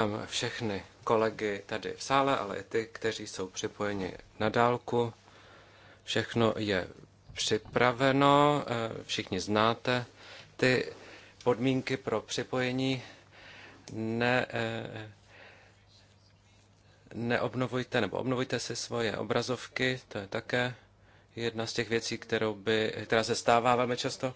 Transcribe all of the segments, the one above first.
Vítám všechny kolegy tady v sále, ale i ty, kteří jsou připojeni na dálku. Všechno je připraveno, eh, všichni znáte ty podmínky pro připojení. Ne, eh, neobnovujte nebo obnovujte si svoje obrazovky, to je také jedna z těch věcí, kterou by, která se stává velmi často.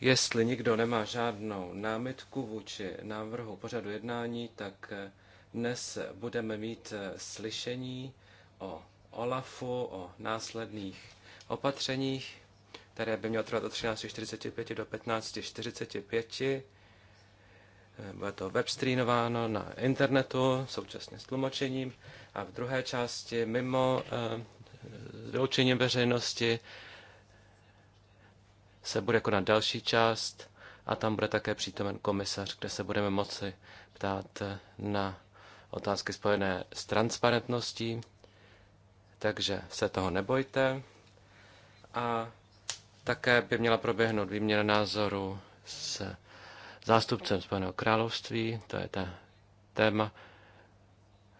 Jestli nikdo nemá žádnou námitku vůči návrhu pořadu jednání, tak eh, dnes budeme mít eh, slyšení o OLAFu, o následných opatřeních, které by mělo trvat od 13.45 do 15.45. Eh, bude to webstreamováno na internetu, současně s tlumočením. A v druhé části mimo vyloučením veřejnosti se bude konat další část a tam bude také přítomen komisař, kde se budeme moci ptát eh, na otázky spojené s transparentností, takže se toho nebojte. A také by měla proběhnout výměna názoru s zástupcem Spojeného království, to je ta téma,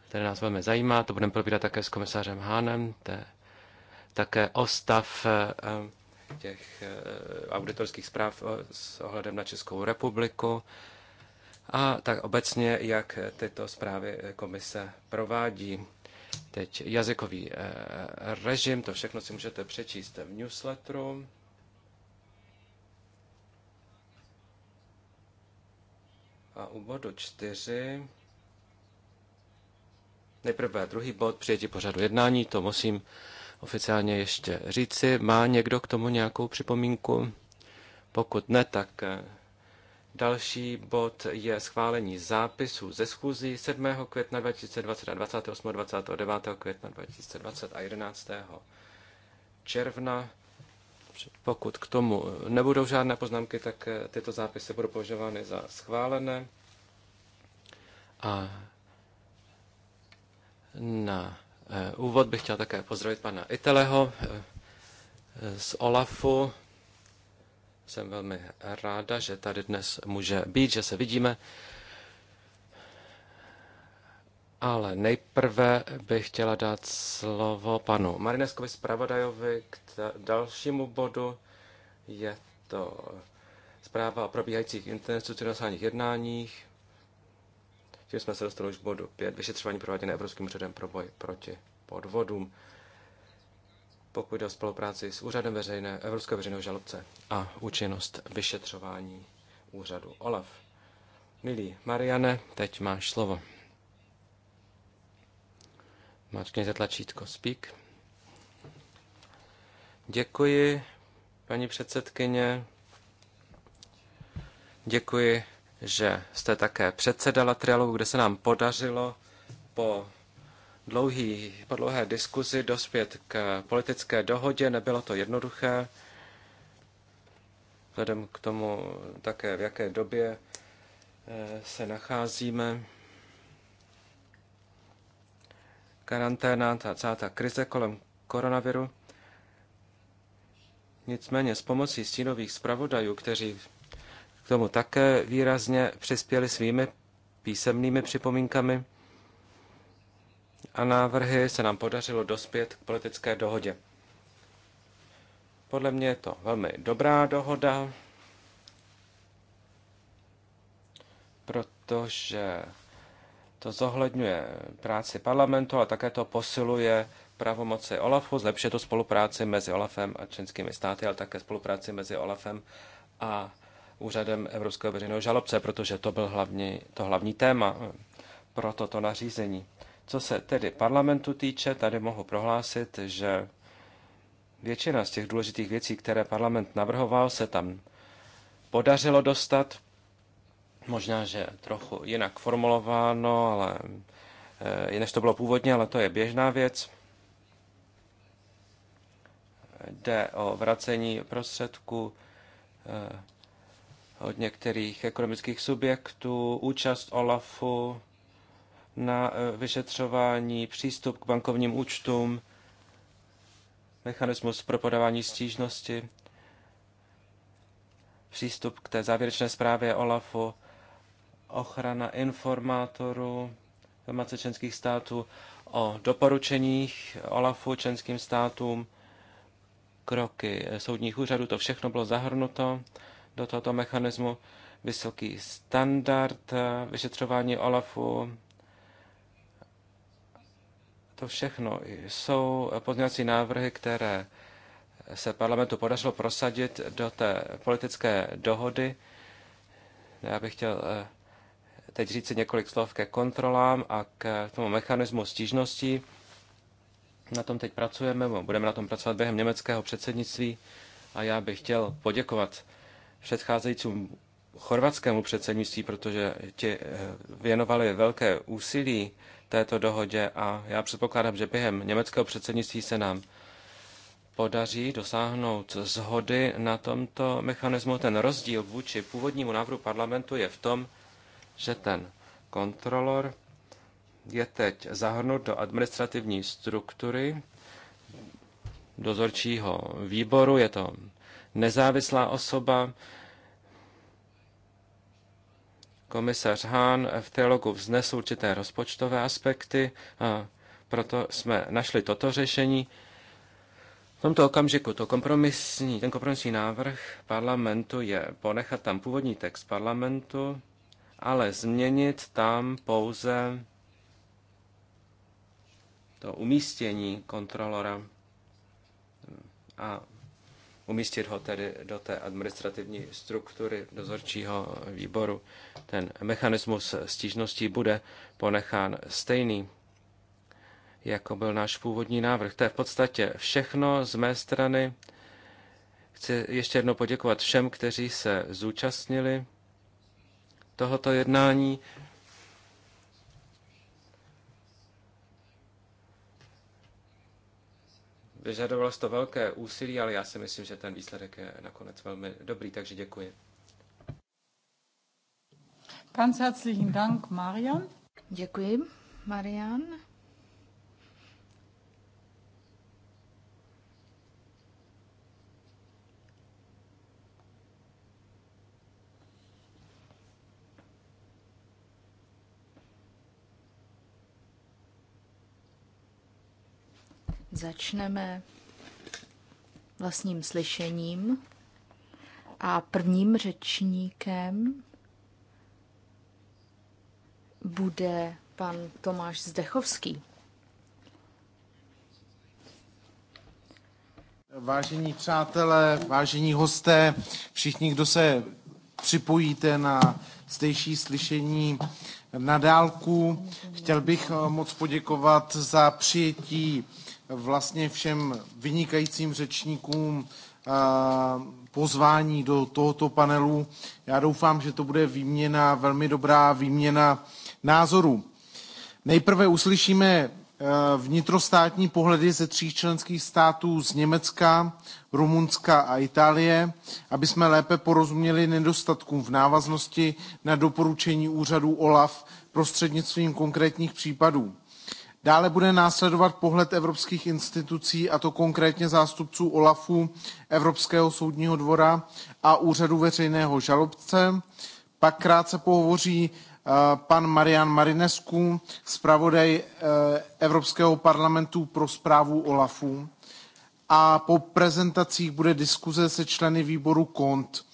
které nás velmi zajímá, to budeme probírat také s komisařem Hánem, to je také o eh, těch eh, auditorských zpráv eh, s ohledem na Českou republiku a tak obecně, jak tyto zprávy eh, komise provádí. Teď jazykový režim, to všechno si můžete přečíst v newsletteru. A u bodu čtyři Nejprve druhý bod, přijetí pořadu jednání, to musím oficiálně ještě říci. Má někdo k tomu nějakou připomínku? Pokud ne, tak eh, další bod je schválení zápisů ze schůzí 7. května 2020 a 28. 29. května 2020 a 11. června. Pokud k tomu eh, nebudou žádné poznámky, tak eh, tyto zápisy budou považovány za schválené. A na Eh, úvod bych chtěl také pozdravit pana Iteleho eh, z OLAFu. Jsem velmi ráda, že tady dnes může být, že se vidíme. Ale nejprve bych chtěla dát slovo panu Marineskovi zpravodajovi k dalšímu bodu. Je to zpráva o probíhajících institucionálních jednáních tím jsme se dostali už k bodu 5. Vyšetřování prováděné Evropským úřadem pro boj proti podvodům. Pokud jde o spolupráci s úřadem veřejné, Evropského veřejného žalobce a účinnost vyšetřování úřadu OLAF. Milí Mariane, teď máš slovo. Máčkněte tlačítko Speak. Děkuji, paní předsedkyně. Děkuji že jste také předsedala trialogu, kde se nám podařilo po, dlouhý, po dlouhé diskuzi dospět k politické dohodě. Nebylo to jednoduché, vzhledem k tomu také, v jaké době eh, se nacházíme. Karanténa, ta celá ta krize kolem koronaviru. Nicméně s pomocí stínových zpravodajů, kteří k tomu také výrazně přispěli svými písemnými připomínkami a návrhy se nám podařilo dospět k politické dohodě. Podle mě je to velmi dobrá dohoda, protože to zohledňuje práci parlamentu a také to posiluje pravomoci OLAFu, zlepšuje to spolupráci mezi OLAFem a členskými státy, ale také spolupráci mezi OLAFem a úřadem Evropského veřejného žalobce, protože to byl hlavní, to hlavní téma eh, pro toto nařízení. Co se tedy parlamentu týče, tady mohu prohlásit, že většina z těch důležitých věcí, které parlament navrhoval, se tam podařilo dostat. Možná, že trochu jinak formulováno, ale eh, než to bylo původně, ale to je běžná věc. Jde o vracení prostředků eh, od některých ekonomických subjektů, účast OLAFu na e, vyšetřování, přístup k bankovním účtům, mechanismus pro podávání stížnosti, přístup k té závěrečné zprávě OLAFu, ochrana informátorů, informace členských států o doporučeních OLAFu členským státům, kroky soudních úřadů, to všechno bylo zahrnuto do tohoto mechanismu, vysoký standard eh, vyšetřování OLAFu. To všechno jsou pozměňovací návrhy, které se parlamentu podařilo prosadit do té politické dohody. Já bych chtěl eh, teď říct si několik slov ke kontrolám a k tomu mechanismu stížností. Na tom teď pracujeme, budeme na tom pracovat během německého předsednictví a já bych chtěl poděkovat předcházejícímu chorvatskému předsednictví, protože ti eh, věnovali velké úsilí této dohodě a já předpokládám, že během německého předsednictví se nám podaří dosáhnout zhody na tomto mechanismu. Ten rozdíl vůči původnímu návrhu parlamentu je v tom, že ten kontrolor je teď zahrnut do administrativní struktury dozorčího výboru. Je to nezávislá osoba, komisař Hahn v trialogu vznesl určité rozpočtové aspekty a proto jsme našli toto řešení. V tomto okamžiku to kompromisní, ten kompromisní návrh parlamentu je ponechat tam původní text parlamentu, ale změnit tam pouze to umístění kontrolora a umístit ho tedy do té administrativní struktury dozorčího výboru. Ten mechanismus stížností bude ponechán stejný, jako byl náš původní návrh. To je v podstatě všechno z mé strany. Chci ještě jednou poděkovat všem, kteří se zúčastnili tohoto jednání. Vyžadovalo to velké úsilí, ale já si myslím, že ten výsledek je nakonec velmi dobrý, takže děkuji. Ganz herzlichen Dank, Marian. Děkuji, Marian. Začneme vlastním slyšením a prvním řečníkem bude pan Tomáš Zdechovský. Vážení přátelé, vážení hosté, všichni, kdo se připojíte na zdejší slyšení na dálku, chtěl bych moc poděkovat za přijetí vlastně všem vynikajícím řečníkům eh, pozvání do tohoto panelu. Já doufám, že to bude výměna, velmi dobrá výměna názorů. Nejprve uslyšíme eh, vnitrostátní pohledy ze tří členských států z Německa, Rumunska a Itálie, aby jsme lépe porozuměli nedostatkům v návaznosti na doporučení úřadu OLAF prostřednictvím konkrétních případů. Dále bude následovat pohled evropských institucí, a to konkrétně zástupců OLAFu, Evropského soudního dvora a Úřadu veřejného žalobce. Pak krátce pohovoří eh, pan Marian Marinescu, zpravodaj eh, Evropského parlamentu pro zprávu OLAFu. A po prezentacích bude diskuze se členy výboru KONT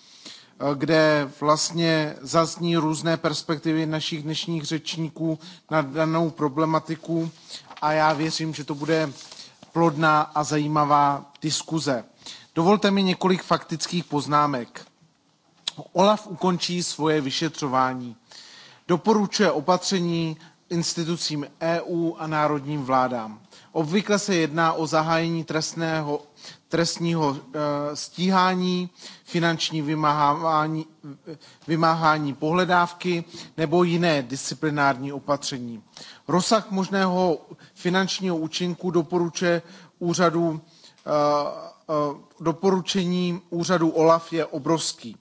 Eh, kde vlastně zazní různé perspektivy našich dnešních řečníků na danou problematiku a já věřím, že to bude plodná a zajímavá diskuze. Dovolte mi několik faktických poznámek. OLAF ukončí svoje vyšetřování. Doporučuje opatření institucím EU a národním vládám. Obvykle se jedná o zahájení trestného, trestního eh, stíhání, finanční vymáhání, vymáhání pohledávky nebo jiné disciplinární opatření. Rozsah možného finančního účinku doporučuje úřadu, eh, eh, doporučení úřadu OLAF je obrovský.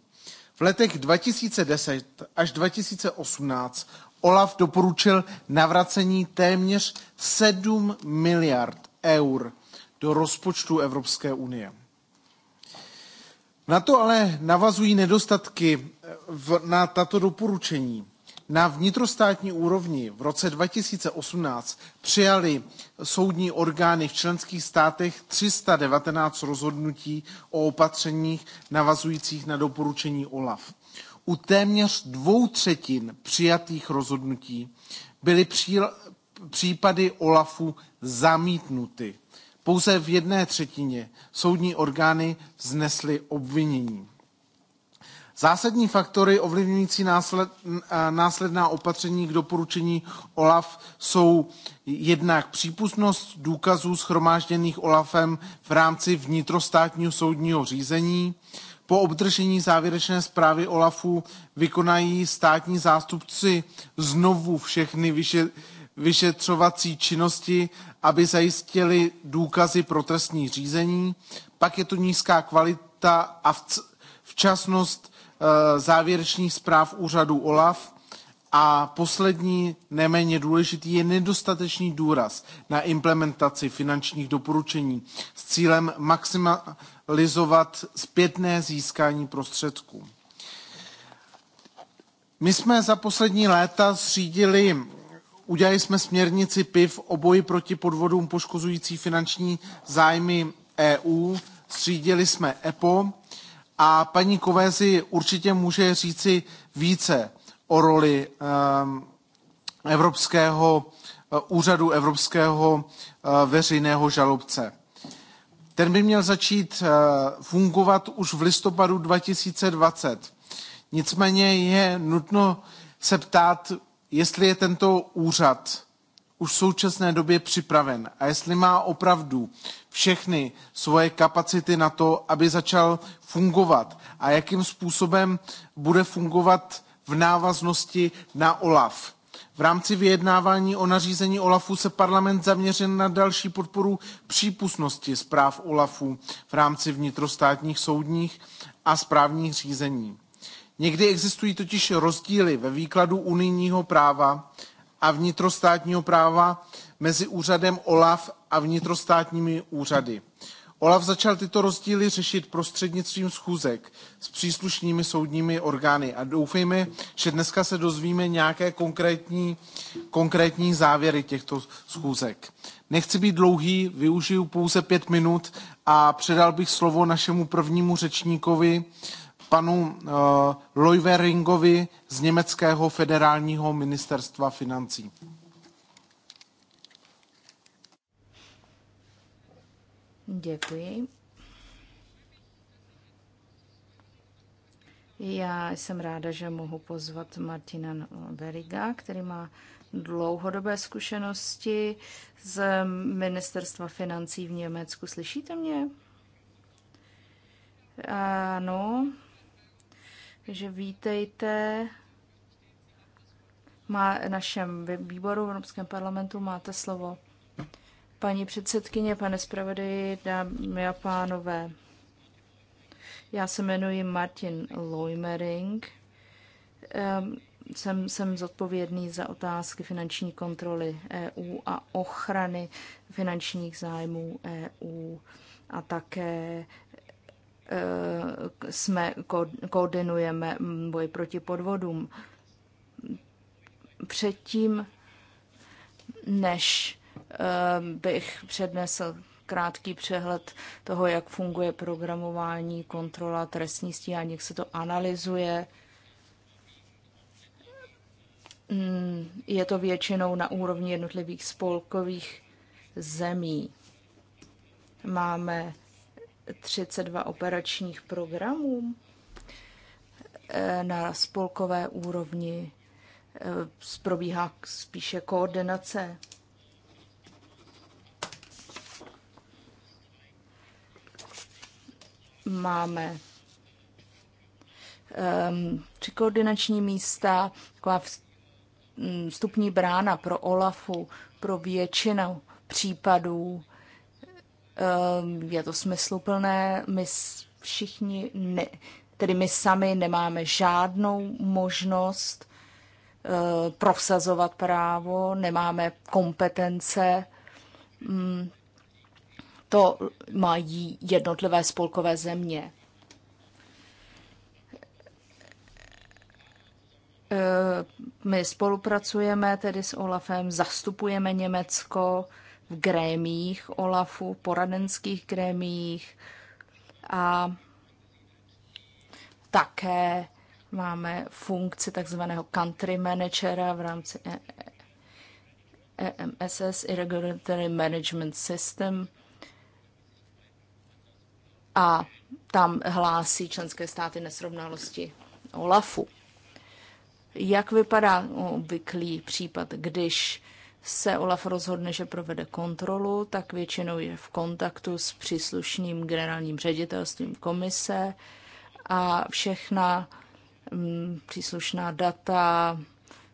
V letech 2010 až 2018 Olaf doporučil navracení téměř 7 miliard eur do rozpočtu Evropské unie. Na to ale navazují nedostatky eh, v, na tato doporučení. Na vnitrostátní úrovni v roce 2018 přijali soudní orgány v členských státech 319 rozhodnutí o opatřeních navazujících na doporučení OLAF. U téměř dvou třetin přijatých rozhodnutí byly případy OLAFu zamítnuty. Pouze v jedné třetině soudní orgány vznesly obvinění. Zásadní faktory ovlivňující násled, následná opatření k doporučení OLAF jsou jednak přípustnost důkazů schromážděných OLAFem v rámci vnitrostátního soudního řízení, po obdržení závěrečné zprávy OLAFu vykonají státní zástupci znovu všechny vyše, vyšetřovací činnosti, aby zajistili důkazy pro trestní řízení. Pak je tu nízká kvalita a včasnost eh, závěrečných zpráv úřadu OLAF. A poslední, neméně důležitý, je nedostatečný důraz na implementaci finančních doporučení s cílem maxima, lizovat zpětné získání prostředků. My jsme za poslední léta zřídili, udělali jsme směrnici PIV o boji proti podvodům poškozující finanční zájmy EU, zřídili jsme EPO a paní Kovézi určitě může říci více o roli ehm, Evropského e, úřadu Evropského e, veřejného žalobce. Ten by měl začít eh, fungovat už v listopadu 2020. Nicméně je nutno se ptát, jestli je tento úřad už v současné době připraven a jestli má opravdu všechny svoje kapacity na to, aby začal fungovat a jakým způsobem bude fungovat v návaznosti na OLAF. V rámci vyjednávání o nařízení OLAFu se parlament zaměřil na další podporu přípustnosti zpráv OLAFu v rámci vnitrostátních soudních a správních řízení. Někdy existují totiž rozdíly ve výkladu unijního práva a vnitrostátního práva mezi úřadem OLAF a vnitrostátními úřady. Olaf začal tyto rozdíly řešit prostřednictvím schůzek s příslušnými soudními orgány a doufejme, že dneska se dozvíme nějaké konkrétní, konkrétní závěry těchto schůzek. Nechci být dlouhý, využiju pouze pět minut a předal bych slovo našemu prvnímu řečníkovi, panu uh, eh, Loiveringovi z Německého federálního ministerstva financí. Děkuji. Já jsem ráda, že mohu pozvat Martina Beriga, který má dlouhodobé zkušenosti z ministerstva financí v Německu. Slyšíte mě? Ano. Takže vítejte. Má našem výboru v Evropském parlamentu máte slovo. Paní předsedkyně, pane zpravodaji, dámy a pánové, já se jmenuji Martin Loimering. Ehm, jsem, jsem zodpovědný za otázky finanční kontroly EU a ochrany finančních zájmů EU a také eh, jsme koordinujeme boj proti podvodům. Předtím, než Ehm, bych přednesl krátký přehled toho, jak funguje programování, kontrola, trestní stíhání, jak se to analyzuje. Hmm, je to většinou na úrovni jednotlivých spolkových zemí. Máme 32 operačních programů eh, na spolkové úrovni eh, probíhá spíše koordinace máme um, tři koordinační místa, taková mm, vstupní brána pro OLAFu, pro většinu případů. Um, je to smysluplné, my všichni, ne, tedy my sami nemáme žádnou možnost eh, prosazovat právo, nemáme kompetence mm, to mají jednotlivé spolkové země. Eh, my spolupracujeme tedy s OLAFem, zastupujeme Německo v grémích OLAFu, poradenských grémích a také máme funkci takzvaného country managera v rámci EMSS, e Irregulatory Management System, a tam hlásí členské státy nesrovnalosti OLAFu. Jak vypadá obvyklý případ, když se OLAF rozhodne, že provede kontrolu, tak většinou je v kontaktu s příslušným generálním ředitelstvím komise a všechna mm, příslušná data,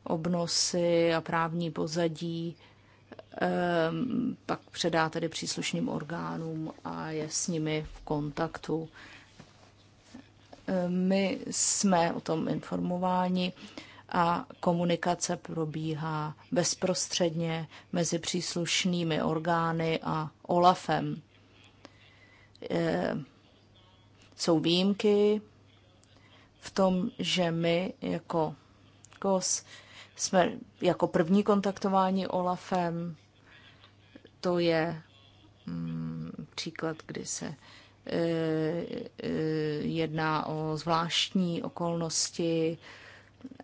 obnosy a právní pozadí Ehm, pak předá tedy příslušným orgánům a je s nimi v kontaktu. Ehm, my jsme o tom informováni a komunikace probíhá bezprostředně mezi příslušnými orgány a OLAFem. Ehm, jsou výjimky v tom, že my jako KOS jsme jako první kontaktování OLAFem, to je mm, příklad, kdy se e, e, jedná o zvláštní okolnosti,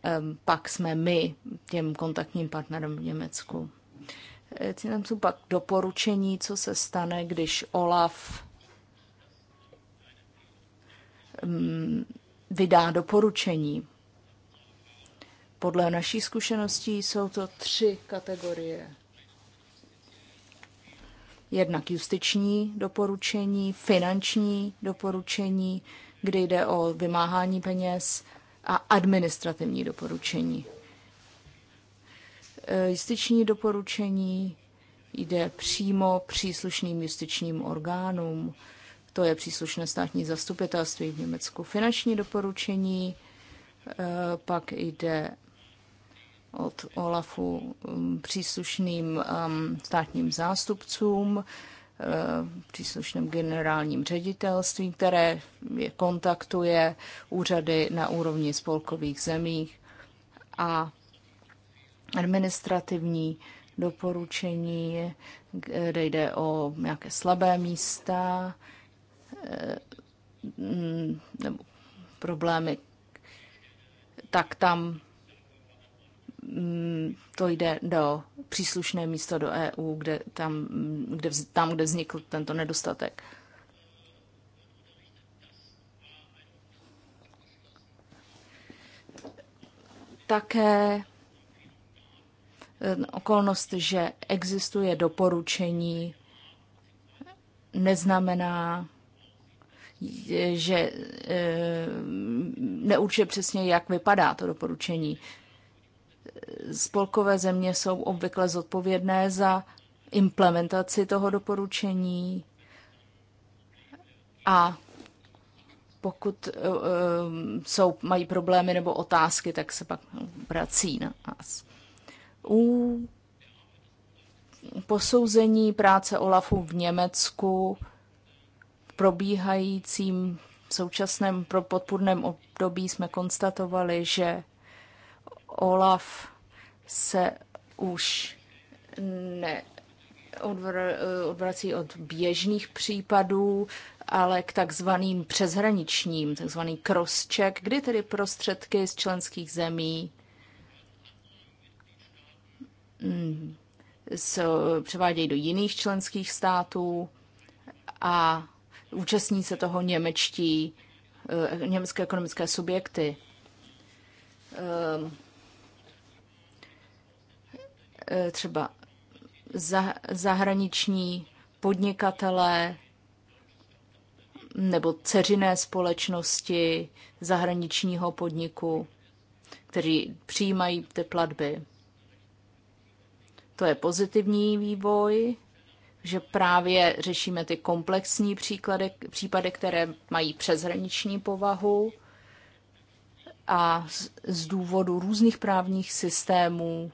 e, pak jsme my těm kontaktním partnerem v Německu. Cílem jsou pak doporučení, co se stane, když OLAF mm, vydá doporučení. Podle naší zkušeností jsou to tři kategorie jednak justiční doporučení, finanční doporučení, kde jde o vymáhání peněz a administrativní doporučení. E, justiční doporučení jde přímo příslušným justičním orgánům, to je příslušné státní zastupitelství v Německu. Finanční doporučení e, pak jde od OLAFu um, příslušným um, státním zástupcům, uh, příslušným generálním ředitelstvím, které je kontaktuje úřady na úrovni spolkových zemích a administrativní doporučení, kde jde o nějaké slabé místa eh, mm, nebo problémy, tak tam Mm, to jde do příslušné místo do EU, kde, tam, mm, kde, tam, kde vznikl tento nedostatek. Také mm, okolnost, že existuje doporučení, neznamená, že eh, neurčuje přesně, jak vypadá to doporučení spolkové země jsou obvykle zodpovědné za implementaci toho doporučení a pokud uh, jsou, mají problémy nebo otázky, tak se pak vrací na nás. U posouzení práce OLAFu v Německu v probíhajícím současném pro podpůrném období jsme konstatovali, že OLAF se už ne odvrací od běžných případů, ale k takzvaným přeshraničním, takzvaný cross-check, kdy tedy prostředky z členských zemí mm, se převádějí do jiných členských států a účastní se toho němečtí, eh, německé ekonomické subjekty. Ehm, E, třeba zahraniční podnikatelé nebo ceřiné společnosti zahraničního podniku, kteří přijímají ty platby. To je pozitivní vývoj, že právě řešíme ty komplexní příklady, případy, které mají přeshraniční povahu a z, z důvodu různých právních systémů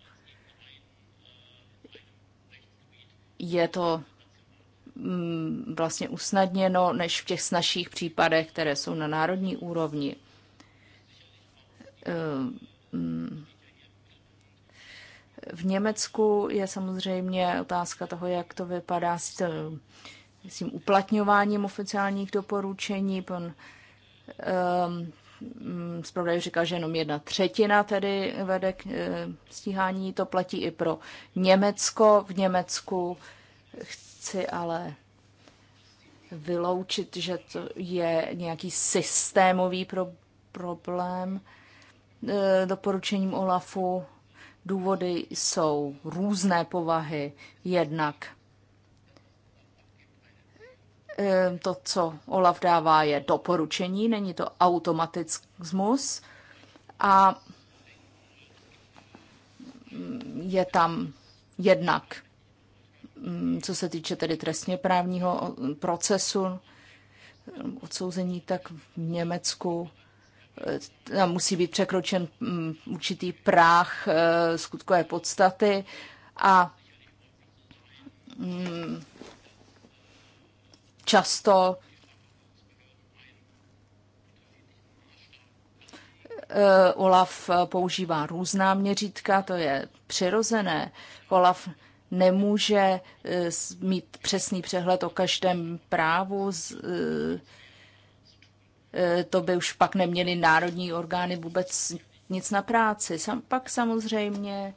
je to mm, vlastně usnadněno než v těch snažších případech, které jsou na národní úrovni. Eh, mm, v Německu je samozřejmě otázka toho, jak to vypadá s eh, tím uplatňováním oficiálních doporučení. Pan um, Mm, zpravodaj říkal, že jenom jedna třetina tedy vede k eh, stíhání. To platí i pro Německo. V Německu chci ale vyloučit, že to je nějaký systémový pro- problém. Eh, doporučením OLAFu důvody jsou různé povahy. Jednak Ehm, to, co Olaf dává, je doporučení, není to automatismus a je tam jednak, mm, co se týče tedy trestně právního mm, procesu, mm, odsouzení, tak v Německu eh, tam musí být překročen určitý práh eh, skutkové podstaty a často eh, Olaf používá různá měřítka, to je přirozené. Olaf nemůže eh, mít přesný přehled o každém právu. Eh, to by už pak neměly národní orgány vůbec nic na práci. Pak samozřejmě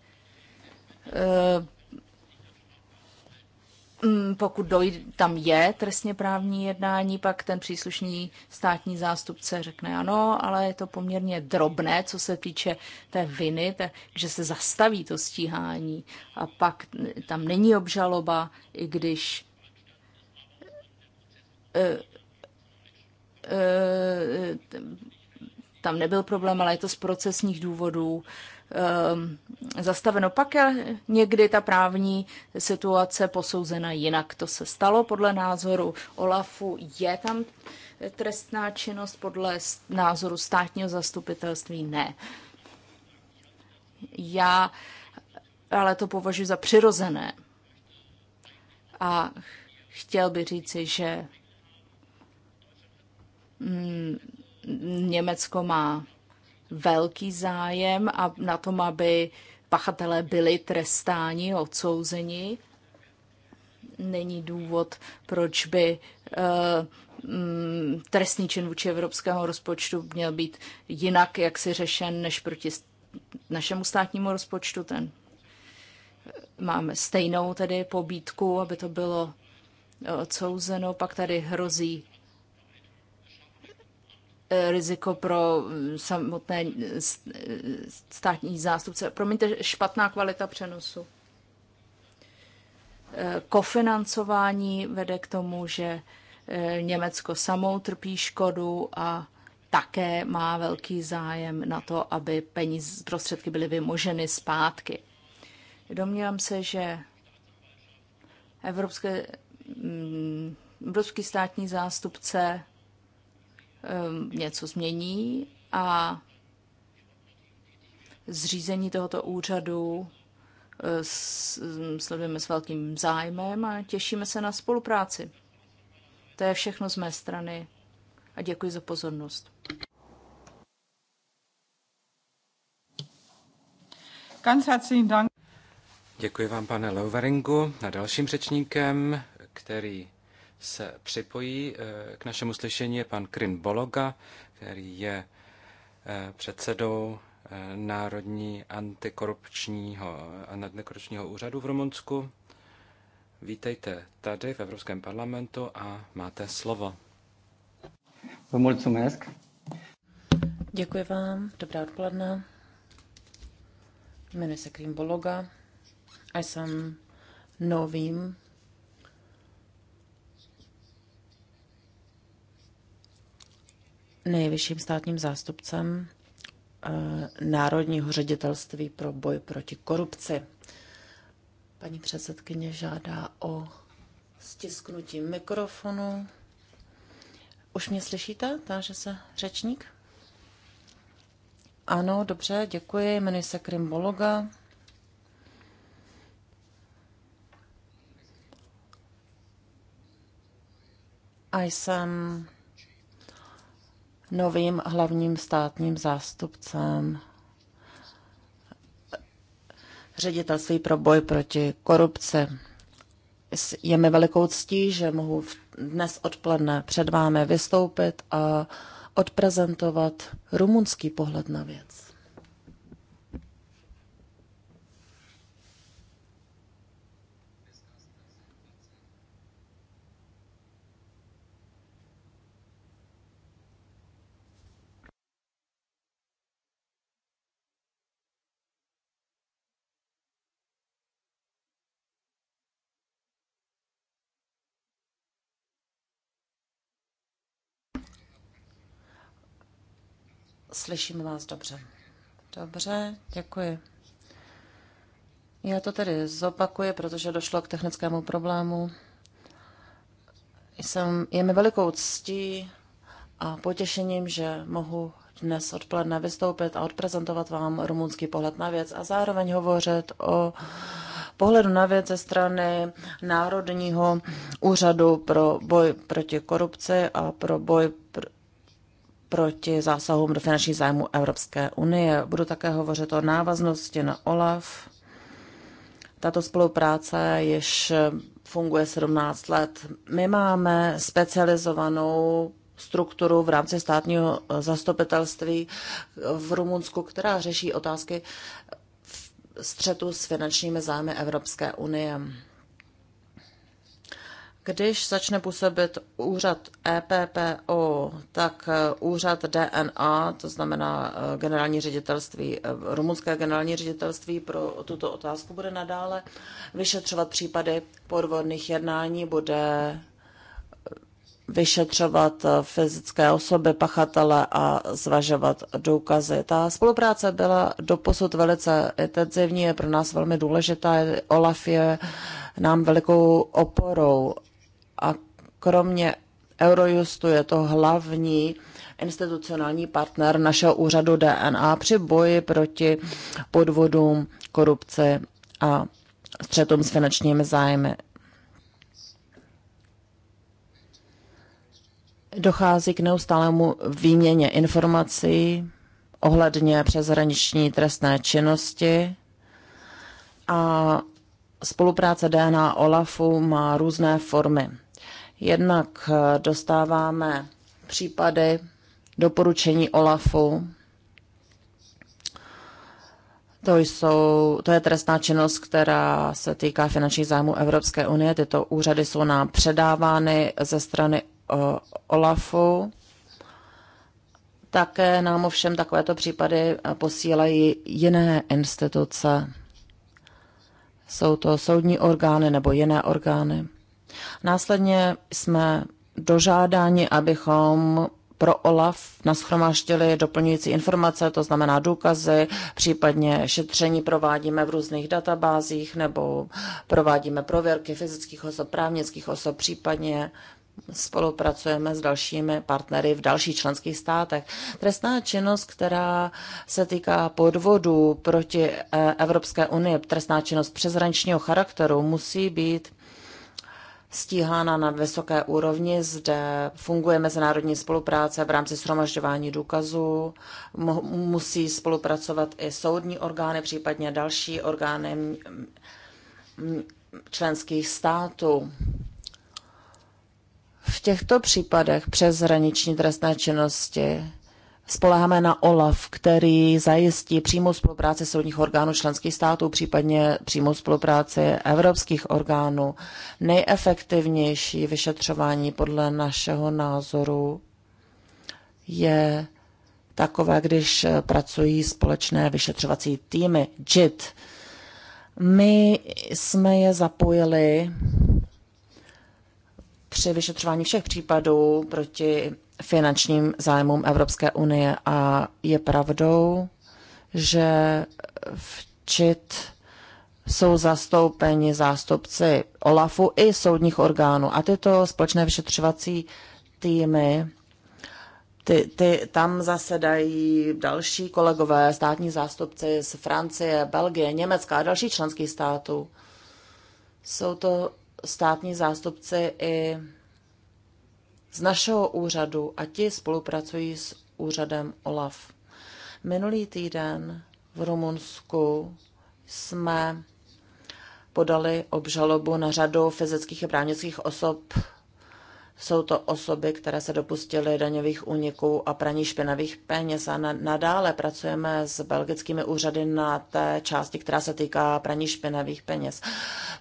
Mm, pokud dojde, tam je trestně právní jednání, pak ten příslušný státní zástupce řekne ano, ale je to poměrně drobné, co se týče té viny, takže se zastaví to stíhání a pak tam není obžaloba, i když e, e, e, tam nebyl problém, ale je to z procesních důvodů. Ehm, zastaveno. Pak je někdy ta právní situace posouzena jinak. To se stalo podle názoru Olafu. Je tam trestná činnost podle názoru státního zastupitelství? Ne. Já ale to považuji za přirozené. A chtěl by říci, že mm, Německo má velký zájem a na tom, aby pachatelé byli trestáni, odsouzeni. Není důvod, proč by eh, mm, trestný čin vůči evropského rozpočtu měl být jinak jak si řešen než proti našemu státnímu rozpočtu. Ten eh, máme stejnou tedy pobítku, aby to bylo eh, odsouzeno. Pak tady hrozí Eh, riziko pro mm, samotné eh, eh, státní zástupce. Promiňte, špatná kvalita přenosu. Kofinancování vede k tomu, že Německo samou trpí škodu a také má velký zájem na to, aby peníze, prostředky byly vymoženy zpátky. Domnívám se, že evropské, mm, evropský státní zástupce Ehm, něco změní a zřízení tohoto úřadu eh, mm, sledujeme s velkým zájmem a těšíme se na spolupráci. To je všechno z mé strany a děkuji za pozornost. Děkuji vám, pane Loveringu. A dalším řečníkem, který se připojí eh, k našemu slyšení je pan Krin Bologa, který je eh, předsedou eh, Národní antikorupčního, antikorupčního úřadu v Rumunsku. Vítejte tady v Evropském parlamentu a máte slovo. Děkuji vám, dobrá odpoledne. Jmenuji se Krim Bologa a jsem novým nejvyšším státním zástupcem eh, Národního ředitelství pro boj proti korupci. Paní předsedkyně žádá o stisknutí mikrofonu. Už mě slyšíte? Táže se řečník. Ano, dobře, děkuji. Jmenuji se Krimbologa. A jsem novým hlavním státním zástupcem ředitelství pro boj proti korupci. Je mi velikou ctí, že mohu dnes odpoledne před vámi vystoupit a odprezentovat rumunský pohled na věc. Slyším vás dobře. Dobře, děkuji. Já to tedy zopakuji, protože došlo k technickému problému. Jsem, je mi velikou ctí a potěšením, že mohu dnes odpoledne vystoupit a odprezentovat vám rumunský pohled na věc a zároveň hovořit o pohledu na věc ze strany Národního úřadu pro boj proti korupci a pro boj proti zásahům do finančních zájmů Evropské unie. Budu také hovořit o návaznosti na OLAF. Tato spolupráce již funguje 17 let. My máme specializovanou strukturu v rámci státního zastupitelství v Rumunsku, která řeší otázky střetu s finančními zájmy Evropské unie. Když začne působit úřad EPPO, tak eh, úřad DNA, to znamená eh, generální ředitelství, eh, rumunské generální ředitelství pro tuto otázku bude nadále vyšetřovat případy podvodných jednání, bude vyšetřovat fyzické osoby, pachatele a zvažovat důkazy. Ta spolupráce byla doposud velice intenzivní, je pro nás velmi důležitá. OLAF je nám velikou oporou a kromě Eurojustu je to hlavní institucionální partner našeho úřadu DNA při boji proti podvodům, korupci a střetům s finančními zájmy. Dochází k neustálému výměně informací ohledně přeshraniční trestné činnosti a spolupráce DNA OLAFu má různé formy. Jednak eh, dostáváme případy doporučení OLAFu. To, jsou, to je trestná činnost, která se týká finančních zájmů Evropské unie. Tyto úřady jsou nám předávány ze strany eh, OLAFu. Také nám ovšem takovéto případy eh, posílají jiné instituce. Jsou to soudní orgány nebo jiné orgány. Následně jsme dožádáni, abychom pro OLAF naschromáštili doplňující informace, to znamená důkazy, případně šetření provádíme v různých databázích nebo provádíme prověrky fyzických osob, právnických osob, případně spolupracujeme s dalšími partnery v dalších členských státech. Trestná činnost, která se týká podvodu proti eh, Evropské unii, trestná činnost přezraničního charakteru, musí být stíhána na vysoké úrovni. Zde funguje mezinárodní spolupráce v rámci shromažďování důkazů. Musí spolupracovat i soudní orgány, případně další orgány členských států. V těchto případech přes hraniční trestné činnosti spoleháme na OLAF, který zajistí přímou spolupráci soudních orgánů členských států, případně přímou spolupráci evropských orgánů. Nejefektivnější vyšetřování podle našeho názoru je takové, když pracují společné vyšetřovací týmy, JIT. My jsme je zapojili při vyšetřování všech případů proti finančním zájmům Evropské unie. A je pravdou, že v ČIT jsou zastoupeni zástupci OLAFu i soudních orgánů. A tyto společné vyšetřovací týmy, ty, ty, tam zasedají další kolegové, státní zástupci z Francie, Belgie, Německa a dalších členských států. Jsou to státní zástupci i z našeho úřadu a ti spolupracují s úřadem OLAF. Minulý týden v Rumunsku jsme podali obžalobu na řadu fyzických a právnických osob jsou to osoby, které se dopustily daňových úniků a praní špinavých peněz a nadále pracujeme s belgickými úřady na té části, která se týká praní špinavých peněz.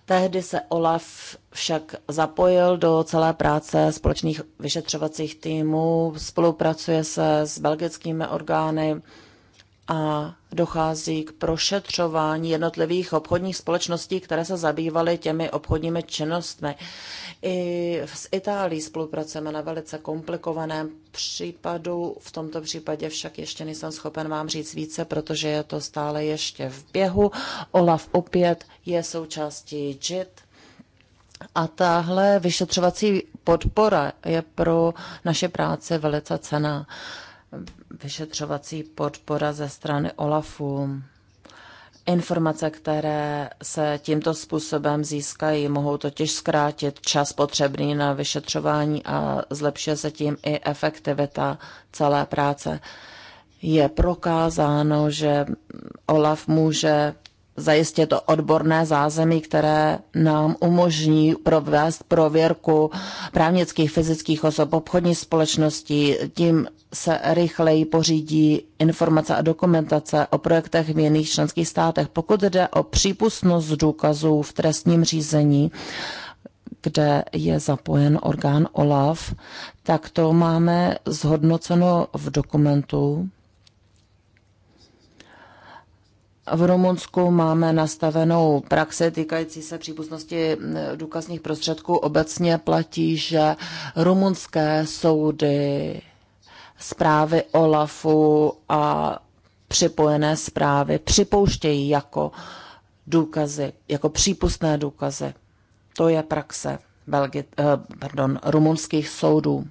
Tehdy se Olaf však zapojil do celé práce společných vyšetřovacích týmů, spolupracuje se s belgickými orgány a dochází k prošetřování jednotlivých obchodních společností, které se zabývaly těmi obchodními činnostmi. I s Itálií spolupracujeme na velice komplikovaném případu. V tomto případě však ještě nejsem schopen vám říct více, protože je to stále ještě v běhu. Olaf opět je součástí JIT. A tahle vyšetřovací podpora je pro naše práce velice cená vyšetřovací podpora ze strany OLAFu. Informace, které se tímto způsobem získají, mohou totiž zkrátit čas potřebný na vyšetřování a zlepšuje se tím i efektivita celé práce. Je prokázáno, že OLAF může zajistě to odborné zázemí, které nám umožní provést prověrku právnických, fyzických osob, obchodní společnosti. Tím se rychleji pořídí informace a dokumentace o projektech v jiných členských státech. Pokud jde o přípustnost důkazů v trestním řízení, kde je zapojen orgán OLAF, tak to máme zhodnoceno v dokumentu V Rumunsku máme nastavenou praxi týkající se přípustnosti důkazních prostředků. Obecně platí, že rumunské soudy, zprávy OLAFu a připojené zprávy připouštějí jako důkazy, jako přípustné důkazy. To je praxe Belgi- eh, pardon, rumunských soudů.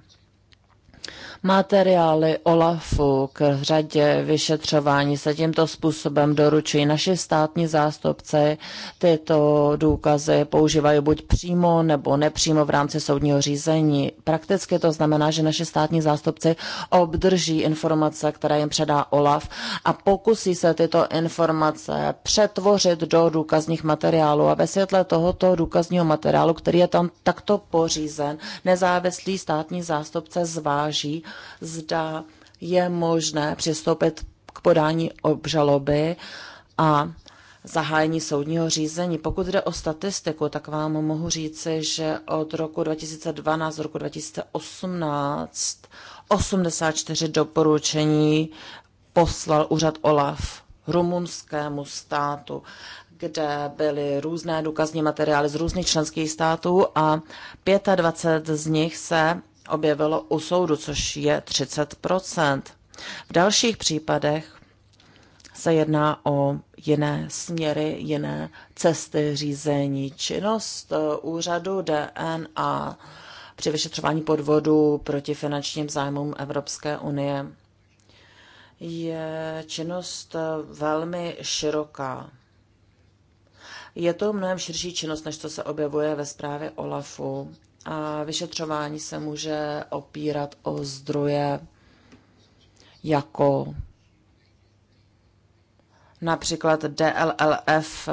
Materiály OLAFu k řadě vyšetřování se tímto způsobem doručují. Naši státní zástupci tyto důkazy používají buď přímo nebo nepřímo v rámci soudního řízení. Prakticky to znamená, že naši státní zástupci obdrží informace, které jim předá OLAF a pokusí se tyto informace přetvořit do důkazních materiálů. A ve světle tohoto důkazního materiálu, který je tam takto pořízen, nezávislý státní zástupce zváží, zda je možné přistoupit k podání obžaloby a zahájení soudního řízení. Pokud jde o statistiku, tak vám mohu říci, že od roku 2012 do roku 2018 84 doporučení poslal úřad OLAF rumunskému státu, kde byly různé důkazní materiály z různých členských států a 25 z nich se objevilo u soudu, což je 30 V dalších případech se jedná o jiné směry, jiné cesty řízení. Činnost eh, úřadu DNA při vyšetřování podvodů proti finančním zájmům Evropské unie je činnost eh, velmi široká. Je to mnohem širší činnost, než co se objevuje ve zprávě OLAFu a vyšetřování se může opírat o zdroje jako například DLLF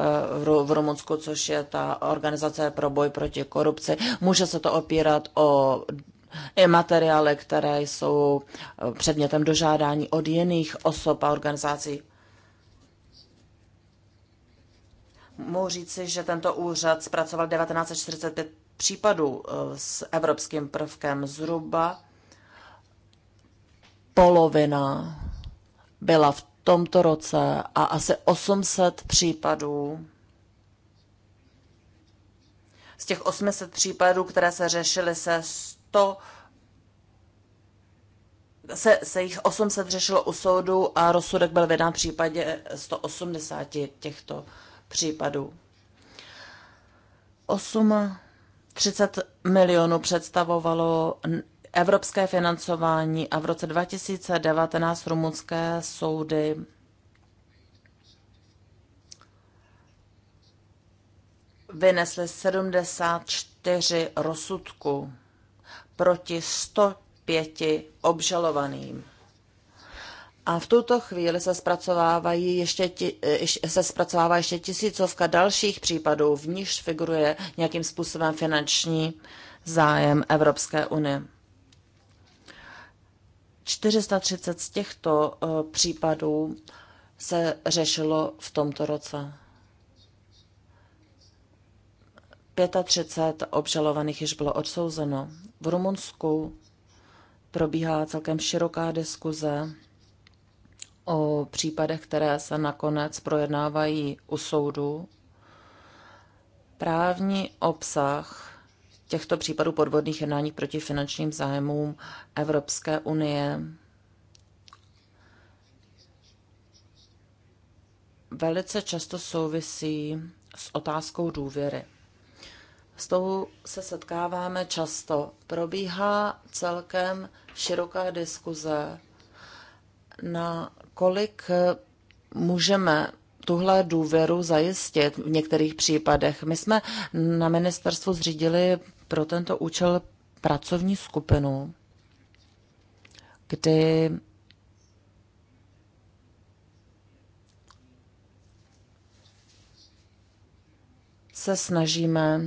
v Rumunsku, což je ta organizace pro boj proti korupci. Může se to opírat o i materiály, které jsou eh, předmětem dožádání od jiných osob a organizací. Mohu říci, že tento úřad zpracoval 1945 případů eh, s evropským prvkem zhruba polovina byla v tomto roce a asi 800 případů z těch 800 případů, které se řešily se 100 se, se jich 800 řešilo u soudu a rozsudek byl vydán v případě 180 těchto případů. 8 30 milionů představovalo evropské financování a v roce 2019 rumunské soudy vynesly 74 rozsudků proti 105 obžalovaným. A v tuto chvíli se, zpracovávají ještě eh, se zpracovává ještě tisícovka dalších případů, v nichž figuruje nějakým způsobem finanční zájem Evropské unie. 430 z těchto eh, případů se řešilo v tomto roce. 35 obžalovaných již bylo odsouzeno. V Rumunsku probíhá celkem široká diskuze o případech, které se nakonec projednávají u soudu. Právní obsah těchto případů podvodných jednání proti finančním zájmům Evropské unie velice často souvisí s otázkou důvěry. S tou se setkáváme často. Probíhá celkem široká diskuze na kolik eh, můžeme tuhle důvěru zajistit v některých případech. My jsme na ministerstvu zřídili pro tento účel pracovní skupinu, kdy se snažíme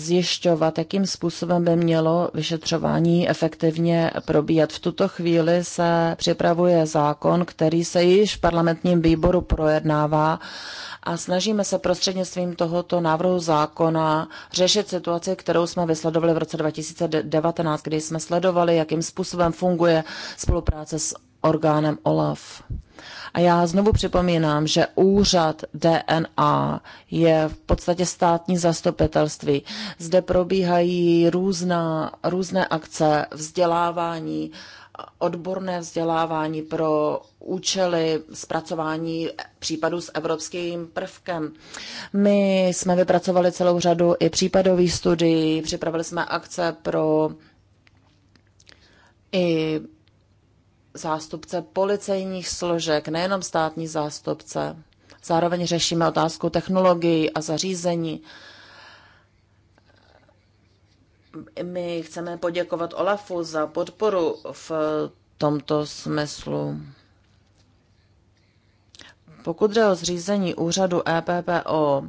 zjišťovat, jakým způsobem by mělo vyšetřování efektivně probíhat. V tuto chvíli se připravuje zákon, který se již v parlamentním výboru projednává a snažíme se prostřednictvím tohoto návrhu zákona řešit situaci, kterou jsme vysledovali v roce 2019, kdy jsme sledovali, jakým způsobem funguje spolupráce s orgánem OLAF. A já znovu připomínám, že úřad DNA je v podstatě státní zastupitelství. Zde probíhají různá, různé akce vzdělávání, odborné vzdělávání pro účely zpracování případů s evropským prvkem. My jsme vypracovali celou řadu i případových studií, připravili jsme akce pro i zástupce policejních složek, nejenom státní zástupce. Zároveň řešíme otázku technologií a zařízení. My chceme poděkovat Olafu za podporu v tomto smyslu. Pokud jde o zřízení úřadu EPPO,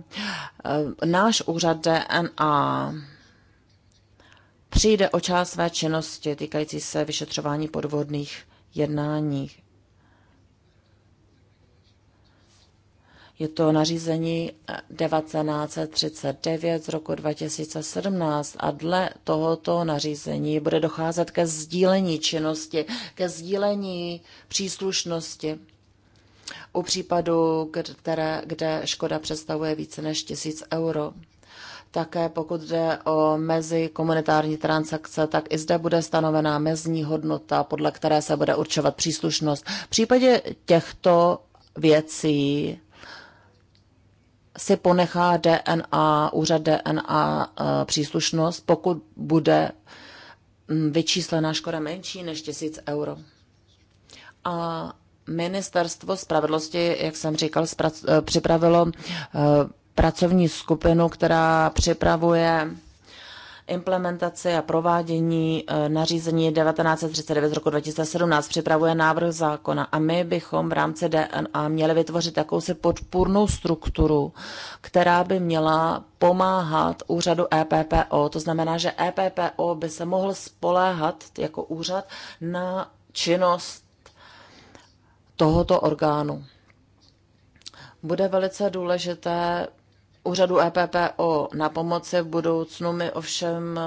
náš úřad DNA přijde o část své činnosti týkající se vyšetřování podvodných jednáních. Je to nařízení 1939 z roku 2017 a dle tohoto nařízení bude docházet ke sdílení činnosti, ke sdílení příslušnosti. U případu, které, kde škoda představuje více než tisíc euro. Také pokud jde o mezi komunitární transakce, tak i zde bude stanovená mezní hodnota, podle které se bude určovat příslušnost. V případě těchto věcí si ponechá DNA, úřad DNA eh, příslušnost, pokud bude mm, vyčíslená škoda menší než tisíc euro. A Ministerstvo spravedlnosti, jak jsem říkal, eh, připravilo eh, pracovní skupinu, která připravuje implementaci a provádění e, nařízení 1939 z roku 2017 připravuje návrh zákona a my bychom v rámci DNA měli vytvořit jakousi podpůrnou strukturu, která by měla pomáhat úřadu EPPO. To znamená, že EPPO by se mohl spoléhat jako úřad na činnost tohoto orgánu. Bude velice důležité úřadu EPPO na pomoci v budoucnu. My ovšem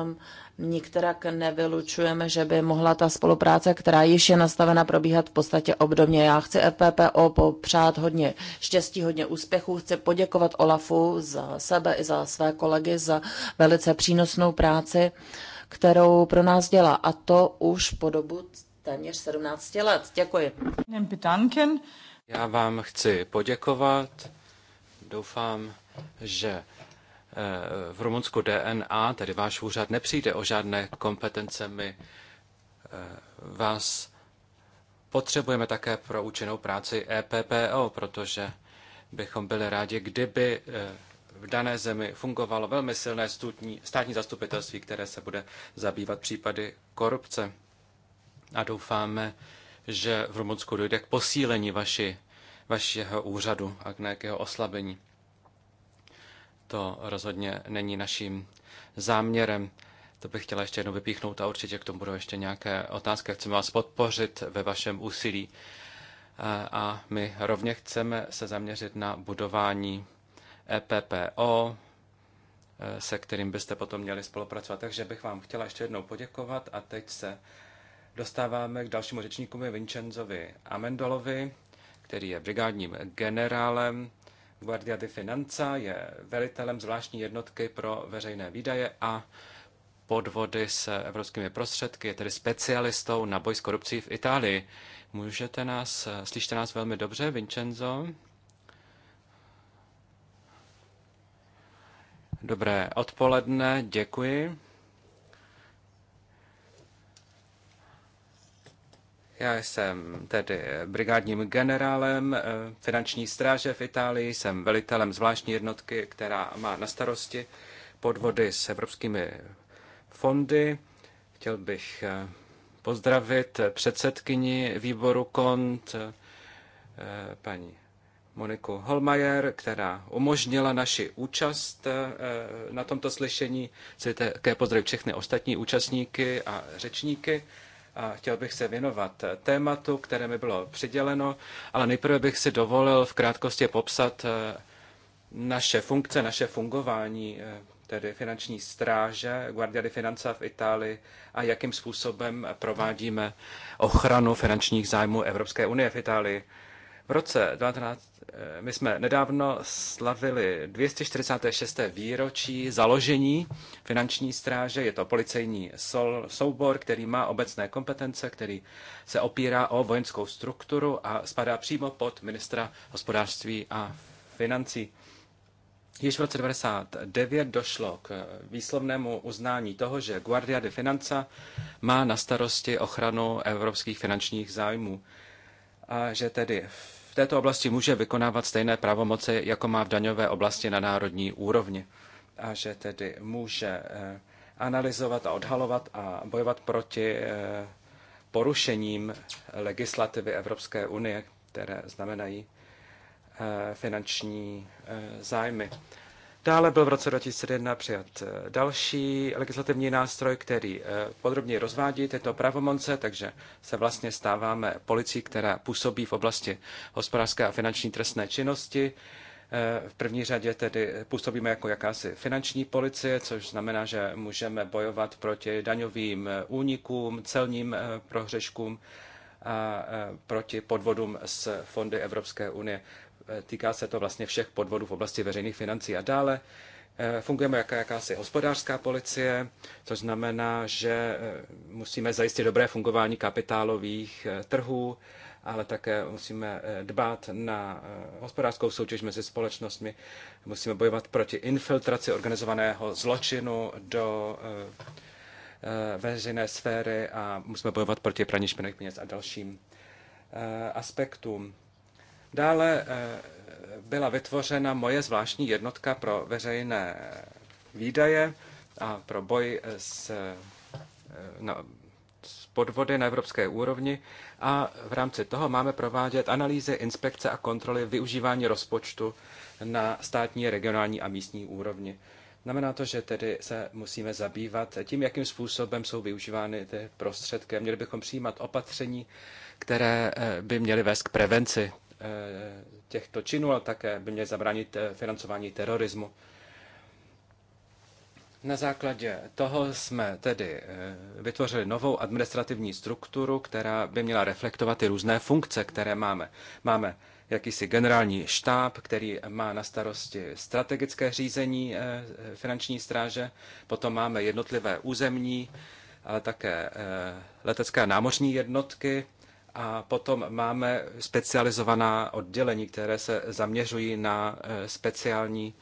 nikterak nevylučujeme, že by mohla ta spolupráce, která již je nastavena, probíhat v podstatě obdobně. Já chci EPPO popřát hodně štěstí, hodně úspěchů. Chci poděkovat Olafu za sebe i za své kolegy za velice přínosnou práci, kterou pro nás dělá. A to už po dobu téměř 17 let. Děkuji. Já vám chci poděkovat. Doufám, že eh, v Rumunsku DNA, tedy váš úřad, nepřijde o žádné kompetence. My eh, vás potřebujeme také pro účinnou práci EPPO, protože bychom byli rádi, kdyby eh, v dané zemi fungovalo velmi silné státní, státní zastupitelství, které se bude zabývat případy korupce. A doufáme, že v Rumunsku dojde k posílení vaši, vašeho úřadu a k jeho oslabení. To rozhodně není naším záměrem. To bych chtěla ještě jednou vypíchnout a určitě k tomu budou ještě nějaké otázky. Chceme vás podpořit ve vašem úsilí a my rovně chceme se zaměřit na budování EPPO, se kterým byste potom měli spolupracovat. Takže bych vám chtěla ještě jednou poděkovat a teď se dostáváme k dalšímu řečníkovi Vincenzovi Amendolovi, který je brigádním generálem Guardia di Finanza je velitelem zvláštní jednotky pro veřejné výdaje a podvody s evropskými prostředky, je tedy specialistou na boj s korupcí v Itálii. Můžete nás, slyšte nás velmi dobře, Vincenzo? Dobré odpoledne, děkuji. Já jsem tedy brigádním generálem eh, finanční stráže v Itálii, jsem velitelem zvláštní jednotky, která má na starosti podvody s evropskými fondy. Chtěl bych eh, pozdravit předsedkyni výboru KONT, eh, paní Moniku Holmajer, která umožnila naši účast na tomto slyšení. Chci také pozdravit všechny ostatní účastníky a řečníky a chtěl bych se věnovat eh, tématu, které mi bylo přiděleno, ale nejprve bych si dovolil v krátkosti popsat eh, naše funkce, naše fungování, eh, tedy finanční stráže, Guardia di Finanza v Itálii a jakým způsobem provádíme ochranu finančních zájmů Evropské unie v Itálii. V roce 19, eh, my jsme nedávno slavili 246. výročí založení finanční stráže. Je to policejní soubor, který má obecné kompetence, který se opírá o vojenskou strukturu a spadá přímo pod ministra hospodářství a financí. Již v roce 1999 došlo k výslovnému uznání toho, že Guardia de Finanza má na starosti ochranu evropských finančních zájmů a že tedy v v této oblasti může vykonávat stejné pravomoci, jako má v daňové oblasti na národní úrovni. A že tedy může eh, analyzovat a odhalovat a bojovat proti eh, porušením legislativy Evropské unie, které znamenají eh, finanční zájmy. Dále byl v roce 2001 přijat eh, další legislativní nástroj, který eh, podrobně rozvádí tyto pravomoce, takže se vlastně stáváme policií, která působí v oblasti hospodářské a finanční trestné činnosti. Eh, v první řadě tedy působíme jako jakási finanční policie, což znamená, že můžeme bojovat proti daňovým únikům, celním prohřeškům a proti podvodům s fondy Evropské unie. Eh, týká se to vlastně všech podvodů v oblasti veřejných financí a dále. Eh, fungujeme jako jakási hospodářská policie, což znamená, že eh, musíme zajistit dobré fungování kapitálových trhů, ale také musíme dbát na hospodářskou soutěž mezi společnostmi, musíme bojovat proti infiltraci organizovaného zločinu do veřejné sféry a musíme bojovat proti praní špinavých peněz a dalším aspektům. Dále eh, byla vytvořena moje zvláštní jednotka pro veřejné výdaje a pro boj s, eh, no, s podvody na evropské úrovni a v rámci toho máme provádět analýzy, inspekce a kontroly využívání rozpočtu na státní, regionální a místní úrovni. Znamená to, že tedy se musíme zabývat tím, jakým způsobem jsou využívány ty prostředky. Měli bychom přijímat opatření, které eh, by měly vést k prevenci Eh, těchto činů, ale také by měly zabránit eh, financování terorismu. Na základě toho jsme tedy eh, vytvořili novou administrativní strukturu, která by měla reflektovat ty různé funkce, které máme. Máme jakýsi generální štáb, který má na starosti strategické řízení finanční stráže, potom máme jednotlivé územní, ale také letecké a námořní jednotky, a potom máme specializovaná oddělení, které se zaměřují na eh, speciální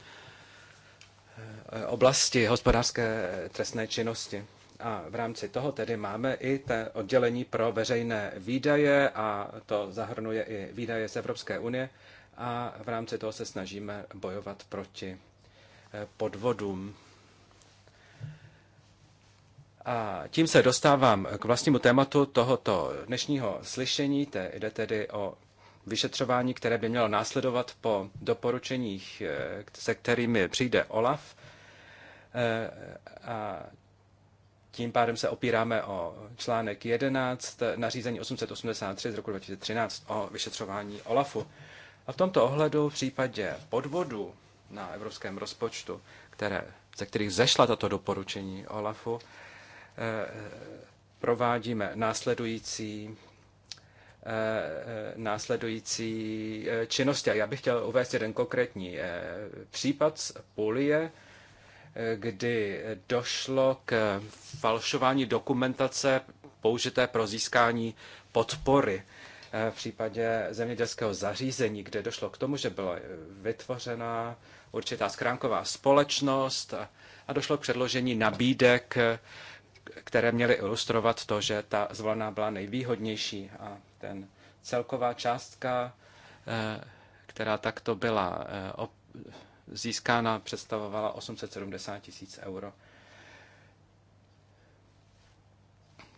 eh, oblasti hospodářské eh, trestné činnosti. A v rámci toho tedy máme i to oddělení pro veřejné výdaje a to zahrnuje i výdaje z Evropské unie a v rámci toho se snažíme bojovat proti podvodům. A tím se dostávám k vlastnímu tématu tohoto dnešního slyšení. Te, jde tedy o vyšetřování, které by mělo následovat po doporučeních, eh, se kterými přijde OLAF. Eh, a tím pádem se opíráme o článek 11 nařízení 883 z roku 2013 o vyšetřování OLAFu. A v tomto ohledu v případě podvodu na evropském rozpočtu, které, ze kterých zešla tato doporučení OLAFu, Eh, provádíme následující eh, eh, následující činnosti. A já bych chtěl uvést jeden konkrétní případ z Polie, kdy došlo k falšování dokumentace použité pro získání podpory v případě zemědělského zařízení, kde došlo k tomu, že byla vytvořena určitá skránková společnost a došlo k předložení nabídek které měly ilustrovat to, že ta zvolená byla nejvýhodnější a ten celková částka, eh, která takto byla eh, získána, představovala 870 tisíc euro.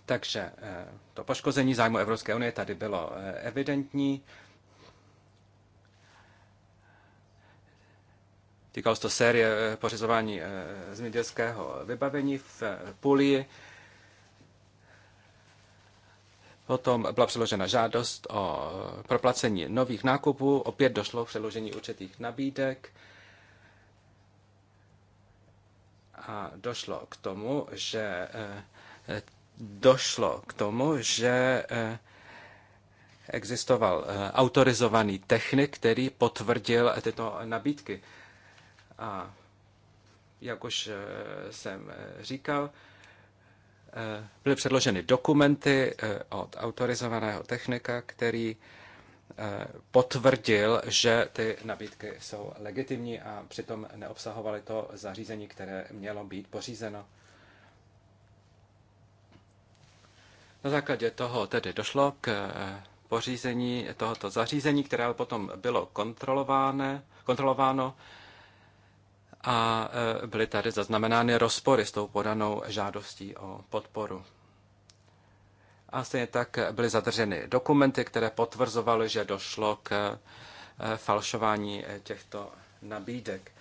Takže eh, to poškození zájmu Evropské unie tady bylo evidentní. Týkalo se to série eh, pořizování eh, zemědělského vybavení v eh, Pulii. Potom byla předložena žádost o proplacení nových nákupů, opět došlo k předložení určitých nabídek a došlo k tomu, že došlo k tomu, že existoval autorizovaný technik, který potvrdil tyto nabídky. A jak už eh, jsem eh, říkal, eh, byly předloženy dokumenty od autorizovaného technika, který potvrdil, že ty nabídky jsou legitimní a přitom neobsahovaly to zařízení, které mělo být pořízeno. Na základě toho tedy došlo k pořízení tohoto zařízení, které potom bylo kontrolováno a e, byly tady zaznamenány rozpory s tou podanou žádostí o podporu. A stejně tak byly zadrženy dokumenty, které potvrzovaly, že došlo k e, falšování e, těchto nabídek.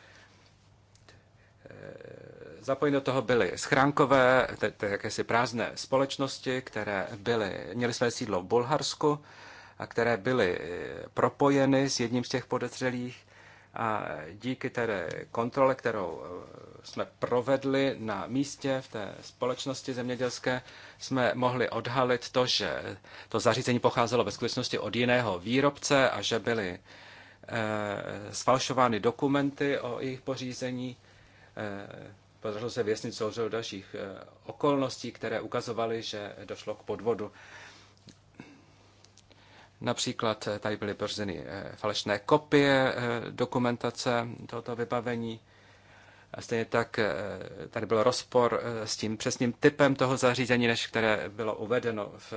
Zapojeny do toho byly schránkové, tedy jakési prázdné společnosti, které byly, měly své sídlo v Bulharsku a které byly propojeny s jedním z těch podezřelých a díky té kontrole, kterou e, jsme provedli na místě v té společnosti zemědělské, jsme mohli odhalit to, že to zařízení pocházelo ve skutečnosti od jiného výrobce a že byly e, sfalšovány dokumenty o jejich pořízení. E, podařilo se věsnit celou dalších okolností, které ukazovaly, že došlo k podvodu. Například eh, tady byly brzeny eh, falešné kopie eh, dokumentace tohoto vybavení. A stejně tak tady byl rozpor s tím přesným typem toho zařízení, než které bylo uvedeno v,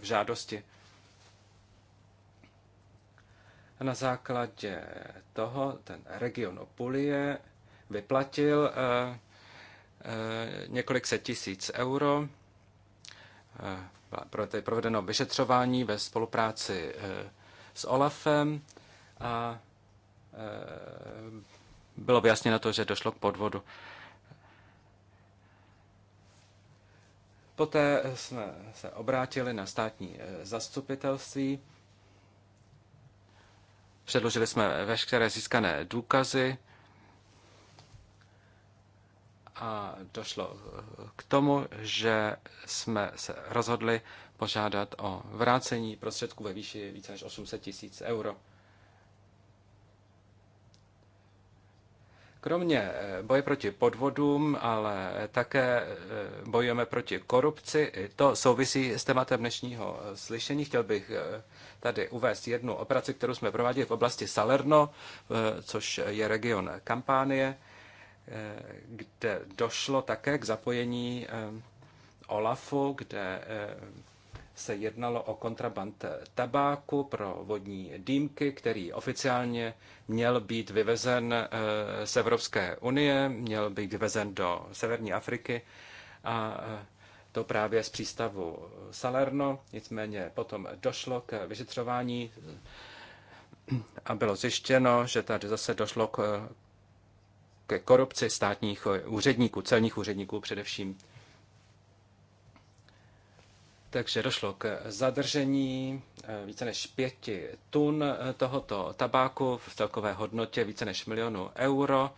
v žádosti. A na základě toho ten region Opulie vyplatil několik set tisíc euro je provedeno vyšetřování ve spolupráci eh, s OLAFem a eh, bylo vyjasněno to, že došlo k podvodu. Poté jsme se obrátili na státní eh, zastupitelství. Předložili jsme veškeré získané důkazy a došlo eh, k tomu, že jsme se rozhodli požádat o vrácení prostředků ve výši více než 800 tisíc euro. Kromě eh, boje proti podvodům, ale také eh, bojujeme proti korupci. To souvisí s tématem dnešního slyšení. Chtěl bych tady uvést jednu operaci, kterou jsme prováděli v oblasti Salerno, což je region Kampánie Eh, kde došlo také k zapojení eh, OLAFu, kde eh, se jednalo o kontraband tabáku pro vodní dýmky, který oficiálně měl být vyvezen z Evropské unie, měl být vyvezen do Severní Afriky a to právě z přístavu Salerno. Nicméně potom došlo k vyšetřování a bylo zjištěno, že tady zase došlo k ke korupci státních eh, úředníků, celních úředníků především. Takže došlo k zadržení eh, více než pěti tun eh, tohoto tabáku v celkové hodnotě více než milionu euro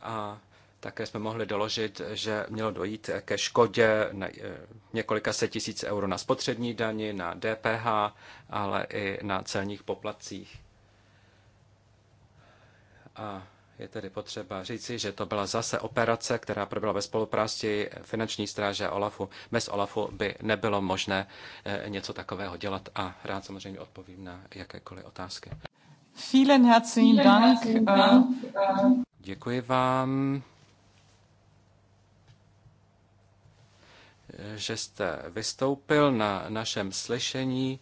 a také jsme mohli doložit, že mělo dojít ke škodě na několika set tisíc euro na spotřební dani, na DPH, ale i na celních poplacích. A je tedy potřeba říci, že to byla zase operace, která proběhla ve spolupráci finanční stráže OLAFu. Bez OLAFu by nebylo možné eh, něco takového dělat a rád samozřejmě odpovím na jakékoliv otázky. Vielen herzlichen Dank. Eh. Děkuji vám, že jste vystoupil na našem slyšení.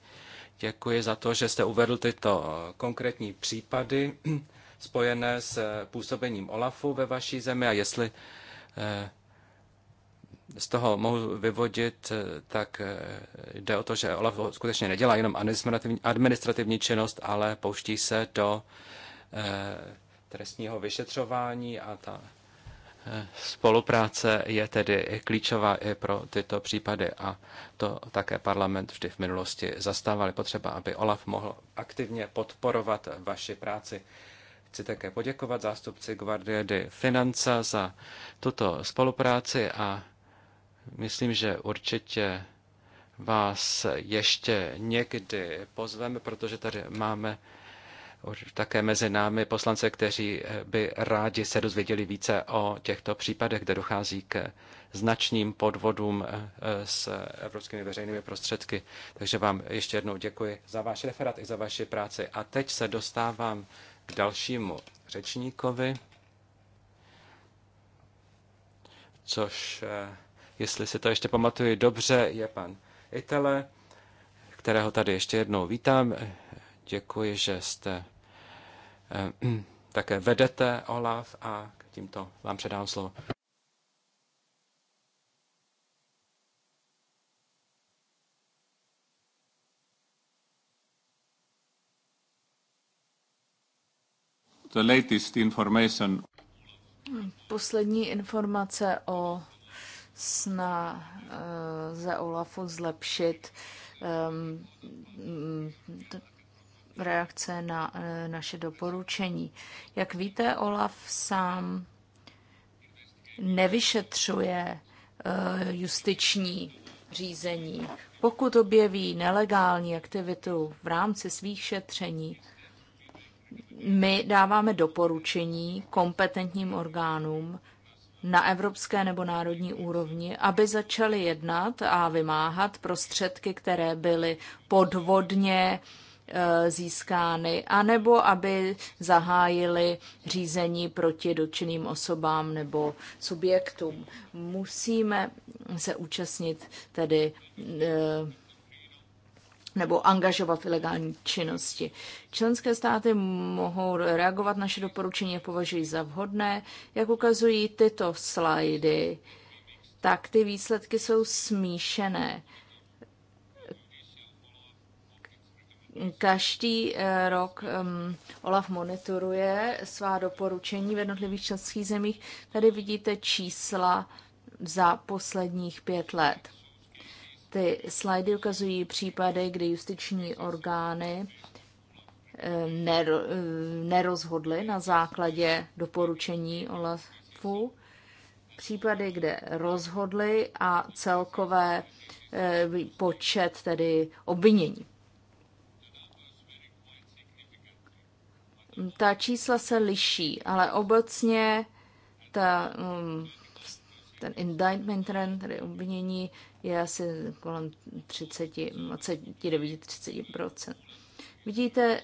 Děkuji za to, že jste uvedl tyto konkrétní případy spojené s eh, působením OLAFu ve vaší zemi a jestli eh, z toho mohu vyvodit, eh, tak jde o to, že OLAF skutečně nedělá jenom administrativní, administrativní činnost, ale pouští se do trestního vyšetřování a ta spolupráce je tedy klíčová i pro tyto případy a to také parlament vždy v minulosti zastával. Potřeba, aby OLAF mohl aktivně podporovat vaši práci. Chci také poděkovat zástupci Guardia de Financa za tuto spolupráci a myslím, že určitě vás ještě někdy pozveme, protože tady máme také mezi námi poslance, kteří by rádi se dozvěděli více o těchto případech, kde dochází k značným podvodům eh, eh, s evropskými veřejnými prostředky. Takže vám ještě jednou děkuji za váš referát i za vaši práci. A teď se dostávám dalšímu řečníkovi, což, eh, jestli si to ještě pamatuju dobře, je pan Itele, kterého tady ještě jednou vítám. Děkuji, že jste eh, také vedete OLAF a tímto vám předám slovo. the latest information. Poslední informace o sna eh, ze Olafu zlepšit um, reakce na eh, naše doporučení. Jak víte, Olaf sám nevyšetřuje eh, justiční řízení. Pokud objeví nelegální aktivitu v rámci svých šetření, my dáváme doporučení kompetentním orgánům na evropské nebo národní úrovni, aby začali jednat a vymáhat prostředky, které byly podvodně e, získány, anebo aby zahájili řízení proti dočinným osobám nebo subjektům. Musíme se účastnit tedy e, nebo angažovat v ilegální činnosti. Členské státy mohou reagovat naše doporučení a považují za vhodné. Jak ukazují tyto slajdy, tak ty výsledky jsou smíšené. Každý eh, rok um, OLAF monitoruje svá doporučení v jednotlivých členských zemích. Tady vidíte čísla za posledních pět let. Ty slajdy ukazují případy, kdy justiční orgány eh, eh, nerozhodly na základě doporučení OLAFu. Případy, kde rozhodly a celkové eh, počet tedy obvinění. Ta čísla se liší, ale obecně ta um, ten indictment trend, tedy obvinění, je asi kolem 30, 29-30%. Vidíte,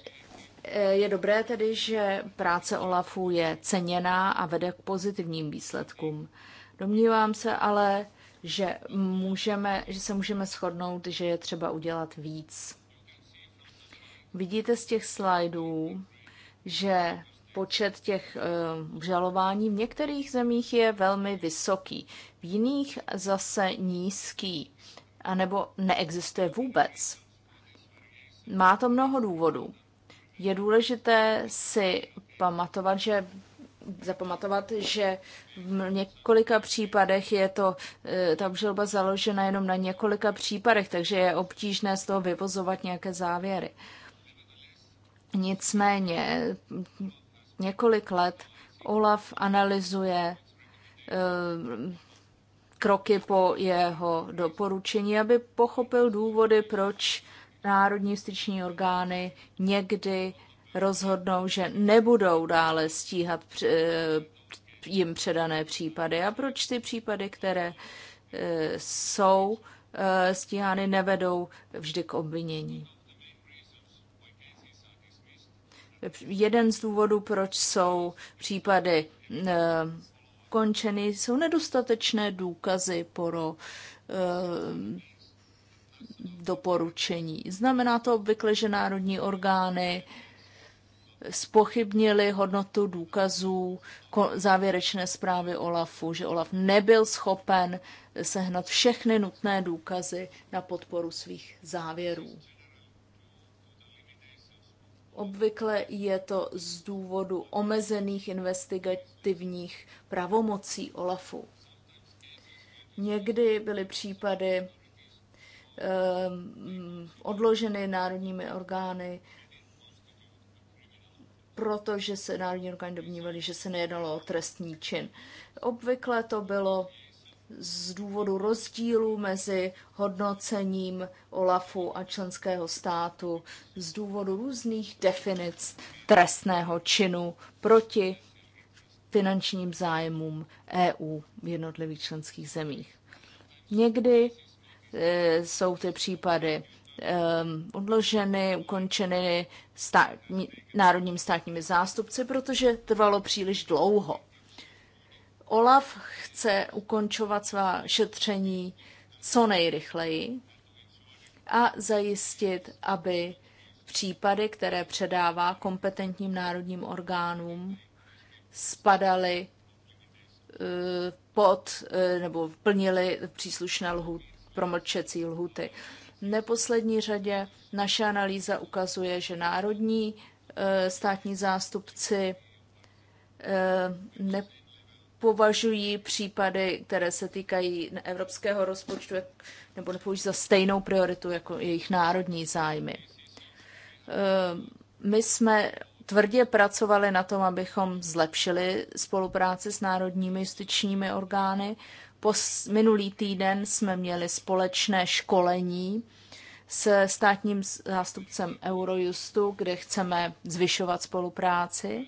eh, je dobré tedy, že práce OLAFu je ceněná a vede k pozitivním výsledkům. Domnívám se ale, že, můžeme, že se můžeme shodnout, že je třeba udělat víc. Vidíte z těch slajdů, že počet těch eh, žalování v některých zemích je velmi vysoký, v jiných zase nízký, anebo neexistuje vůbec. Má to mnoho důvodů. Je důležité si pamatovat, že zapamatovat, že v několika případech je to, eh, ta obžaloba založena jenom na několika případech, takže je obtížné z toho vyvozovat nějaké závěry. Nicméně několik let Olaf analyzuje eh, kroky po jeho doporučení, aby pochopil důvody, proč národní styční orgány někdy rozhodnou, že nebudou dále stíhat eh, jim předané případy a proč ty případy, které eh, jsou stíhány, nevedou vždy k obvinění. Jeden z důvodů, proč jsou případy eh, končeny, jsou nedostatečné důkazy pro eh, doporučení. Znamená to obvykle, že národní orgány spochybnili hodnotu důkazů závěrečné zprávy Olafu, že Olaf nebyl schopen sehnat všechny nutné důkazy na podporu svých závěrů. Obvykle je to z důvodu omezených investigativních pravomocí OLAFu. Někdy byly případy eh, odloženy národními orgány, protože se národní orgány domnívaly, že se nejednalo o trestní čin. Obvykle to bylo z důvodu rozdílu mezi hodnocením OLAFu a členského státu, z důvodu různých definic trestného činu proti finančním zájmům EU v jednotlivých členských zemích. Někdy e, jsou ty případy e, odloženy, ukončeny stát, národním státními zástupci, protože trvalo příliš dlouho. Olaf chce ukončovat svá šetření co nejrychleji a zajistit, aby případy, které předává kompetentním národním orgánům, spadaly eh, pod eh, nebo plnily příslušné lhut, promlčecí lhuty. V neposlední řadě naše analýza ukazuje, že národní eh, státní zástupci ne, považují případy, které se týkají evropského rozpočtu nebo nepovažují za stejnou prioritu jako jejich národní zájmy. Eh, my jsme tvrdě pracovali na tom, abychom zlepšili spolupráci s národními justičními orgány. Po minulý týden jsme měli společné školení se státním zástupcem Eurojustu, kde chceme zvyšovat spolupráci.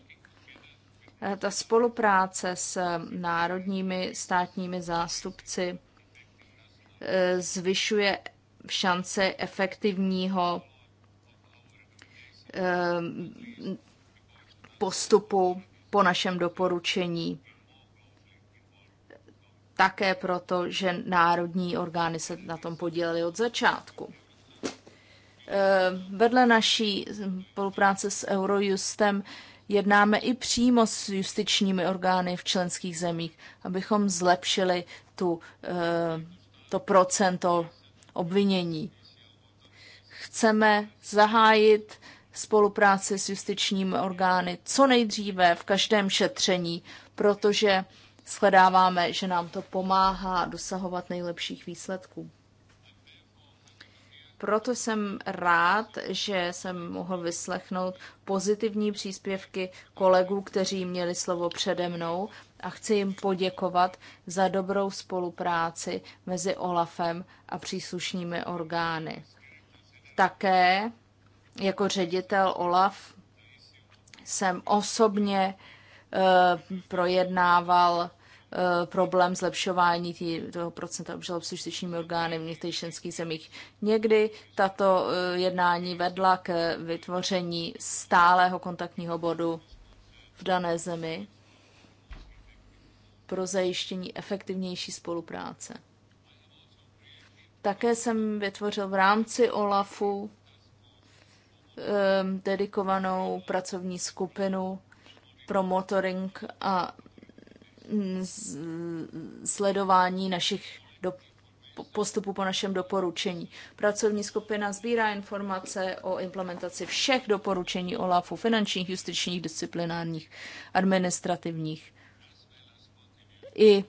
Eh, ta spolupráce s národními státními zástupci eh, zvyšuje šance efektivního eh, postupu po našem doporučení. Také proto, že národní orgány se na tom podílely od začátku. Vedle naší spolupráce s Eurojustem jednáme i přímo s justičními orgány v členských zemích, abychom zlepšili tu, eh, to procento obvinění. Chceme zahájit spolupráci s justičními orgány co nejdříve v každém šetření, protože shledáváme, že nám to pomáhá dosahovat nejlepších výsledků. Proto jsem rád, že jsem mohl vyslechnout pozitivní příspěvky kolegů, kteří měli slovo přede mnou a chci jim poděkovat za dobrou spolupráci mezi OLAFem a příslušnými orgány. Také jako ředitel OLAF jsem osobně eh, projednával Eh, problém zlepšování tý, toho procenta obžalob justičními orgány v některých členských zemích. Někdy tato eh, jednání vedla k vytvoření stálého kontaktního bodu v dané zemi pro zajištění efektivnější spolupráce. Také jsem vytvořil v rámci OLAFu eh, dedikovanou pracovní skupinu pro motoring a Mm, mm, sledování našich do, postupu po našem doporučení. Pracovní skupina sbírá informace o implementaci všech doporučení OLAFu, finančních, justičních, disciplinárních, administrativních. I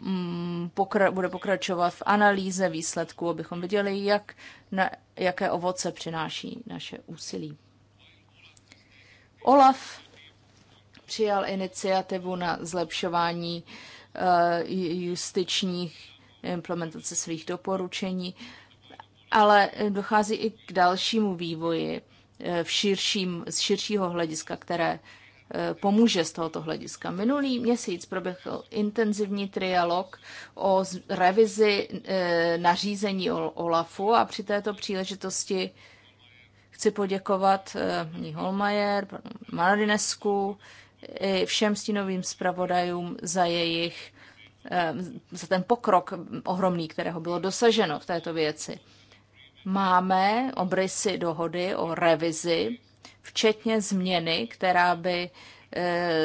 mm, pokra- bude pokračovat v analýze výsledků, abychom viděli, jak, na, jaké ovoce přináší naše úsilí. OLAF přijal iniciativu na zlepšování eh, justičních implementace svých doporučení, ale dochází i k dalšímu vývoji eh, v širším, z širšího hlediska, které eh, pomůže z tohoto hlediska. Minulý měsíc proběhl intenzivní trialog o revizi nařízení OLAFu a při této příležitosti chci poděkovat paní Holmajer, panu Marinesku, všem stínovým zpravodajům za jejich za ten pokrok ohromný, kterého bylo dosaženo v této věci. Máme obrysy dohody o revizi, včetně změny, která by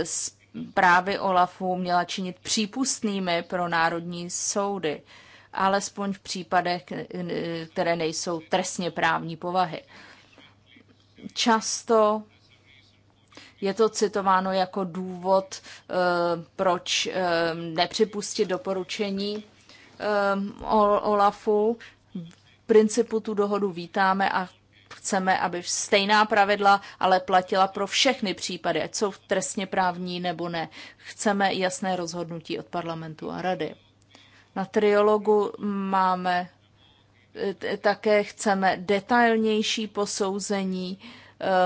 zprávy e, OLAFu měla činit přípustnými pro národní soudy, alespoň v případech, e, e, které nejsou trestně právní povahy. Často je to citováno jako důvod, eh, proč eh, nepřipustit doporučení eh, OLAFu. V principu tu dohodu vítáme a chceme, aby stejná pravidla ale platila pro všechny případy, ať jsou trestně právní nebo ne. Chceme jasné rozhodnutí od parlamentu a rady. Na triologu máme také chceme detailnější posouzení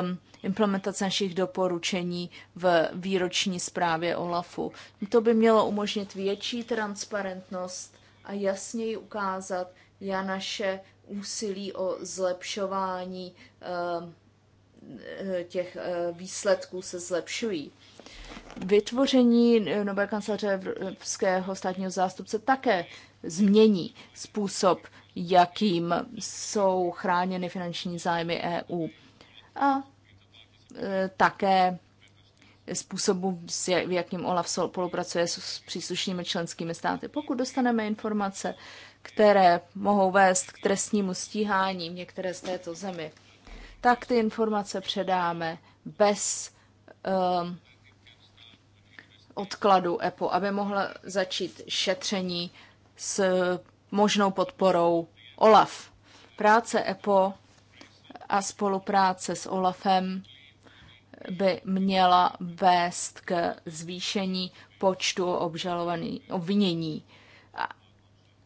um, implementace našich doporučení v výroční zprávě OLAFu. To by mělo umožnit větší transparentnost a jasněji ukázat, jak naše úsilí o zlepšování eh, eh, těch eh, výsledků se zlepšují. Vytvoření nové kanceláře Evropského státního zástupce také změní způsob, jakým jsou chráněny finanční zájmy EU. A Eh, také způsobu, v jakým OLAF spolupracuje s příslušnými členskými státy. Pokud dostaneme informace, které mohou vést k trestnímu stíhání v některé z této zemi, tak ty informace předáme bez um, odkladu EPO, aby mohla začít šetření s možnou podporou OLAF. Práce EPO a spolupráce s OLAFem by měla vést k zvýšení počtu obžalovaných obvinění,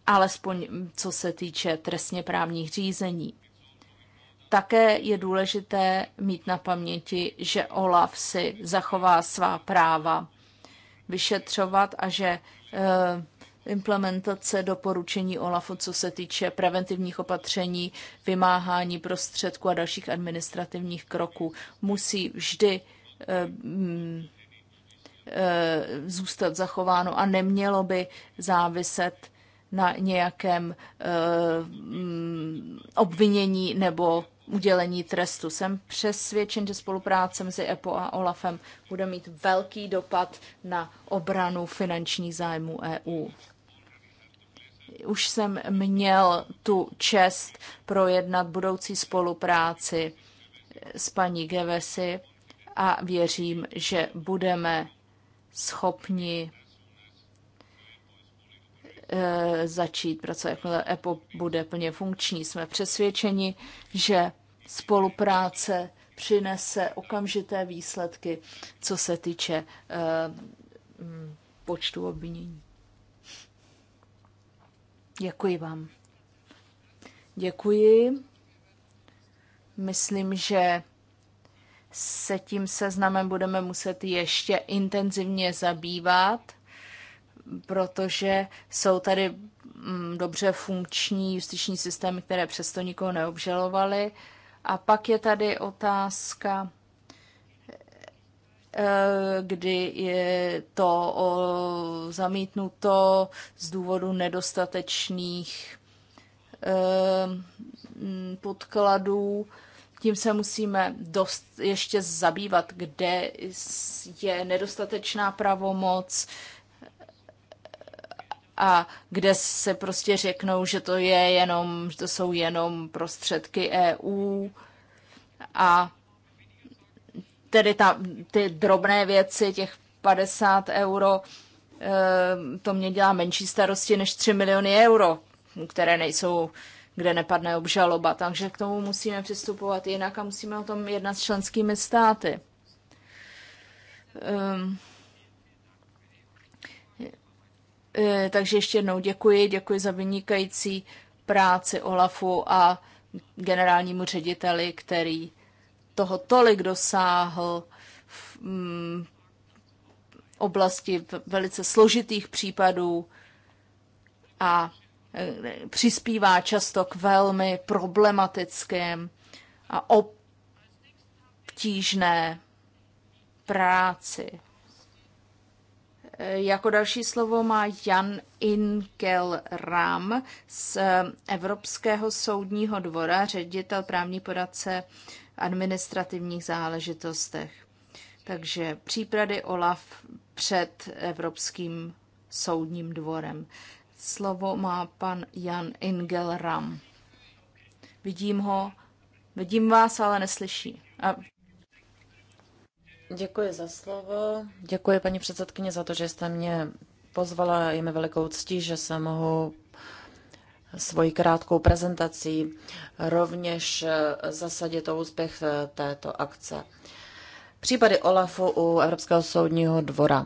alespoň co se týče trestně právních řízení. Také je důležité mít na paměti, že OLAF si zachová svá práva vyšetřovat a že eh, implementace doporučení OLAFu, co se týče preventivních opatření, vymáhání prostředků a dalších administrativních kroků, musí vždy eh, mm, eh, zůstat zachováno a nemělo by záviset na nějakém eh, mm, obvinění nebo udělení trestu. Jsem přesvědčen, že spolupráce mezi EPO a OLAFem bude mít velký dopad na obranu finančních zájmů EU už jsem měl tu čest projednat budoucí spolupráci s paní Gevesy a věřím, že budeme schopni e, začít pracovat, jakmile EPO bude plně funkční. Jsme přesvědčeni, že spolupráce přinese okamžité výsledky, co se týče e, počtu obvinění. Děkuji vám. Děkuji. Myslím, že se tím seznamem budeme muset ještě intenzivně zabývat, protože jsou tady mm, dobře funkční justiční systémy, které přesto nikoho neobžalovaly. A pak je tady otázka Eh, kdy je to zamítnuto z důvodu nedostatečných eh, podkladů. Tím se musíme dost ještě zabývat, kde je nedostatečná pravomoc eh, a kde se prostě řeknou, že to je jenom, že to jsou jenom prostředky EU a tedy ta, ty drobné věci, těch 50 euro, eh, to mě dělá menší starosti než 3 miliony euro, které nejsou, kde nepadne obžaloba. Takže k tomu musíme přistupovat jinak a musíme o tom jednat s členskými státy. Ehm. Eh, takže ještě jednou děkuji, děkuji za vynikající práci Olafu a generálnímu řediteli, který toho tolik dosáhl v mm, oblasti velice složitých případů a e, přispívá často k velmi problematickým a obtížné práci. E, jako další slovo má Jan Inkel Ram z e, Evropského soudního dvora, ředitel právní poradce administrativních záležitostech. Takže přípravy OLAF před Evropským soudním dvorem. Slovo má pan Jan Ingelram. Vidím ho, vidím vás, ale neslyší. A... Děkuji za slovo. Děkuji paní předsedkyně za to, že jste mě pozvala. Je mi velikou ctí, že se mohu svoji krátkou prezentací rovněž eh, zasadit o úspěch eh, této akce. Případy OLAFu u Evropského soudního dvora.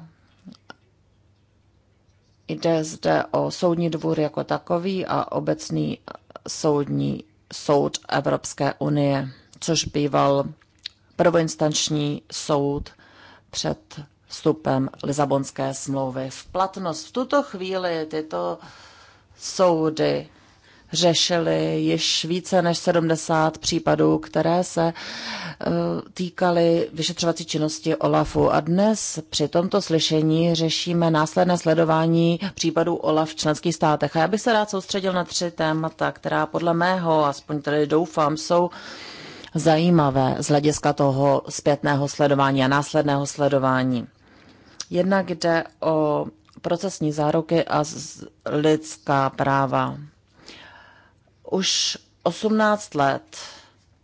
Jde zde o soudní dvůr jako takový a obecný soudní soud Evropské unie, což býval prvoinstanční soud před vstupem Lisabonské smlouvy v platnost. V tuto chvíli tyto soudy řešili již více než 70 případů, které se eh, týkaly vyšetřovací činnosti OLAFu. A dnes při tomto slyšení řešíme následné sledování případů OLAF v členských státech. A já bych se rád soustředil na tři témata, která podle mého, aspoň tedy doufám, jsou zajímavé z hlediska toho zpětného sledování a následného sledování. Jednak jde o procesní záruky a lidská práva. Už 18 let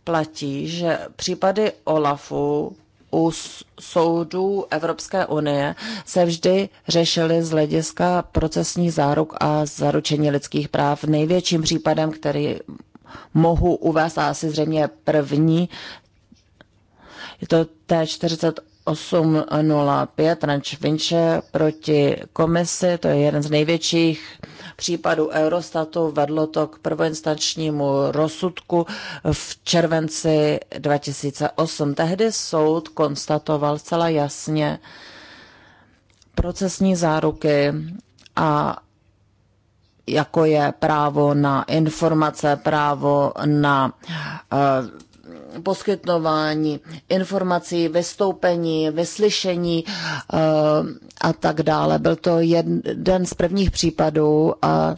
platí, že případy OLAFu u soudů Evropské unie se vždy řešily z hlediska procesních záruk a zaručení lidských práv. Největším případem, který mohu uvést a asi zřejmě první, je to T4805 Vinče proti komisi, to je jeden z největších případu Eurostatu vedlo to k prvoinstančnímu rozsudku v červenci 2008. Tehdy soud konstatoval zcela jasně procesní záruky a jako je právo na informace, právo na uh, poskytování informací, vystoupení, slyšení eh, a tak dále. Byl to jeden z prvních případů a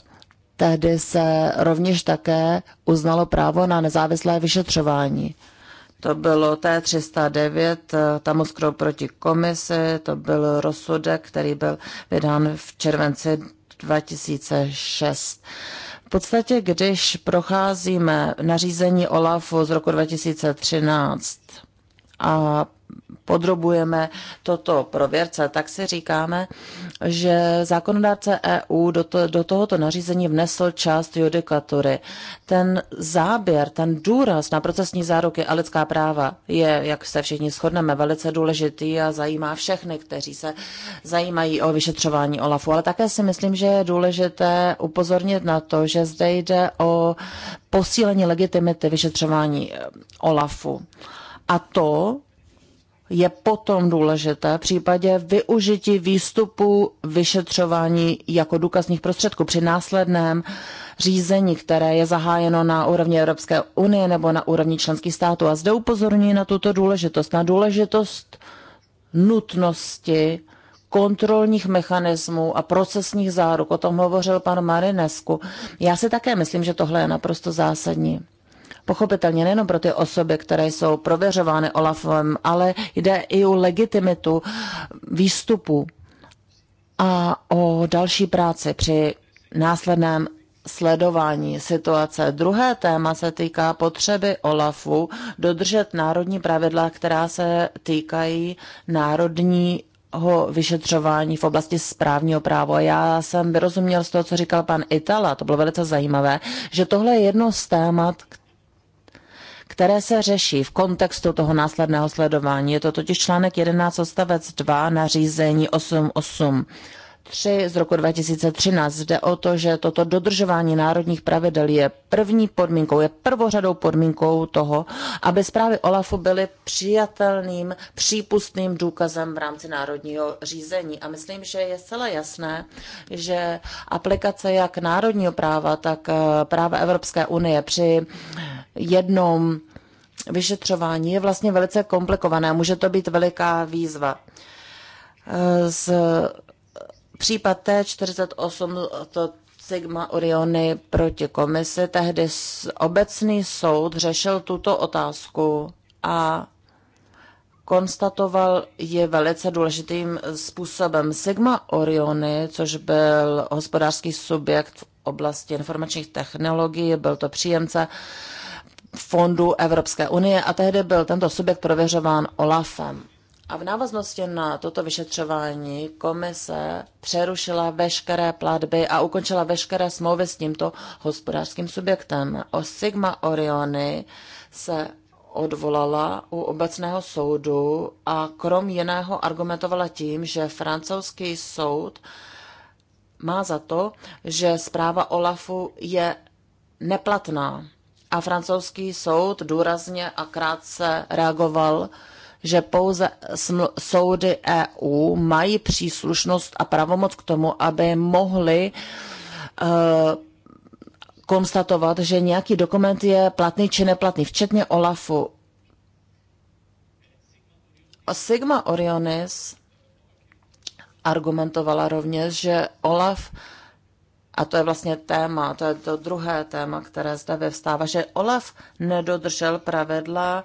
tehdy se rovněž také uznalo právo na nezávislé vyšetřování. To bylo T309, eh, Tamoskro proti komisi, to byl rozsudek, který byl vydán v červenci 2006 podstatě, když procházíme nařízení OLAFu z roku 2013, a podrobujeme toto prověrce, tak si říkáme, že zákonodárce EU do, to, do tohoto nařízení vnesl část judikatury. Ten záběr, ten důraz na procesní záruky a lidská práva je, jak se všichni shodneme, velice důležitý a zajímá všechny, kteří se zajímají o vyšetřování OLAFu. Ale také si myslím, že je důležité upozornit na to, že zde jde o posílení legitimity vyšetřování eh, OLAFu. A to je potom důležité v případě využití výstupu vyšetřování jako důkazních prostředků při následném řízení, které je zahájeno na úrovni Evropské unie nebo na úrovni členských států. A zde upozorňuji na tuto důležitost, na důležitost nutnosti kontrolních mechanismů a procesních záruk. O tom hovořil pan Marinesku. Já si také myslím, že tohle je naprosto zásadní. Pochopitelně nejenom pro ty osoby, které jsou prověřovány Olafem, ale jde i o legitimitu výstupu a o další práci při následném sledování situace. Druhé téma se týká potřeby OLAFu dodržet národní pravidla, která se týkají národní ho vyšetřování v oblasti správního práva. Já jsem vyrozuměl z toho, co říkal pan Itala, to bylo velice zajímavé, že tohle je jedno z témat, které se řeší v kontextu toho následného sledování. Je to totiž článek 11 odstavec 2 nařízení 88 3 z roku 2013. Jde o to, že toto dodržování národních pravidel je první podmínkou, je prvořadou podmínkou toho, aby zprávy OLAFu byly přijatelným, přípustným důkazem v rámci národního řízení. A myslím, že je zcela jasné, že aplikace jak národního práva, tak eh, práva Evropské unie při jednom vyšetřování je vlastně velice komplikované. Může to být veliká výzva. Eh, z Případ T48 to Sigma Oriony proti komisi, tehdy obecný soud řešil tuto otázku a konstatoval je velice důležitým způsobem. Sigma Oriony, což byl hospodářský subjekt v oblasti informačních technologií, byl to příjemce fondu Evropské unie a tehdy byl tento subjekt prověřován OLAFem. A v návaznosti na toto vyšetřování komise přerušila veškeré platby a ukončila veškeré smlouvy s tímto hospodářským subjektem. O Sigma Oriony se odvolala u obecného soudu a krom jiného argumentovala tím, že francouzský soud má za to, že zpráva Olafu je neplatná. A francouzský soud důrazně a krátce reagoval že pouze soudy EU mají příslušnost a pravomoc k tomu, aby mohli uh, eh, konstatovat, že nějaký dokument je platný či neplatný, včetně OLAFu. Sigma Orionis argumentovala rovněž, že OLAF a to je vlastně téma, to je to druhé téma, které zde vyvstává, že Olaf nedodržel pravidla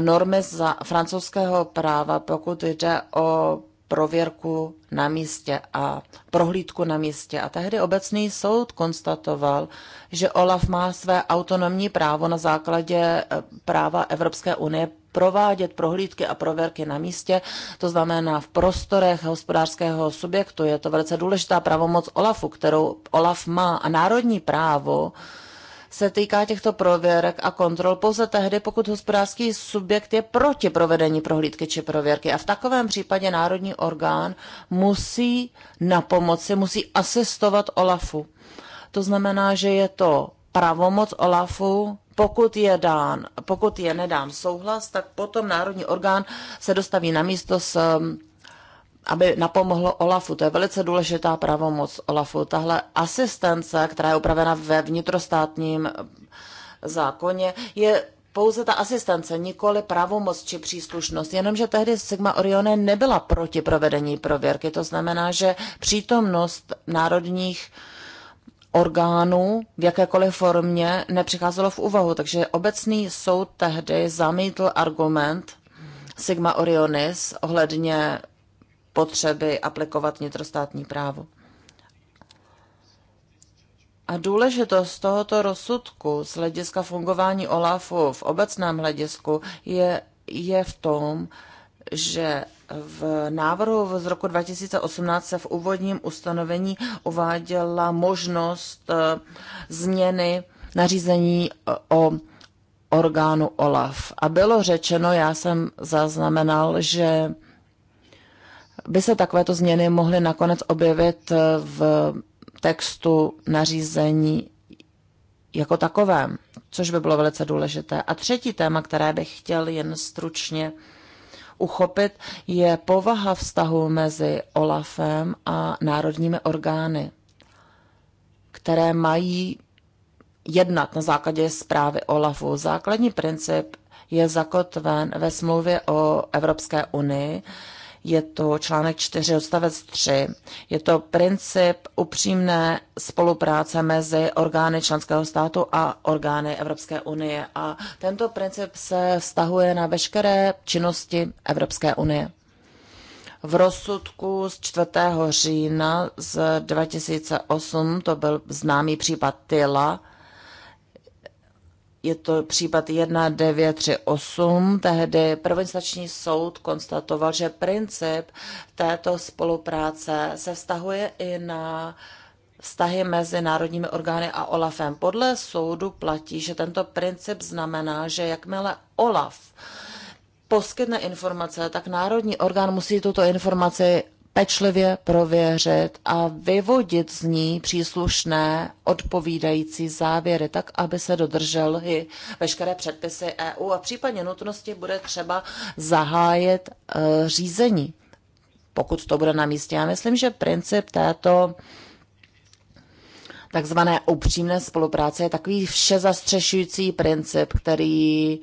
normy z francouzského práva, pokud jde o prověrku na místě a prohlídku na místě. A tehdy obecný soud konstatoval, že OLAF má své autonomní právo na základě e, práva Evropské unie provádět prohlídky a prověrky na místě, to znamená v prostorech hospodářského subjektu. Je to velice důležitá pravomoc OLAFu, kterou OLAF má a národní právo se týká těchto prověrek a kontrol pouze tehdy, pokud hospodářský subjekt je proti provedení prohlídky či prověrky. A v takovém případě národní orgán musí na pomoci, musí asistovat OLAFu. To znamená, že je to pravomoc OLAFu pokud je, dán, pokud je nedán souhlas, tak potom národní orgán se dostaví na místo s aby napomohlo OLAFu. To je velice důležitá pravomoc OLAFu. Tahle asistence, která je upravena ve vnitrostátním zákoně, je pouze ta asistence, nikoli pravomoc či příslušnost. Jenomže tehdy Sigma Orione nebyla proti provedení prověrky. To znamená, že přítomnost národních orgánů v jakékoliv formě nepřicházelo v úvahu. Takže obecný soud tehdy zamítl argument Sigma Orionis ohledně potřeby aplikovat vnitrostátní právo. A důležitost tohoto rozsudku z hlediska fungování OLAFu v obecném hledisku je, je v tom, že v návrhu z roku 2018 se v úvodním ustanovení uváděla možnost eh, změny nařízení eh, o orgánu OLAF. A bylo řečeno, já jsem zaznamenal, že by se takovéto změny mohly nakonec objevit eh, v textu nařízení jako takovém, což by bylo velice důležité. A třetí téma, které bych chtěl jen stručně uchopit, je povaha vztahu mezi OLAFem a národními orgány, které mají jednat na základě zprávy OLAFu. Základní princip je zakotven ve smlouvě o Evropské unii, je to článek 4 odstavec 3. Je to princip upřímné spolupráce mezi orgány členského státu a orgány Evropské unie. A tento princip se vztahuje na veškeré činnosti Evropské unie. V rozsudku z 4. října z 2008, to byl známý případ Tyla, je to případ 1938, tehdy prvoinstační soud konstatoval, že princip této spolupráce se vztahuje i na vztahy mezi národními orgány a OLAFem. Podle soudu platí, že tento princip znamená, že jakmile OLAF poskytne informace, tak národní orgán musí tuto informaci pečlivě prověřit a vyvodit z ní příslušné odpovídající závěry, tak aby se i veškeré předpisy EU a případně nutnosti bude třeba zahájit uh, řízení, pokud to bude na místě. Já myslím, že princip této takzvané upřímné spolupráce je takový všezastřešující princip, který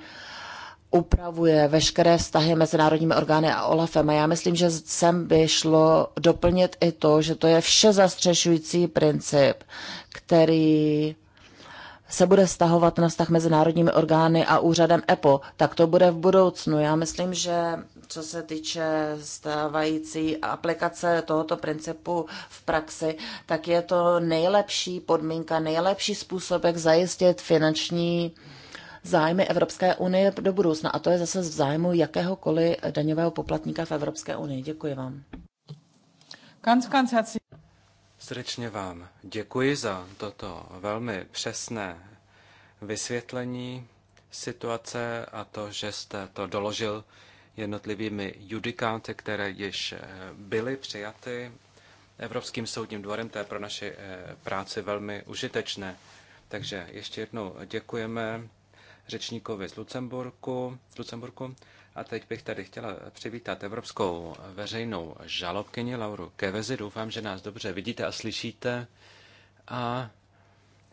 upravuje veškeré vztahy mezinárodními orgány a OLAFem. A já myslím, že sem by šlo doplnit i to, že to je vše zastřešující princip, který se bude stahovat na vztah mezinárodními orgány a úřadem EPO, tak to bude v budoucnu. Já myslím, že co se týče stávající aplikace tohoto principu v praxi, tak je to nejlepší podmínka, nejlepší způsob, jak zajistit finanční uh, zájmy Evropské unie do budoucna. A to je zase v zájmu jakéhokoliv daňového poplatníka v Evropské unii. Děkuji vám. Srdečně vám děkuji za toto velmi přesné vysvětlení situace a to, že jste to doložil jednotlivými judikáty, které již eh, byly přijaty Evropským soudním dvorem. To je pro naši eh, práci velmi užitečné. Takže ještě jednou děkujeme řečníkovi z Lucemburku, z Lucemburku. A teď bych tady chtěla přivítat evropskou veřejnou žalobkyni Lauru Kevezi. Doufám, že nás dobře vidíte a slyšíte a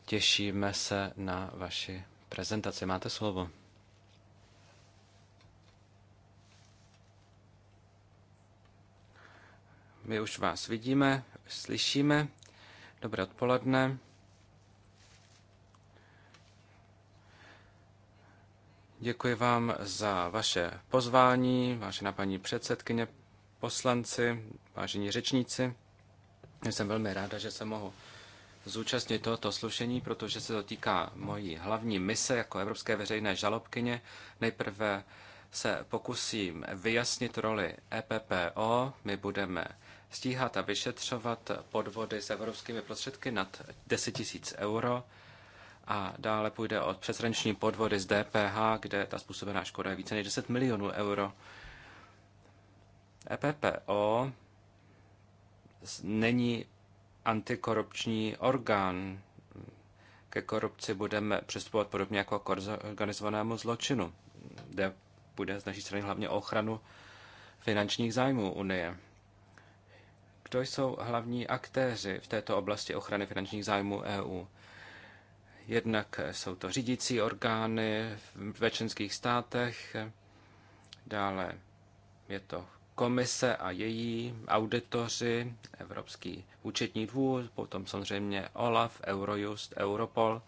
těšíme se na vaši prezentaci. Máte slovo. My už vás vidíme, slyšíme. Dobré odpoledne. Děkuji vám za vaše pozvání, vážená paní předsedkyně, poslanci, vážení řečníci. Jsem velmi ráda, že se mohu zúčastnit tohoto slušení, protože se to týká mojí hlavní mise jako evropské veřejné žalobkyně. Nejprve se pokusím vyjasnit roli EPPO. My budeme stíhat a vyšetřovat podvody s evropskými prostředky nad 10 000 euro a dále půjde o přeshraniční podvody z DPH, kde ta způsobená škoda je více než 10 milionů euro. EPPO není antikorupční orgán. Ke korupci budeme přistupovat podobně jako k organizovanému zločinu, kde bude z naší strany hlavně ochranu finančních zájmů Unie. Kdo jsou hlavní aktéři v této oblasti ochrany finančních zájmů EU? Jednak eh, jsou to řídící orgány ve členských státech, dále je to komise a její auditoři, Evropský účetní dvůr, potom samozřejmě OLAF, Eurojust, Europol.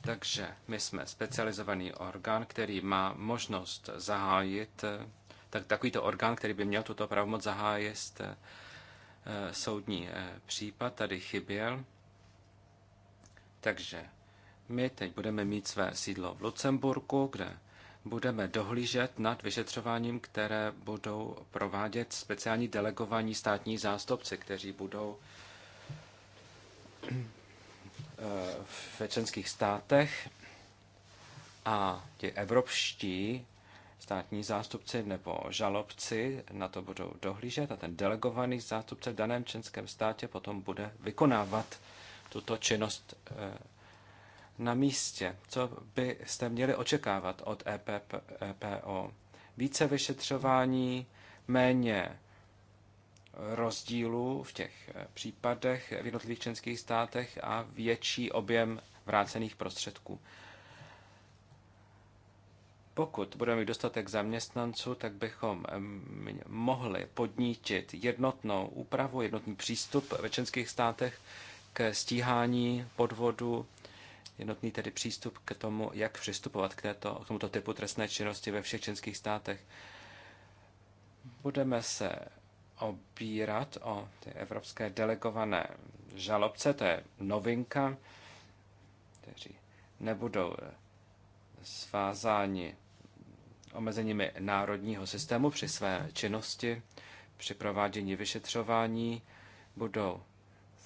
Takže my jsme specializovaný orgán, který má možnost zahájit, eh, tak takovýto orgán, který by měl tuto pravomoc zahájit eh, soudní případ, tady chyběl. Takže my teď budeme mít své sídlo v Lucemburku, kde budeme dohlížet nad vyšetřováním, které budou provádět speciální delegovaní státní zástupci, kteří budou eh, ve členských státech a ti evropští státní zástupci nebo žalobci na to budou dohlížet a ten delegovaný zástupce v daném členském státě potom bude vykonávat tuto činnost eh, na místě. Co byste měli očekávat od EPPO? E Více vyšetřování, méně rozdílů v těch eh, případech v jednotlivých členských státech a větší objem vrácených prostředků. Pokud budeme mít dostatek zaměstnanců, tak bychom mohli podnítit jednotnou úpravu, jednotný přístup ve členských státech ke stíhání podvodu, jednotný tedy přístup k tomu, jak přistupovat k, této, k tomuto typu trestné činnosti ve všech členských státech. Budeme se obírat o ty evropské delegované žalobce, to je novinka, kteří nebudou svázáni omezeními národního systému při své činnosti, při provádění vyšetřování, budou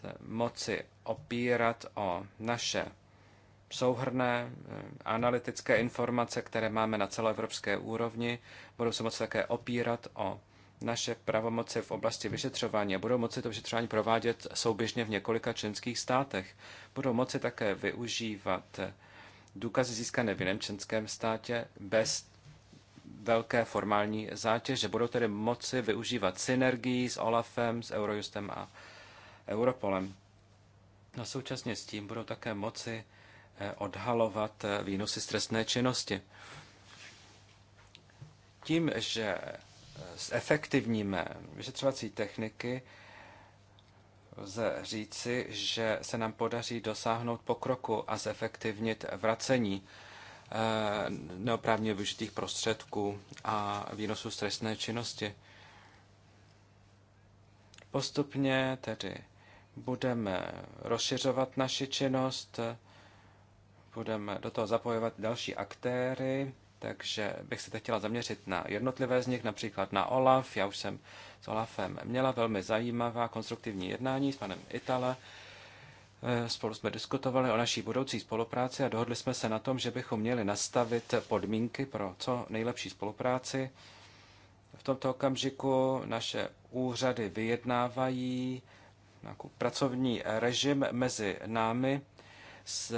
se moci opírat o naše souhrné eh, analytické informace, které máme na celoevropské úrovni, budou se moci také opírat o naše pravomoci v oblasti vyšetřování a budou moci to vyšetřování provádět souběžně v několika členských státech. Budou moci také využívat eh, důkazy získané v jiném členském státě bez velké formální zátěže. Budou tedy moci využívat synergii s OLAFem, s Eurojustem a Europolem. A no, současně s tím budou také moci eh, odhalovat eh, výnosy z trestné činnosti. Tím, že zefektivníme eh, vyšetřovací techniky, lze říci, že se nám podaří dosáhnout pokroku a zefektivnit vracení neoprávně využitých prostředků a výnosů z trestné činnosti. Postupně tedy budeme rozšiřovat naši činnost, budeme do toho zapojovat další aktéry, takže bych se teď chtěla zaměřit na jednotlivé z nich, například na OLAF. Já už jsem s OLAFem měla velmi zajímavá konstruktivní jednání s panem Itala. Eh, spolu jsme diskutovali o naší budoucí spolupráci a dohodli jsme se na tom, že bychom měli nastavit podmínky pro co nejlepší spolupráci. V tomto okamžiku naše úřady vyjednávají jako pracovní režim mezi námi s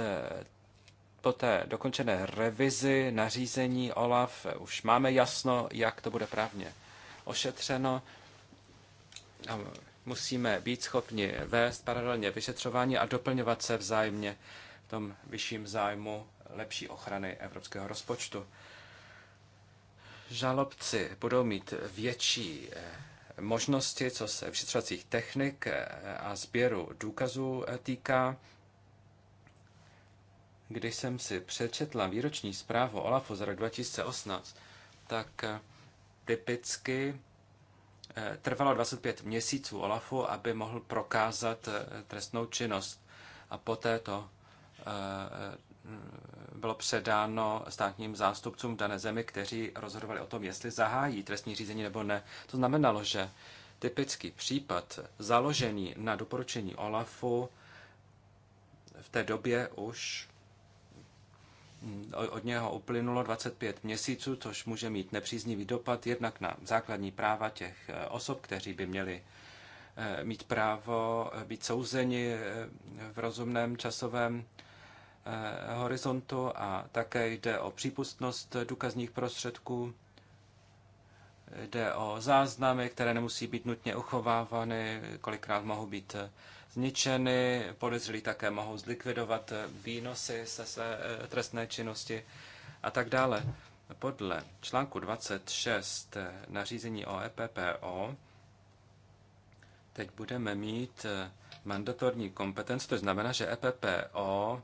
po té dokončené revizi nařízení OLAF už máme jasno, jak to bude právně ošetřeno. A musíme být schopni vést paralelně vyšetřování a doplňovat se vzájemně v tom vyšším zájmu lepší ochrany evropského rozpočtu. Žalobci budou mít větší eh, možnosti, co se vyšetřovacích technik eh, a sběru důkazů eh, týká. Když jsem si přečetla výroční zprávu OLAFu za rok 2018, tak eh, typicky trvalo 25 měsíců OLAFu, aby mohl prokázat trestnou činnost. A poté to Eh, bylo předáno státním zástupcům v dané zemi, kteří rozhodovali o tom, jestli zahájí trestní řízení nebo ne. To znamenalo, že typický případ založený na doporučení OLAFu v té době už mm, od něho uplynulo 25 měsíců, což může mít nepříznivý dopad jednak na základní práva těch eh, osob, kteří by měli eh, mít právo být souzeni v rozumném časovém Eh, horizontu a také jde o přípustnost důkazních prostředků. Jde o záznamy, které nemusí být nutně uchovávány, kolikrát mohou být eh, zničeny, podezřelí také mohou zlikvidovat eh, výnosy se své trestné činnosti a tak dále. Podle článku 26 nařízení o EPPO teď budeme mít mandatorní kompetence, to znamená, že EPPO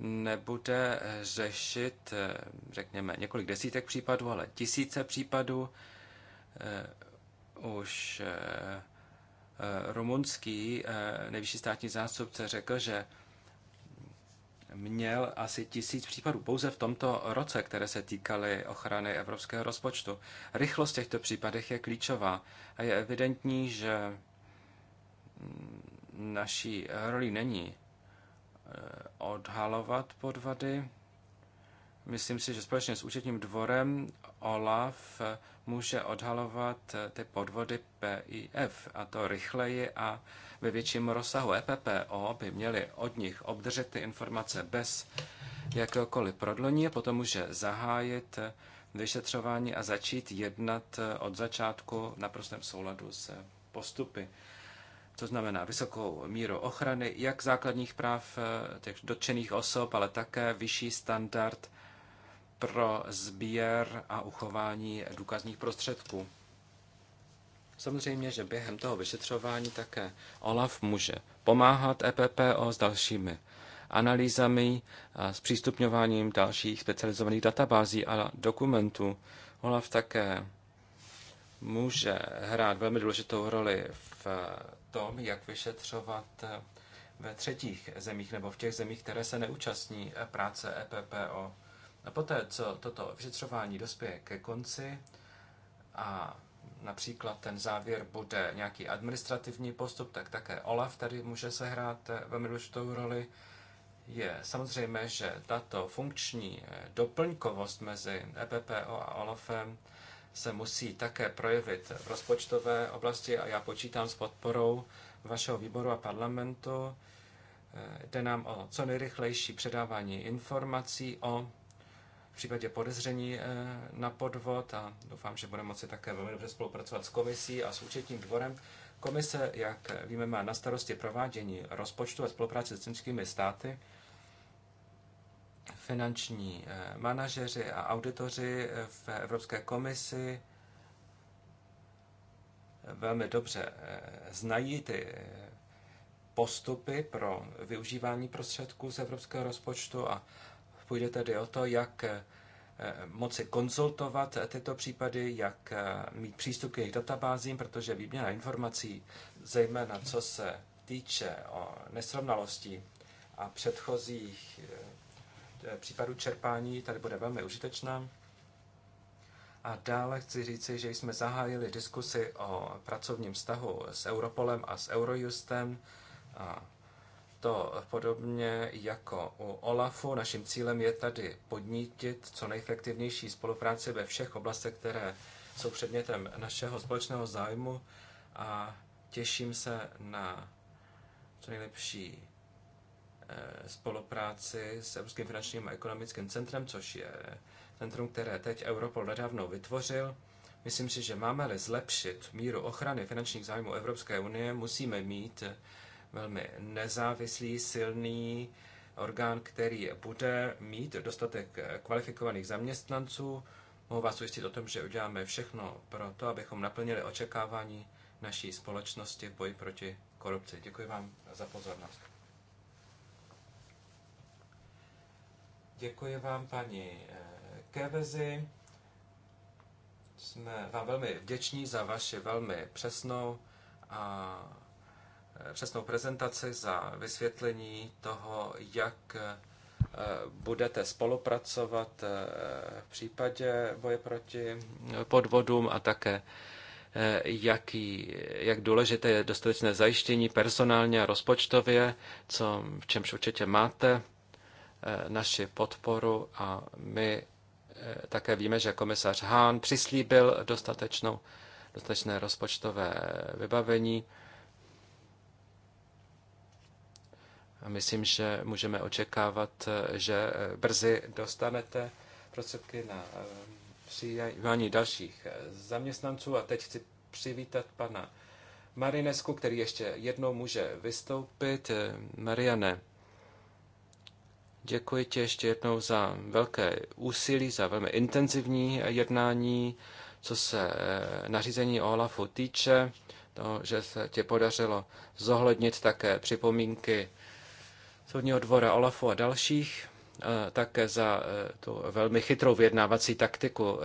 nebude řešit, eh, řekněme, několik desítek případů, ale tisíce případů. Eh, už eh, rumunský nejvyšší státní zástupce řekl, že měl asi tisíc případů pouze v tomto roce, které se týkaly ochrany evropského rozpočtu. Rychlost v těchto případech je klíčová a je evidentní, že mm, naší roli není Eh, odhalovat podvady. Myslím si, že společně s účetním dvorem OLAF eh, může odhalovat eh, ty podvody PIF, a to rychleji a ve větším rozsahu. EPPO by měli od nich obdržet ty informace bez jakéhokoliv prodlení a potom může zahájit vyšetřování a začít jednat od začátku v naprostém souladu s postupy to znamená vysokou míru ochrany jak základních práv eh, těch dotčených osob, ale také vyšší standard pro sběr a uchování důkazních prostředků. Samozřejmě, že během toho vyšetřování také OLAF může pomáhat EPPO s dalšími analýzami a s přístupňováním dalších specializovaných databází a dokumentů. OLAF také může hrát velmi důležitou roli v tom, jak vyšetřovat eh, ve třetích zemích nebo v těch zemích, které se neúčastní eh, práce EPPO. A poté, co toto vyšetřování dospěje ke konci a například ten závěr bude nějaký administrativní postup, tak také OLAF tady může sehrát eh, velmi důležitou roli. Je samozřejmé, že tato funkční doplňkovost mezi EPPO a OLAFem se musí také projevit v rozpočtové oblasti a já počítám s podporou vašeho výboru a parlamentu. Eh, jde nám o co nejrychlejší předávání informací o v případě podezření eh, na podvod a doufám, že budeme moci také velmi dobře spolupracovat s komisí a s účetním dvorem. Komise, jak víme, má na starosti provádění rozpočtu a spolupráci s členskými státy finanční eh, manažeři a auditoři eh, v Evropské komisi eh, velmi dobře znají ty postupy pro využívání prostředků z evropského rozpočtu a půjde tedy o to, jak moci konzultovat tyto případy, jak mít přístup k jejich databázím, protože výměna informací, zejména co se týče o nesrovnalostí a předchozích Eh, případu čerpání tady bude velmi užitečná. A dále chci říci, že jsme zahájili diskusi o pracovním vztahu s Europolem a s Eurojustem. A to podobně jako u OLAFu. Naším cílem je tady podnítit co nejefektivnější spolupráci ve všech oblastech, které jsou předmětem našeho společného zájmu a těším se na co nejlepší Eh, spolupráci s Evropským finančním a ekonomickým centrem, což je centrum, které teď Europol nedávno vytvořil. Myslím si, že máme-li zlepšit míru ochrany finančních zájmů Evropské unie, musíme mít velmi nezávislý, silný orgán, který bude mít dostatek kvalifikovaných zaměstnanců. Mohu vás ujistit o tom, že uděláme všechno pro to, abychom naplnili očekávání naší společnosti v boji proti korupci. Děkuji vám za pozornost. Děkuji vám, paní eh, Kevezi. Jsme vám velmi vděční za vaši velmi přesnou a eh, přesnou prezentaci, za vysvětlení toho, jak eh, budete spolupracovat v případě boje proti podvodům a také jaký, jak důležité je dostatečné zajištění personálně a rozpočtově, co, v čemž určitě máte Eh, naši podporu a my eh, také víme, že komisař Hahn přislíbil dostatečnou, dostatečné rozpočtové vybavení. A myslím, že můžeme očekávat, eh, že brzy dostanete prostředky na přijímání dalších zaměstnanců. A teď chci přivítat pana Marinesku, který ještě jednou může vystoupit. Mariane, Děkuji ti ještě jednou za velké úsilí, za velmi intenzivní jednání, co se eh, nařízení OLAFu týče, to, že se ti podařilo zohlednit také připomínky Soudního dvora OLAFu a dalších, eh, také za eh, tu velmi chytrou vyjednávací taktiku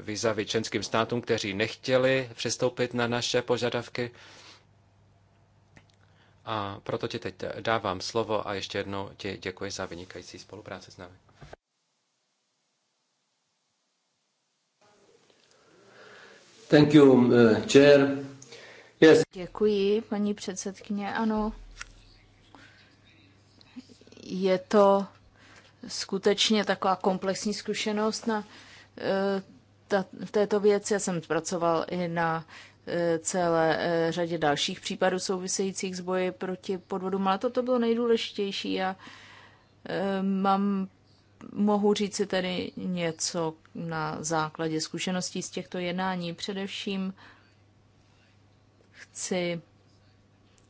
výzavy členským státům, kteří nechtěli přistoupit na naše požadavky. A proto ti teď dávám slovo a ještě jednou ti děkuji za vynikající spolupráci s námi. Thank you, uh, chair. Yes. Děkuji, paní předsedkyně. Ano, je to skutečně taková komplexní zkušenost na uh, ta, v této věci. Já jsem pracoval i na E, celé e, řadě dalších případů souvisejících s boji proti podvodům, ale toto bylo nejdůležitější a e, mám, mohu říct, si tedy něco na základě zkušeností z těchto jednání. Především chci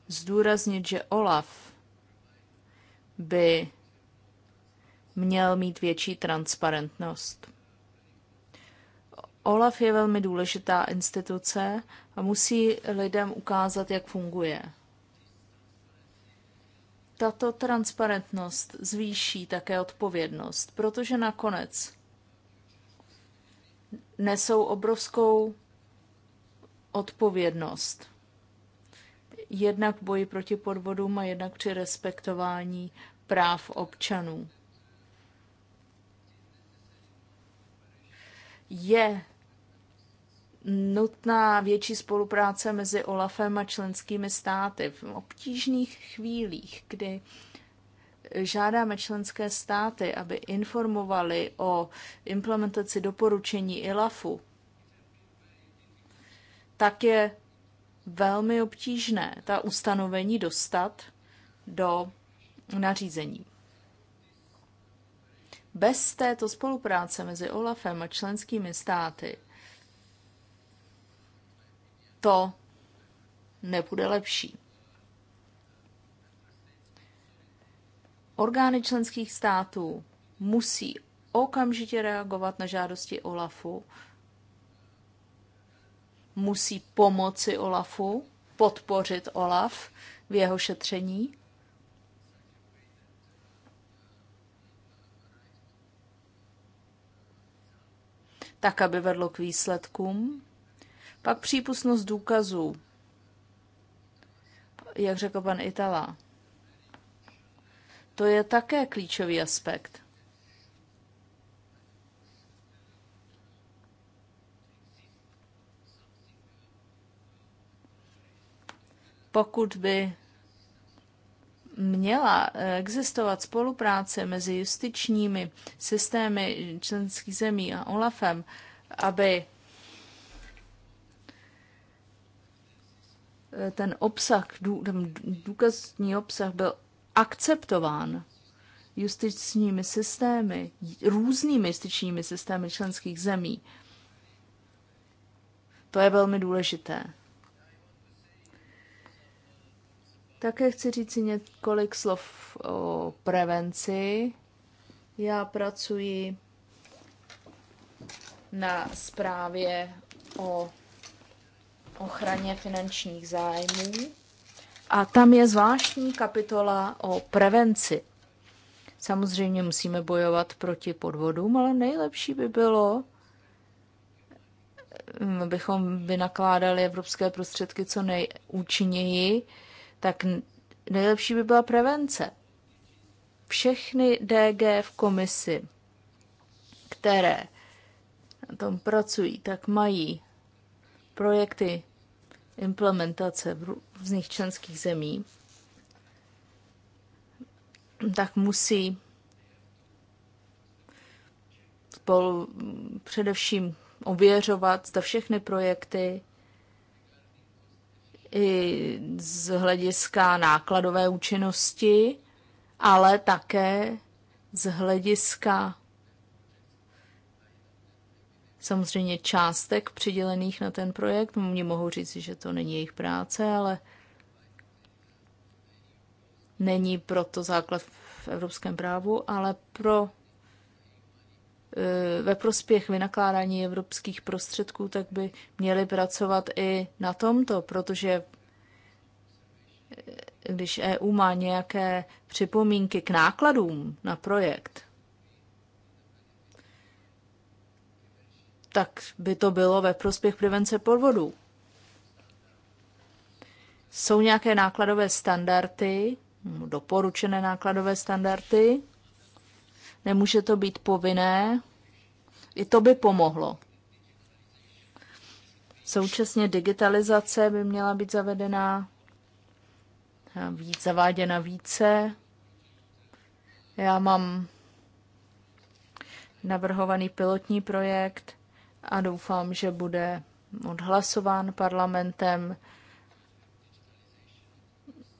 zdůraznit, že OLAF by měl mít větší transparentnost OLAF je velmi důležitá instituce a musí lidem ukázat, jak funguje. Tato transparentnost zvýší také odpovědnost, protože nakonec nesou obrovskou odpovědnost. Jednak boji proti podvodům a jednak při respektování práv občanů. je nutná větší spolupráce mezi OLAFem a členskými státy v obtížných chvílích, kdy žádáme členské státy, aby informovali o implementaci doporučení ILAFu, tak je velmi obtížné ta ustanovení dostat do nařízení. Bez této spolupráce mezi OLAFem a členskými státy to nebude lepší. Orgány členských států musí okamžitě reagovat na žádosti OLAFu, musí pomoci OLAFu, podpořit OLAF v jeho šetření tak, aby vedlo k výsledkům. Pak přípustnost důkazů, jak řekl pan Itala. To je také klíčový aspekt. Pokud by měla eh, existovat spolupráce mezi justičními systémy členských zemí a OLAFem, aby eh, ten obsah, důkazní obsah byl akceptován justičními systémy, různými justičními systémy členských zemí. To je velmi důležité. Také chci říct si několik slov o prevenci. Já pracuji na zprávě o ochraně finančních zájmů a tam je zvláštní kapitola o prevenci. Samozřejmě musíme bojovat proti podvodům, ale nejlepší by bylo, mm, bychom vynakládali evropské prostředky co nejúčinněji tak nejlepší by byla prevence. Všechny DG v komisi, které na tom pracují, tak mají projekty implementace v různých členských zemí, tak musí spolu především ověřovat, zda všechny projekty i z hlediska nákladové účinnosti, ale také z hlediska samozřejmě částek přidělených na ten projekt. Mně mohou říct, že to není jejich práce, ale není proto základ v evropském právu, ale pro Eh, ve prospěch vynakládání evropských prostředků, tak by měli pracovat i na tomto, protože eh, když EU má nějaké připomínky k nákladům na projekt, tak by to bylo ve prospěch prevence podvodů. Jsou nějaké nákladové standardy, doporučené nákladové standardy, Nemůže to být povinné. I to by pomohlo. Současně digitalizace by měla být zavedená, víc, zaváděna více. Já mám navrhovaný pilotní projekt a doufám, že bude odhlasován parlamentem.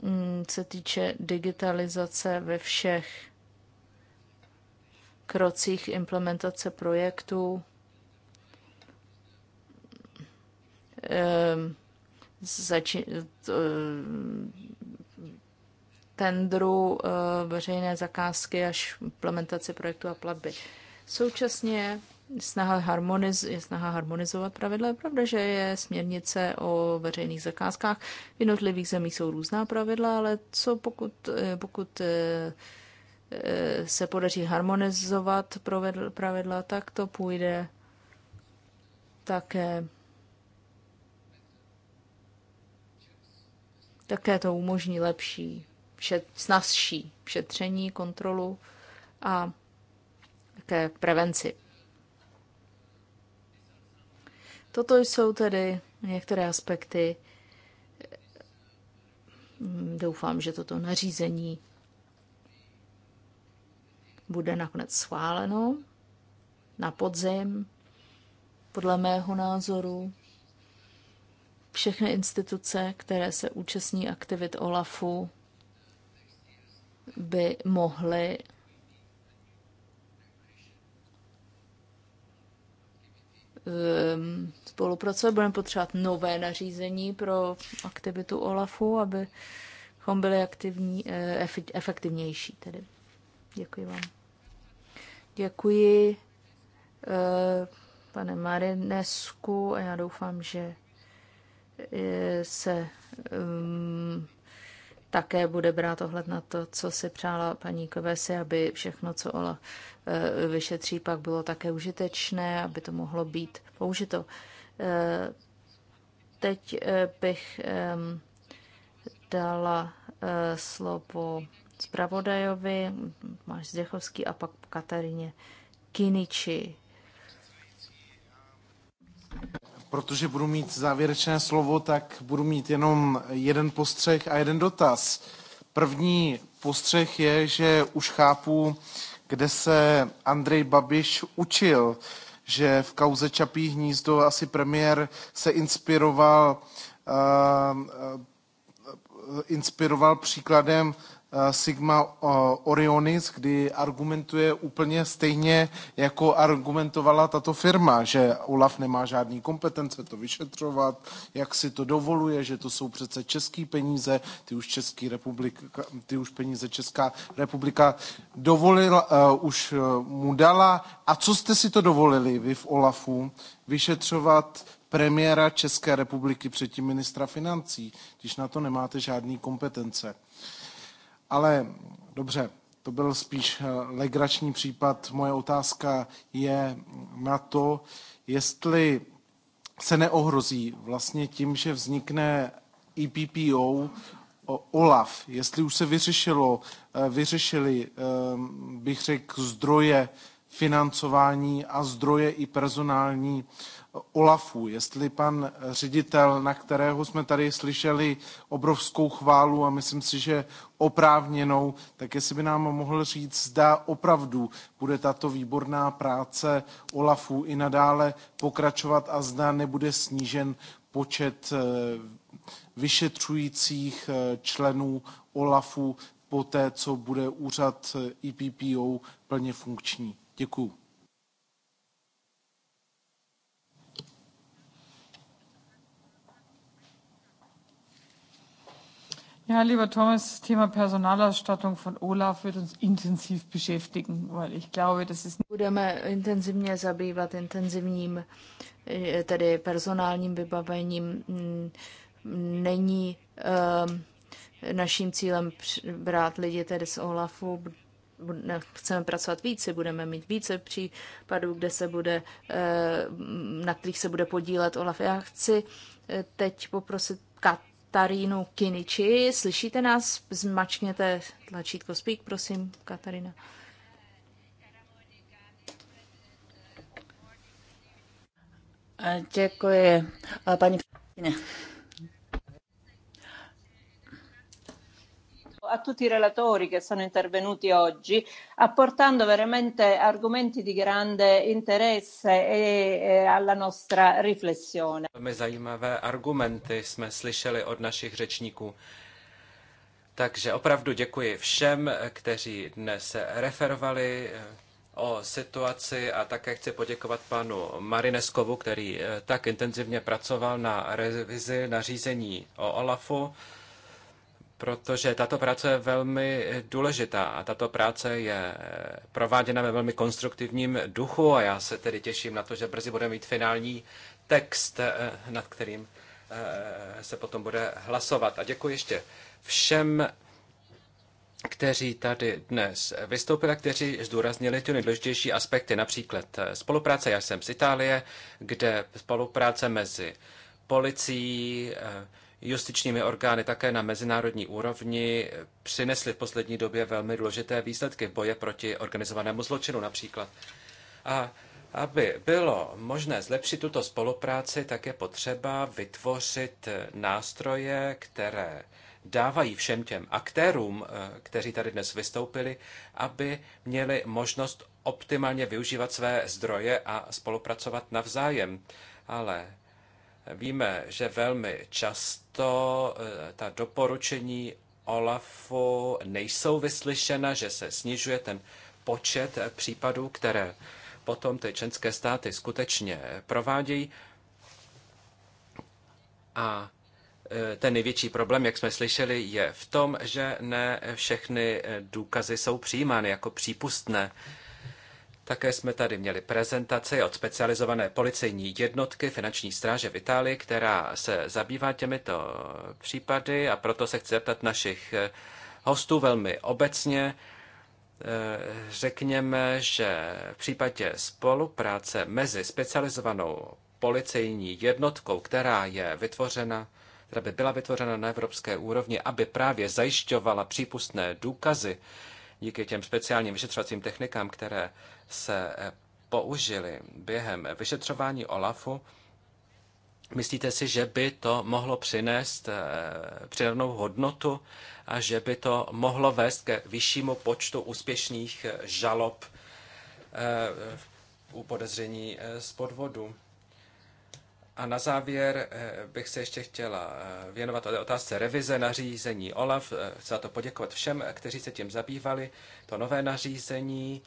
Mm, se týče digitalizace ve všech krocích implementace projektů, ehm, eh, tendru eh, veřejné zakázky až implementaci projektu a platby. Současně snaha harmoniz, je snaha harmonizovat pravidla. Je pravda, že je směrnice o veřejných zakázkách. V jednotlivých zemích jsou různá pravidla, ale co pokud, eh, pokud Eh, se podaří harmonizovat pravidla, tak to půjde také. Také to umožní lepší, snazší šetření, kontrolu a také prevenci. Toto jsou tedy některé aspekty. Doufám, že toto nařízení bude nakonec schváleno na podzim, podle mého názoru. Všechny instituce, které se účastní aktivit OLAFu, by mohly ehm, spolupracovat. Budeme potřebovat nové nařízení pro aktivitu OLAFu, abychom byli aktivní, eh, efektivnější. Tedy. Děkuji vám. Děkuji eh, pane Marinesku a já doufám, že eh, se um, také bude brát ohled na to, co si přála paní Kovesi, aby všechno, co Ola eh, vyšetří, pak bylo také užitečné, aby to mohlo být použito. teď bych dala slovo zpravodajovi, Máš Zdechovský a pak Katarině Kiniči. Protože budu mít závěrečné slovo, tak budu mít jenom jeden postřeh a jeden dotaz. První postřeh je, že už chápu, kde se Andrej Babiš učil, že v kauze Čapí hnízdo asi premiér se inspiroval uh, inspiroval příkladem Eh, Sigma eh, Orionis, kdy argumentuje úplně stejně, jako argumentovala tato firma, že Olaf nemá žádný kompetence to vyšetřovat, jak si to dovoluje, že to jsou přece české peníze, ty už, Český republika, ty už peníze Česká republika dovolila, uh, už mu dala. A co jste si to dovolili vy v Olafu vyšetřovat premiéra České republiky, předtím ministra financí, když na to nemáte žádný kompetence? Ale dobře, to byl spíš eh, legrační případ. Moje otázka je na to, jestli se neohrozí vlastně tím, že vznikne EPPO, OLAF, jestli už se vyřešilo, eh, vyřešili, ehm, bych řekl, zdroje financování a zdroje i personální eh, OLAFu, jestli pan ředitel, na kterého jsme tady slyšeli obrovskou chválu a myslím si, že oprávněnou, tak jestli by nám mohl říct, zda opravdu bude tato výborná práce OLAFu i nadále pokračovat a zda nebude snížen počet eh, vyšetřujících eh, členů OLAFu po té, co bude úřad eh, IPPO plně funkční. Děkuji. Ja, lieber Thomas, das Thema Personalausstattung von Olaf wird uns intensiv beschäftigen, weil ich glaube, das ist... Budeme intenzivně zabývat intenzivním, eh, tedy personálním vybavením. Mm, není uh, naším cílem brát lidi tedy z Olafu, chceme pracovat více, budeme mít více případů, kde se bude, eh, na kterých se bude podílet Olaf. Já chci eh, teď poprosit Kat, Katarínu Kiniči. Slyšíte nás? Zmačkněte tlačítko Speak, prosím, Katarina. Děkuji, paní Ne. a tutti i relatori che sono intervenuti oggi, apportando veramente argomenti di grande interesse e, e alla nostra riflessione. Velmi zajímavé argumenty jsme slyšeli od našich řečníků. Takže opravdu děkuji všem, kteří dnes referovali eh, o situaci a také chci poděkovat panu Marineskovu, který eh, tak intenzivně pracoval na revizi nařízení o OLAFu protože tato práce je velmi důležitá a tato práce je prováděna ve velmi konstruktivním duchu a já se tedy těším na to, že brzy budeme mít finální text, eh, nad kterým eh, se potom bude hlasovat. A děkuji ještě všem, kteří tady dnes vystoupili a kteří zdůraznili ty nejdůležitější aspekty, například eh, spolupráce. Já jsem z Itálie, kde spolupráce mezi policií, justičními orgány také na mezinárodní úrovni přinesly v poslední době velmi důležité výsledky v boje proti organizovanému zločinu například. A aby bylo možné zlepšit tuto spolupráci, tak je potřeba vytvořit nástroje, které dávají všem těm aktérům, eh, kteří tady dnes vystoupili, aby měli možnost optimálně využívat své zdroje a spolupracovat navzájem. Ale Víme, že velmi často eh, ta doporučení OLAFu nejsou vyslyšena, že se snižuje ten počet případů, které potom ty členské státy skutečně provádějí. A eh, ten největší problém, jak jsme slyšeli, je v tom, že ne všechny eh, důkazy jsou přijímány jako přípustné také jsme tady měli prezentaci od specializované policejní jednotky finanční stráže v Itálii, která se zabývá těmito případy a proto se chci zeptat našich eh, hostů velmi obecně. Eh, řekněme, že v případě spolupráce mezi specializovanou policejní jednotkou, která je vytvořena, která by byla vytvořena na evropské úrovni, aby právě zajišťovala přípustné důkazy díky těm speciálním vyšetřovacím technikám, které se eh, použily během vyšetřování OLAFu, myslíte si, že by to mohlo přinést eh, přidanou hodnotu a že by to mohlo vést ke vyššímu počtu úspěšných eh, žalob u podezření z podvodu? A na závěr eh, bych se ještě chtěla eh, věnovat otázce revize nařízení OLAF. Chci eh, za to poděkovat všem, kteří se tím zabývali. To nové nařízení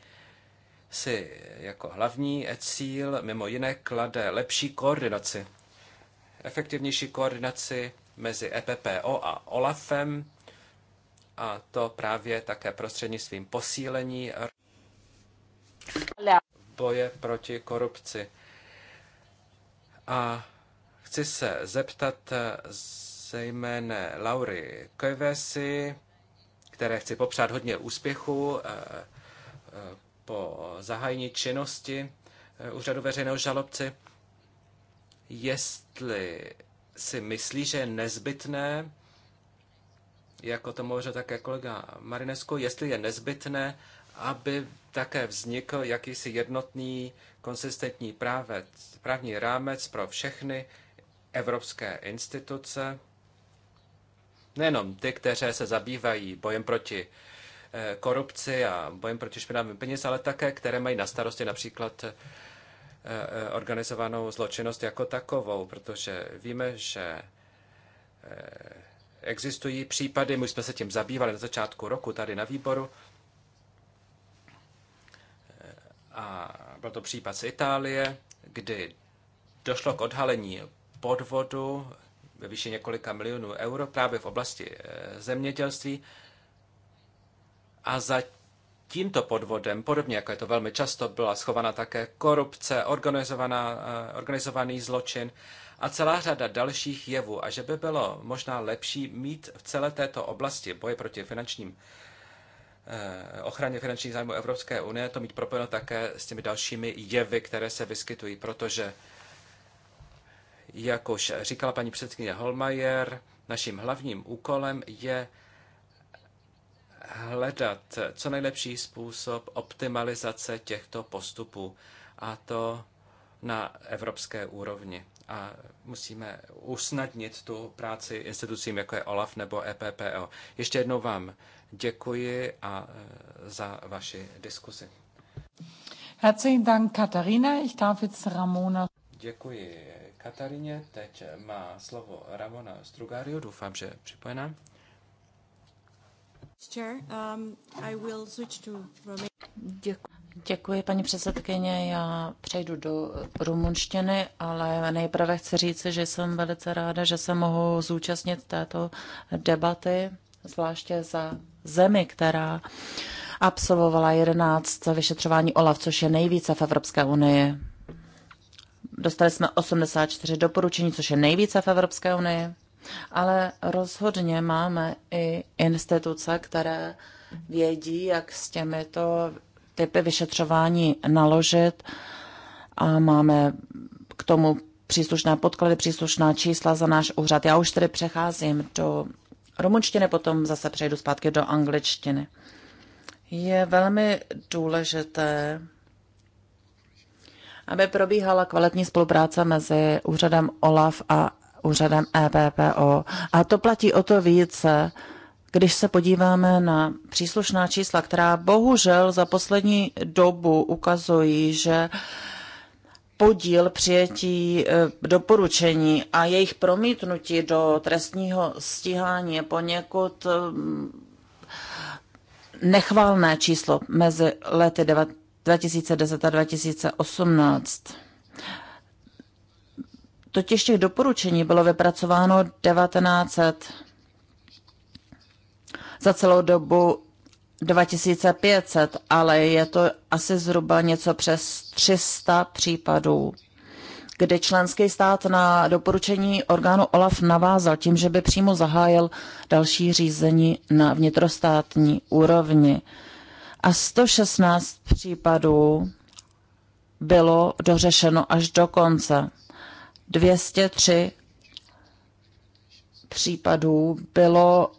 si jako hlavní cíl mimo jiné klade lepší koordinaci, efektivnější koordinaci mezi EPPO a OLAFem a to právě také prostřednictvím posílení boje proti korupci. A chci se zeptat eh, zejména Laury Kojvesi, které chci popřát hodně úspěchu eh, eh, po zahájení činnosti úřadu veřejného žalobci, jestli si myslí, že je nezbytné, jako to může také kolega Marinesko, jestli je nezbytné, aby také vznikl jakýsi jednotný, konsistentní právec, právní rámec pro všechny evropské instituce, nejenom ty, kteří se zabývají bojem proti eh, korupci a bojem proti špinavým peněz, ale také, které mají na starosti například eh, eh, organizovanou zločinnost jako takovou, protože víme, že existují případy, my jsme se tím zabývali na začátku roku tady na výboru, A byl to případ z Itálie, kdy došlo k odhalení podvodu ve výši několika milionů euro právě v oblasti e, zemědělství. A za tímto podvodem, podobně jako je to velmi často, byla schovaná také korupce, organizovaná, e, organizovaný zločin a celá řada dalších jevů. A že by bylo možná lepší mít v celé této oblasti boje proti finančním Eh, ochraně finančních zájmů Evropské unie, to mít propojeno také s těmi dalšími jevy, které se vyskytují, protože, jak už říkala paní předsedkyně Holmajer, naším hlavním úkolem je hledat co nejlepší způsob optimalizace těchto postupů, a to na evropské úrovni. A musíme usnadnit tu práci institucím, jako je OLAF nebo EPPO. Ještě jednou vám Děkuji a e, za vaši diskuzi. Herzlichen Dank, Katharina. Ich darf jetzt Ramona. Děkuji Katarině. Teď má slovo Ramona Strugario. Doufám, že připojená. Chair, um, I will switch to Děkuji, paní předsedkyně. Já přejdu do rumunštiny, ale nejprve chci říct, že jsem velice ráda, že se mohu zúčastnit této debaty zvláště za zemi, která absolvovala 11 vyšetřování OLAF, což je nejvíce v Evropské unii. Dostali jsme 84 doporučení, což je nejvíce v Evropské unii, ale rozhodně máme i instituce, které vědí, jak s těmito typy vyšetřování naložit a máme k tomu příslušné podklady, příslušná čísla za náš úřad. Já už tedy přecházím do rumunštiny, potom zase přejdu zpátky do angličtiny. Je velmi důležité, aby probíhala kvalitní spolupráce mezi úřadem OLAF a úřadem EPPO. A to platí o to více, když se podíváme na příslušná čísla, která bohužel za poslední dobu ukazují, že podíl přijetí e, doporučení a jejich promítnutí do trestního stíhání je poněkud e, nechvalné číslo mezi lety 2010 a 2018. Totiž těch doporučení bylo vypracováno 1900. Za celou dobu 2500, ale je to asi zhruba něco přes 300 případů, kdy členský stát na doporučení orgánu OLAF navázal tím, že by přímo zahájil další řízení na vnitrostátní úrovni. A 116 případů bylo dořešeno až do konce. 203 případů bylo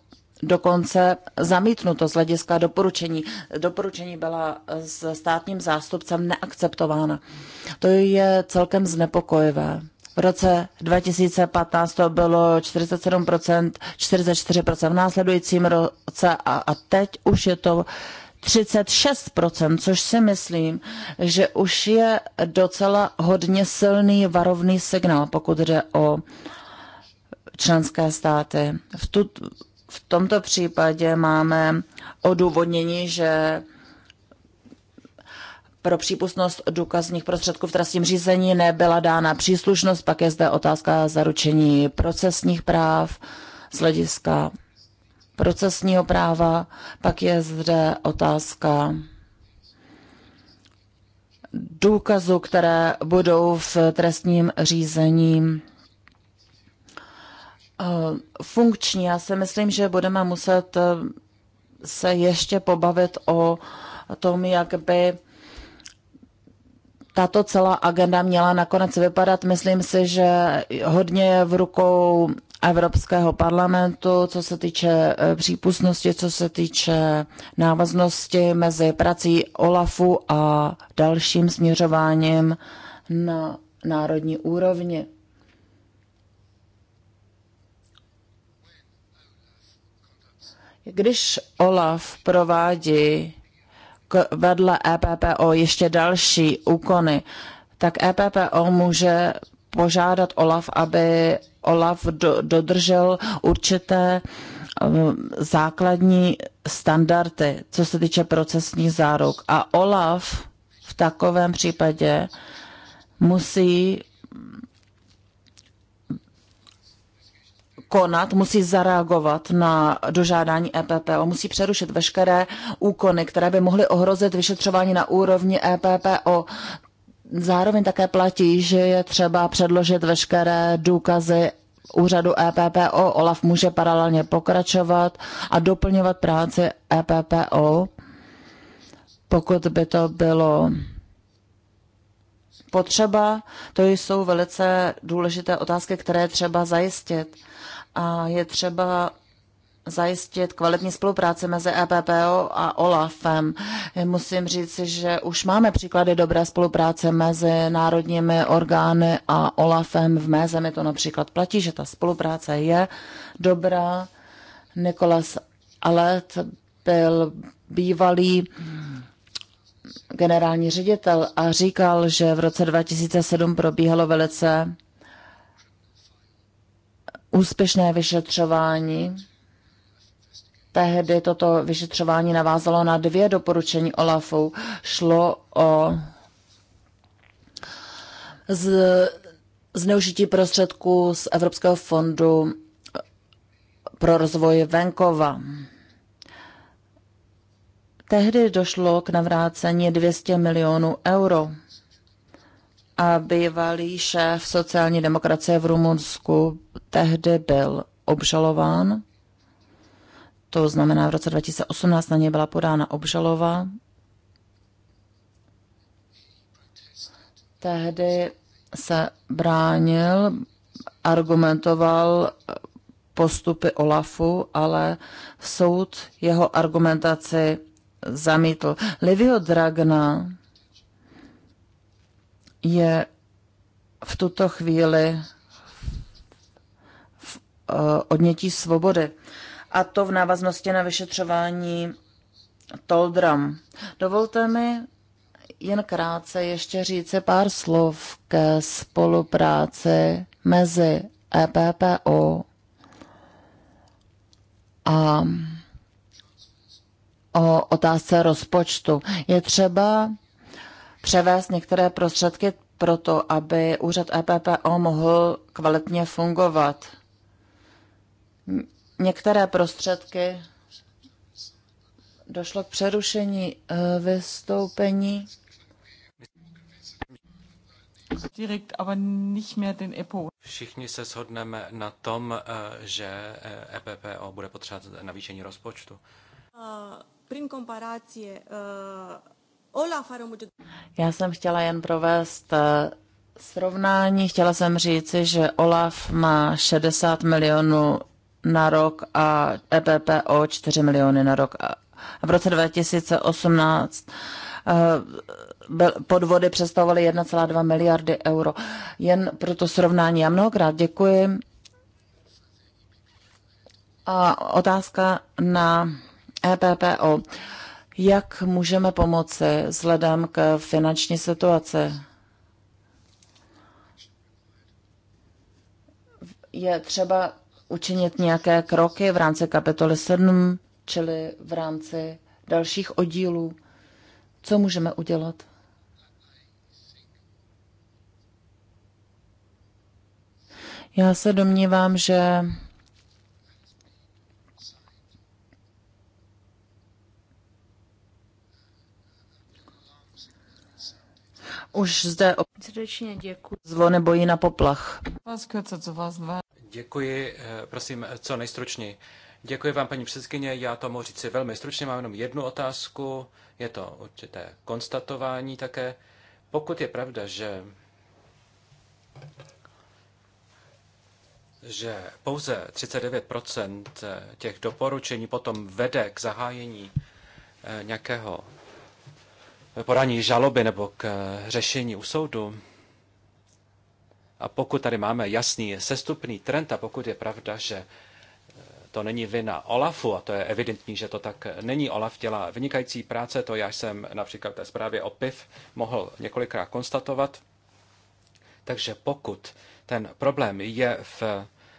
dokonce zamítnuto z hlediska doporučení. Doporučení byla s státním zástupcem neakceptována. To je celkem znepokojivé. V roce 2015 to bylo 47%, 44% v následujícím roce a, a teď už je to 36%, což si myslím, že už je docela hodně silný varovný signál, pokud jde o členské státy. V tu, v tomto případě máme odůvodnění, že pro přípustnost důkazních prostředků v trestním řízení nebyla dána příslušnost, pak je zde otázka zaručení procesních práv z hlediska procesního práva, pak je zde otázka důkazů, které budou v trestním řízení Eh, funkční. Já si myslím, že budeme muset eh, se ještě pobavit o tom, jak by tato celá agenda měla nakonec vypadat. Myslím si, že hodně je v rukou Evropského parlamentu, co se týče eh, přípustnosti, co se týče návaznosti mezi prací OLAFu a dalším směřováním na národní úrovni. Když Olaf provádí vedle EPPO ještě další úkony, tak EPPO může požádat Olaf, aby Olaf do, dodržel určité um, základní standardy, co se týče procesních záruk. A Olaf v takovém případě musí konat, musí zareagovat na dožádání EPPO, musí přerušit veškeré úkony, které by mohly ohrozit vyšetřování na úrovni EPPO. Zároveň také platí, že je třeba předložit veškeré důkazy úřadu EPPO. OLAF může paralelně pokračovat a doplňovat práci EPPO, pokud by to bylo potřeba. To jsou velice důležité otázky, které třeba zajistit a je třeba zajistit kvalitní spolupráci mezi EPPO a OLAFem. Musím říct, že už máme příklady dobré spolupráce mezi národními orgány a OLAFem. V mé zemi to například platí, že ta spolupráce je dobrá. Nikolas Alet byl bývalý generální ředitel a říkal, že v roce 2007 probíhalo velice úspěšné vyšetřování. Tehdy toto vyšetřování navázalo na dvě doporučení OLAFu. Šlo o z, zneužití prostředků z Evropského fondu pro rozvoj venkova. Tehdy došlo k navrácení 200 milionů euro a bývalý šéf sociální demokracie v Rumunsku tehdy byl obžalován. To znamená, v roce 2018 na něj byla podána obžalova. Tehdy se bránil, argumentoval postupy Olafu, ale soud jeho argumentaci zamítl. Livio Dragna je v tuto chvíli v eh, odnětí svobody. A to v návaznosti na vyšetřování Toldram. Dovolte mi jen krátce ještě říci pár slov ke spolupráci mezi EPPO a o otázce rozpočtu. Je třeba převést některé prostředky pro to, aby úřad EPPO mohl kvalitně fungovat. Některé prostředky došlo k přerušení eh, vystoupení. Direkt, aber nicht mehr den EPO. Všichni se shodneme na tom, eh, že EPPO eh, e bude potřebovat navýšení rozpočtu. Prin comparație, já jsem chtěla jen provést eh, srovnání. Chtěla jsem říci, že Olaf má 60 milionů na rok a EPPO 4 miliony na rok. A v roce 2018 eh, podvody představovaly 1,2 miliardy euro. Jen pro to srovnání. Já mnohokrát děkuji. A otázka na EPPO. Jak můžeme pomoci vzhledem k finanční situaci? Je třeba učinit nějaké kroky v rámci kapitoly 7, čili v rámci dalších oddílů. Co můžeme udělat? Já se domnívám, že Už zde srdečně děkuji. Zvo nebo ji na poplach. Děkuji, eh, prosím, eh, co nejstručněji. Děkuji vám, paní předsedkyně. Já to mohu říci velmi stručně. Mám jenom jednu otázku. Je to určité konstatování také. Pokud je pravda, že že pouze 39 eh, těch doporučení potom vede k zahájení nějakého podání žaloby nebo k eh, řešení u soudu. A pokud tady máme jasný sestupný trend a pokud je pravda, že eh, to není vina Olafu, a to je evidentní, že to tak není. Olaf dělá vynikající práce, to já jsem například v té zprávě o PIV mohl několikrát konstatovat. Takže pokud ten problém je v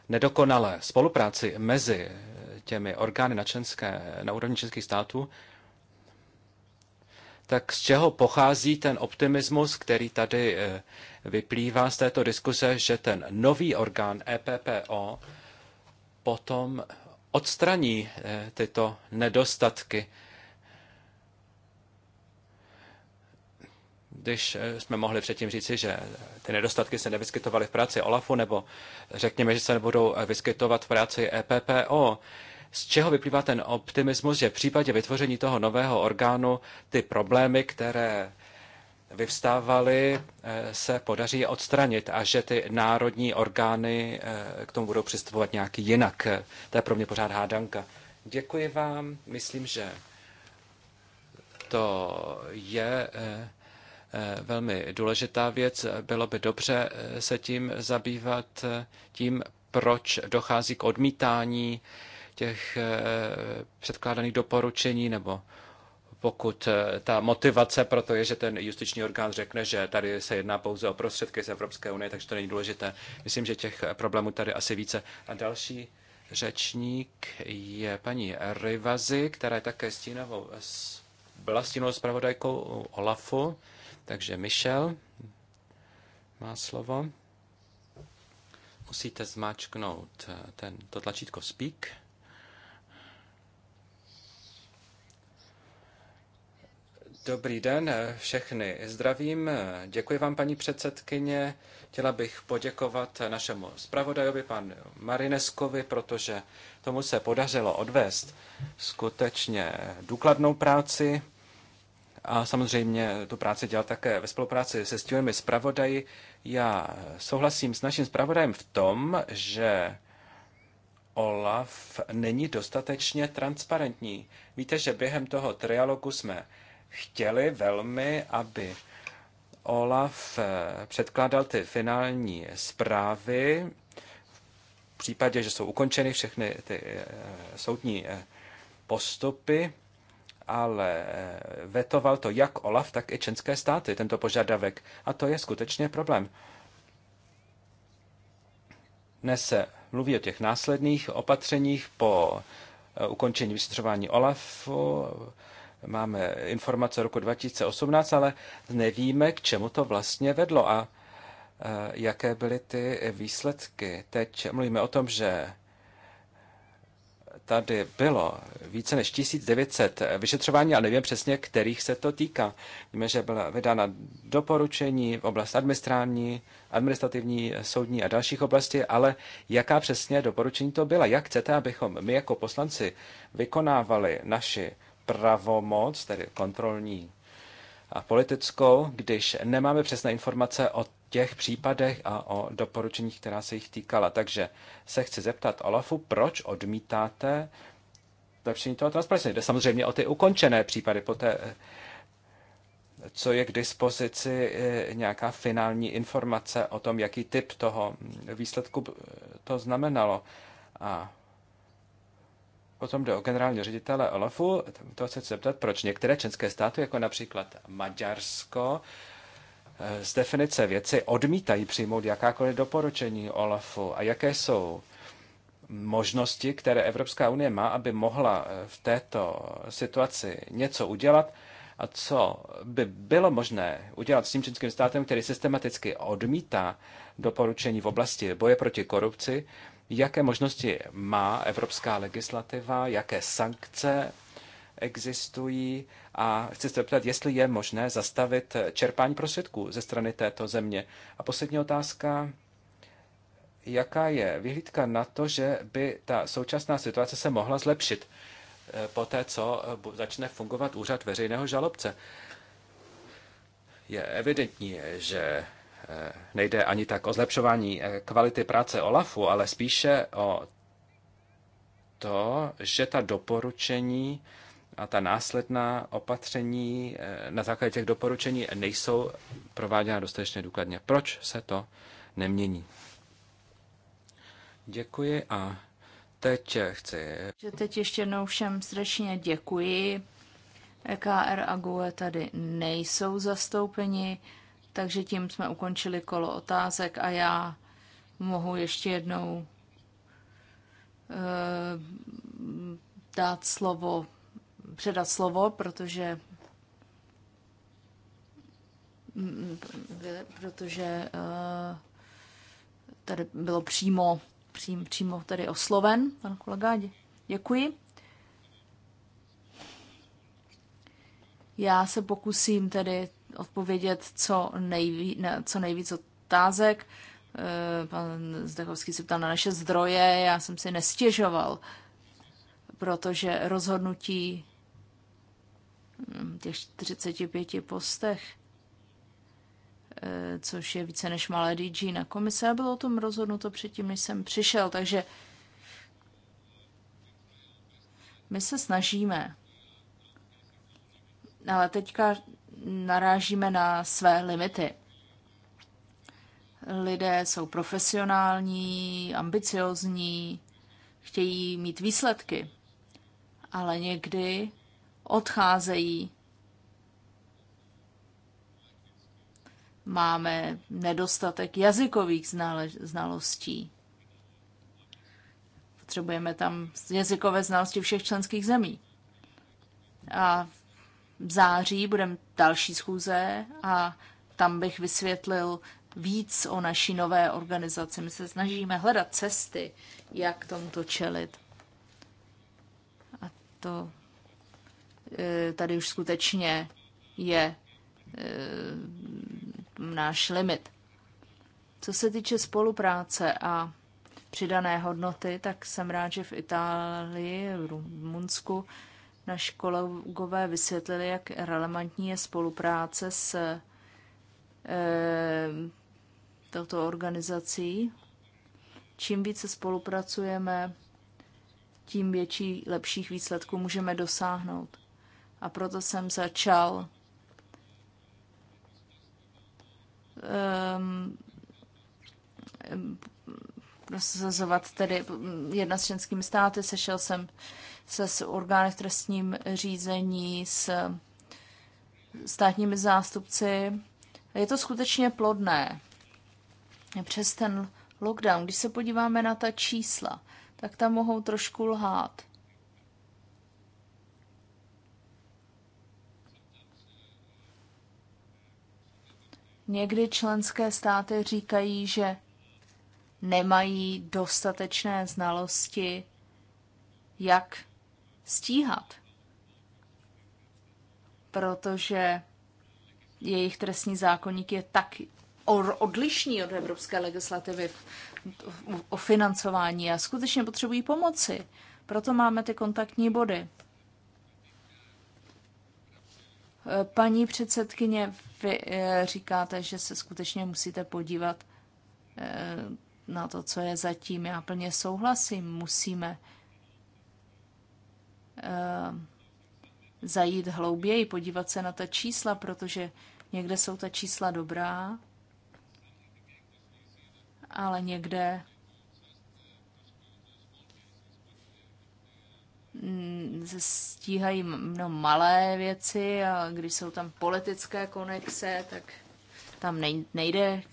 nedokonalé spolupráci mezi eh, těmi orgány na, členské, na úrovni českých států, tak z čeho pochází ten optimismus, který tady eh, vyplývá z této diskuse, že ten nový orgán EPPO potom odstraní eh, tyto nedostatky. Když eh, jsme mohli předtím říci, že ty nedostatky se nevyskytovaly v práci OLAFu, nebo řekněme, že se nebudou vyskytovat v práci EPPO, z čeho vyplývá ten optimismus, že v případě vytvoření toho nového orgánu ty problémy, které vyvstávaly, eh, se podaří odstranit a že ty národní orgány eh, k tomu budou přistupovat nějak jinak. To je pro mě pořád hádanka. Děkuji vám. Myslím, že to je eh, velmi důležitá věc. Bylo by dobře se tím zabývat, tím, proč dochází k odmítání těch eh, předkládaných doporučení, nebo pokud eh, ta motivace pro to je, že ten justiční orgán řekne, že tady se jedná pouze o prostředky z Evropské unie, takže to není důležité. Myslím, že těch problémů tady asi více. A další řečník je paní Rivazi, která je také stínovou, byla stínovou zpravodajkou Olafu, takže Michel má slovo. Musíte zmáčknout eh, ten, to tlačítko Speak. Dobrý den, eh, všechny zdravím. Eh, děkuji vám, paní předsedkyně. Chtěla bych poděkovat eh, našemu zpravodajovi, panu Marineskovi, protože tomu se podařilo odvést skutečně důkladnou práci a samozřejmě tu práci dělal také ve spolupráci se stílemi zpravodaji. Já souhlasím s naším zpravodajem v tom, že Olaf není dostatečně transparentní. Víte, že během toho trialogu jsme chtěli velmi, aby Olaf eh, předkládal ty finální zprávy v případě, že jsou ukončeny všechny ty eh, soudní eh, postupy, ale vetoval to jak Olaf, tak i čenské státy, tento požadavek. A to je skutečně problém. Dnes se mluví o těch následných opatřeních po ukončení vystřování OLAFu, máme informace roku 2018, ale nevíme, k čemu to vlastně vedlo a e, jaké byly ty výsledky. Teď mluvíme o tom, že tady bylo více než 1900 vyšetřování, ale nevím přesně, kterých se to týká. Víme, že byla vydána doporučení v oblasti administrální, administrativní, soudní a dalších oblastí, ale jaká přesně doporučení to byla? Jak chcete, abychom my jako poslanci vykonávali naši pravomoc, tedy kontrolní a politickou, když nemáme přesné informace o těch případech a o doporučeních, která se jich týkala. Takže se chci zeptat Olafu, proč odmítáte zlepšení toho transparentnosti? Jde samozřejmě o ty ukončené případy, poté, co je k dispozici eh, nějaká finální informace o tom, jaký typ toho výsledku to znamenalo. A Potom jde o generálního ředitele Olafu. To chci zeptat, proč některé české státy, jako například Maďarsko, eh, z definice věci odmítají přijmout jakákoliv doporučení Olafu a jaké jsou možnosti, které Evropská unie má, aby mohla eh, v této situaci něco udělat a co by bylo možné udělat s tím čínským státem, který systematicky odmítá doporučení v oblasti boje proti korupci, jaké možnosti má evropská legislativa, jaké sankce existují a chci se zeptat, jestli je možné zastavit čerpání prostředků ze strany této země. A poslední otázka, jaká je vyhlídka na to, že by ta současná situace se mohla zlepšit eh, po té, co eh, začne fungovat úřad veřejného žalobce. Je evidentní, že nejde ani tak o zlepšování eh, kvality práce OLAFu, ale spíše o to, že ta doporučení a ta následná opatření eh, na základě těch doporučení nejsou prováděna dostatečně důkladně. Proč se to nemění? Děkuji a teď chci... Že teď ještě jednou všem srdečně děkuji. EKR a GUE tady nejsou zastoupeni. Takže tím jsme ukončili kolo otázek a já mohu ještě jednou eh, dát slovo, předat slovo, protože protože eh, tady bylo přímo, přím, přímo tady osloven pan kolega. Děkuji. Já se pokusím tedy odpovědět co, nejví, ne, co nejvíc otázek. Eh, pan Zdechovský se ptal na naše zdroje, já jsem si nestěžoval, protože rozhodnutí hm, těch 45 postech, eh, což je více než malé DG na komise, bylo o tom rozhodnuto předtím, než jsem přišel, takže my se snažíme. Ale teďka narážíme na své limity. Lidé jsou profesionální, ambiciozní, chtějí mít výsledky, ale někdy odcházejí. Máme nedostatek jazykových znalostí. Potřebujeme tam jazykové znalosti všech členských zemí. A v září budeme další schůze a tam bych vysvětlil víc o naší nové organizaci. My se snažíme hledat cesty, jak tomuto čelit. A to e, tady už skutečně je e, náš limit. Co se týče spolupráce a přidané hodnoty, tak jsem rád, že v Itálii, v Rumunsku, Naši kolegové vysvětlili, jak relevantní je spolupráce s e, touto organizací. Čím více spolupracujeme, tím větší, lepších výsledků můžeme dosáhnout. A proto jsem začal um, prosazovat tedy mm, jedna s členskými státy, sešel jsem se s orgány v trestním řízení, s státními zástupci. Je to skutečně plodné. Přes ten lockdown, když se podíváme na ta čísla, tak tam mohou trošku lhát. Někdy členské státy říkají, že nemají dostatečné znalosti, jak stíhat, protože jejich trestní zákonník je tak odlišný od evropské legislativy o financování a skutečně potřebují pomoci. Proto máme ty kontaktní body. Paní předsedkyně, vy eh, říkáte, že se skutečně musíte podívat eh, na to, co je zatím. Já plně souhlasím, musíme Eh, zajít hlouběji, podívat se na ta čísla, protože někde jsou ta čísla dobrá, ale někde mm, se stíhají no, malé věci a když jsou tam politické konexe, tak tam nejde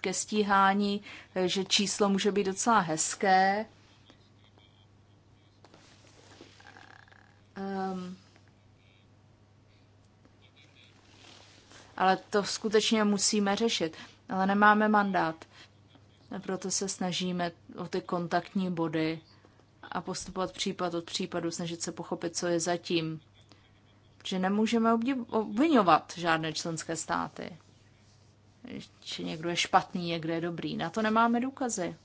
ke stíhání, že číslo může být docela hezké, Um, ale to skutečně musíme řešit. Ale nemáme mandát. Proto se snažíme o ty kontaktní body a postupovat případ od případu, snažit se pochopit, co je zatím. Že nemůžeme obvinovat žádné členské státy. Že někdo je špatný, někdo je dobrý. Na to nemáme důkazy.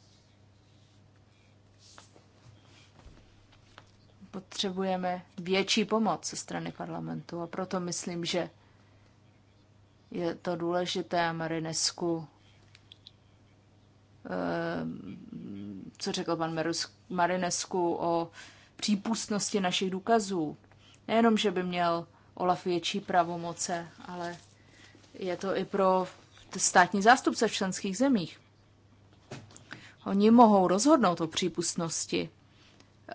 potřebujeme větší pomoc ze strany parlamentu a proto myslím, že je to důležité a Marinesku, eh, co řekl pan Marinesku o přípustnosti našich důkazů. Nejenom, že by měl Olaf větší pravomoce, ale je to i pro státní zástupce v členských zemích. Oni mohou rozhodnout o přípustnosti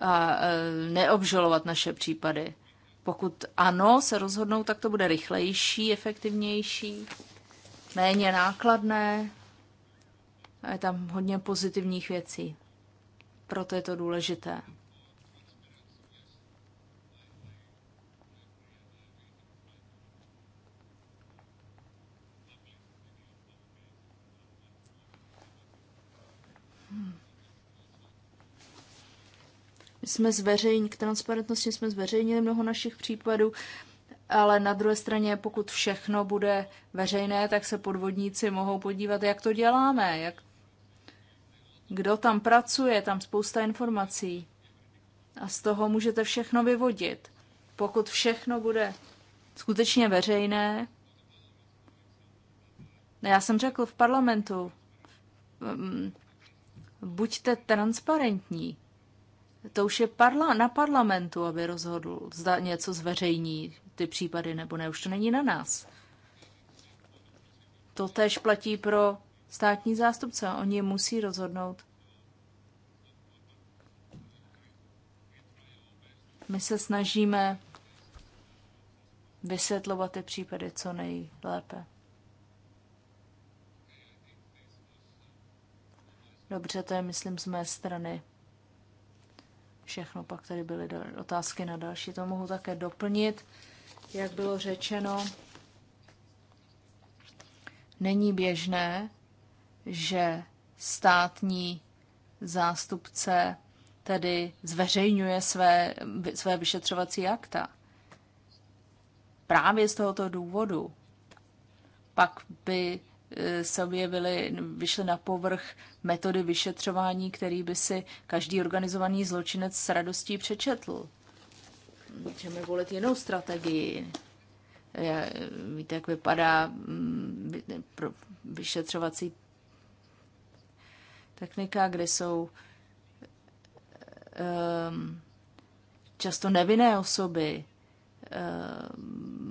a e, neobžalovat naše případy. Pokud ano, se rozhodnou, tak to bude rychlejší, efektivnější, méně nákladné a je tam hodně pozitivních věcí. Proto je to důležité. My jsme zveřejnili, k transparentnosti jsme zveřejnili mnoho našich případů, ale na druhé straně, pokud všechno bude veřejné, tak se podvodníci mohou podívat, jak to děláme, jak, kdo tam pracuje, tam spousta informací. A z toho můžete všechno vyvodit. Pokud všechno bude skutečně veřejné, no já jsem řekl v parlamentu, mm, buďte transparentní to už je parla- na parlamentu, aby rozhodl, zda něco zveřejní ty případy nebo ne. Už to není na nás. To tež platí pro státní zástupce. Oni musí rozhodnout. My se snažíme vysvětlovat ty případy co nejlépe. Dobře, to je, myslím, z mé strany všechno. Pak tady byly otázky na další, to mohu také doplnit. Jak bylo řečeno, není běžné, že státní zástupce tedy zveřejňuje své, své vyšetřovací akta. Právě z tohoto důvodu pak by Eh, sobě byly, vyšly na povrch metody vyšetřování, který by si každý organizovaný zločinec s radostí přečetl. Můžeme volit jinou strategii. Víte, jak vypadá mm, vyšetřovací technika, kde jsou ehm, často nevinné osoby, ehm,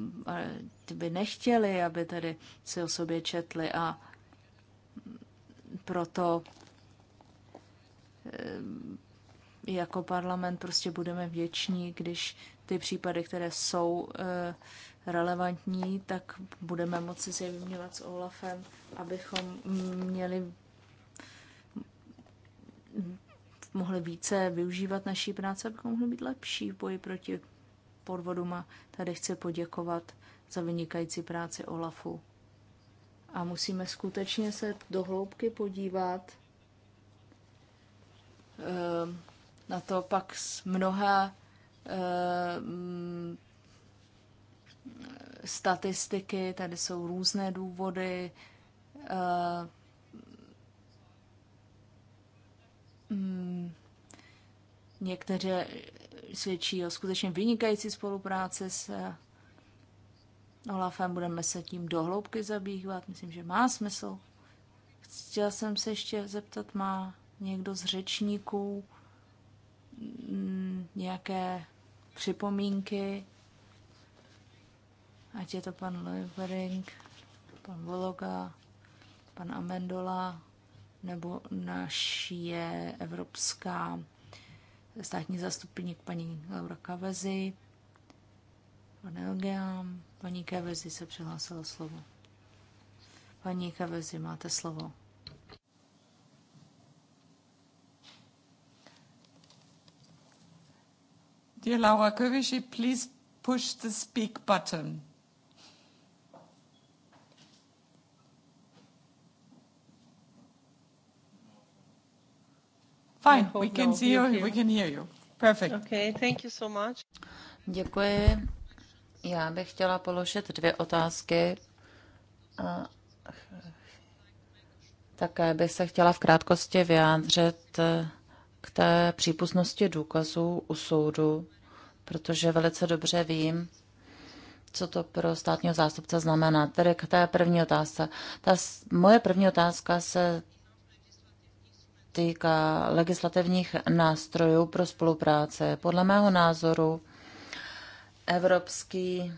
ty by nechtěli, aby tedy si o sobě četli a proto eh, jako parlament prostě budeme věční, když ty případy, které jsou eh, relevantní, tak budeme moci si je vyměňovat s Olafem, abychom měli mohli více využívat naší práce, abychom mohli být lepší v boji proti podvodům a tady chci poděkovat za vynikající práci Olafu. A musíme skutečně se do hloubky podívat eh, na to pak s mnoha eh, statistiky, tady jsou různé důvody. Eh, mm, Někteří svědčí o skutečně vynikající spolupráci s eh, Olafem. Budeme se tím dohloubky zabývat. Myslím, že má smysl. Chtěla jsem se ještě zeptat, má někdo z řečníků mm, nějaké připomínky? Ať je to pan Levering, pan Vologa, pan Amendola, nebo naše evropská státní zastupník paní Laura Kavezi, pan Elgeam, paní Kavezi se přihlásila slovo. Paní Kavezi, máte slovo. Dear Laura Kövesi, please push the speak button. Fine, we no, can see you, we can hear you. Perfect. Okay, thank you so much. Děkuji. Já bych chtěla položit dvě otázky. A také bych se chtěla v krátkosti vyjádřit k té přípustnosti důkazů u soudu, protože velice dobře vím, co to pro státního zástupce znamená. Tedy k té první otázce. Ta moje první otázka se týká legislativních nástrojů pro spolupráce. Podle mého názoru evropský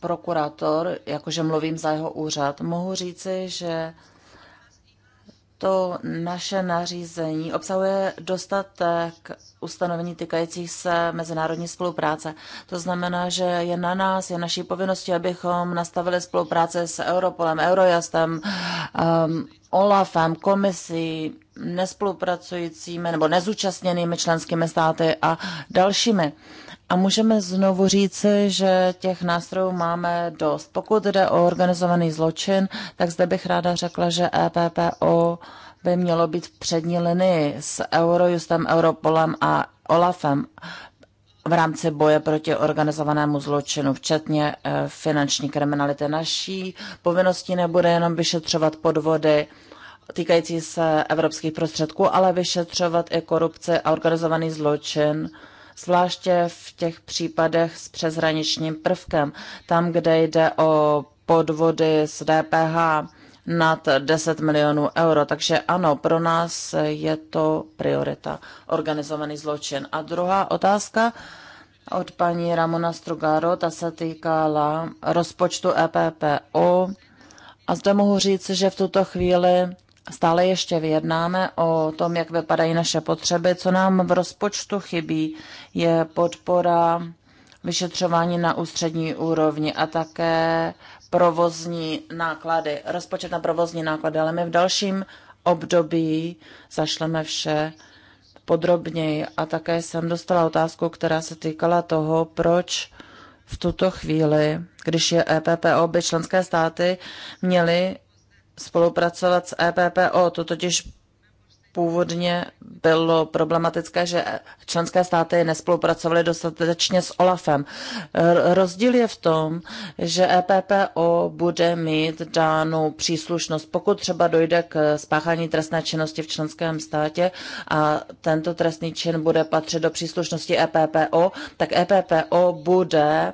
prokurátor, jakože mluvím za jeho úřad, mohu říci, že to naše nařízení obsahuje dostatek ustanovení týkajících se mezinárodní spolupráce. To znamená, že je na nás, je naší povinností, abychom nastavili spolupráce s Europolem, Eurojustem, um, OLAFem, komisí, nespolupracujícími nebo nezúčastněnými členskými státy a dalšími. A můžeme znovu říci, že těch nástrojů máme dost. Pokud jde o organizovaný zločin, tak zde bych ráda řekla, že EPPO by mělo být v přední linii s Eurojustem, Europolem a Olafem v rámci boje proti organizovanému zločinu, včetně e, finanční kriminality. Naší povinností nebude jenom vyšetřovat podvody týkající se evropských prostředků, ale vyšetřovat i korupce a organizovaný zločin zvláště v těch případech s přeshraničním prvkem, tam, kde jde o podvody s DPH nad 10 milionů euro. Takže ano, pro nás je to priorita, organizovaný zločin. A druhá otázka od paní Ramona Strugaro, ta se týkala rozpočtu EPPO. A zde mohu říct, že v tuto chvíli Stále ještě vyjednáme o tom, jak vypadají naše potřeby. Co nám v rozpočtu chybí, je podpora vyšetřování na ústřední úrovni a také provozní náklady, rozpočet na provozní náklady, ale my v dalším období zašleme vše podrobněji. A také jsem dostala otázku, která se týkala toho, proč v tuto chvíli, když je EPPO, by členské státy měly spolupracovat s EPPO. To totiž původně bylo problematické, že členské státy nespolupracovaly dostatečně s OLAFem. Rozdíl je v tom, že EPPO bude mít dánou příslušnost, pokud třeba dojde k spáchání trestné činnosti v členském státě a tento trestný čin bude patřit do příslušnosti EPPO, tak EPPO bude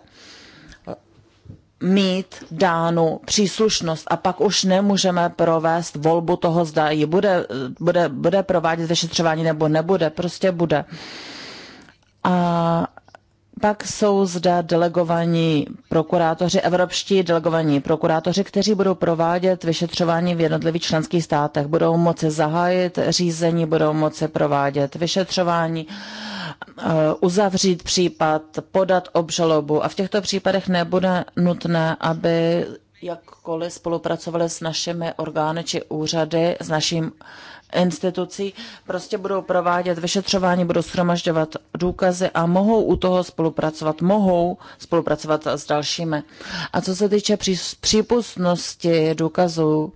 mít dánu příslušnost a pak už nemůžeme provést volbu toho, zda ji bude, bude, bude provádět vyšetřování nebo nebude, prostě bude. A pak jsou zde delegovaní prokurátoři, evropští delegovaní prokurátoři, kteří budou provádět vyšetřování v jednotlivých členských státech. Budou moci zahájit řízení, budou moci provádět vyšetřování. Uh, Eh, uzavřít případ, podat obžalobu a v těchto případech nebude nutné, aby jakkoliv spolupracovali s našimi orgány či úřady, s naším institucí, prostě budou provádět vyšetřování, budou shromažďovat důkazy a mohou u toho spolupracovat, mohou spolupracovat s dalšími. A co se týče přípustnosti důkazů,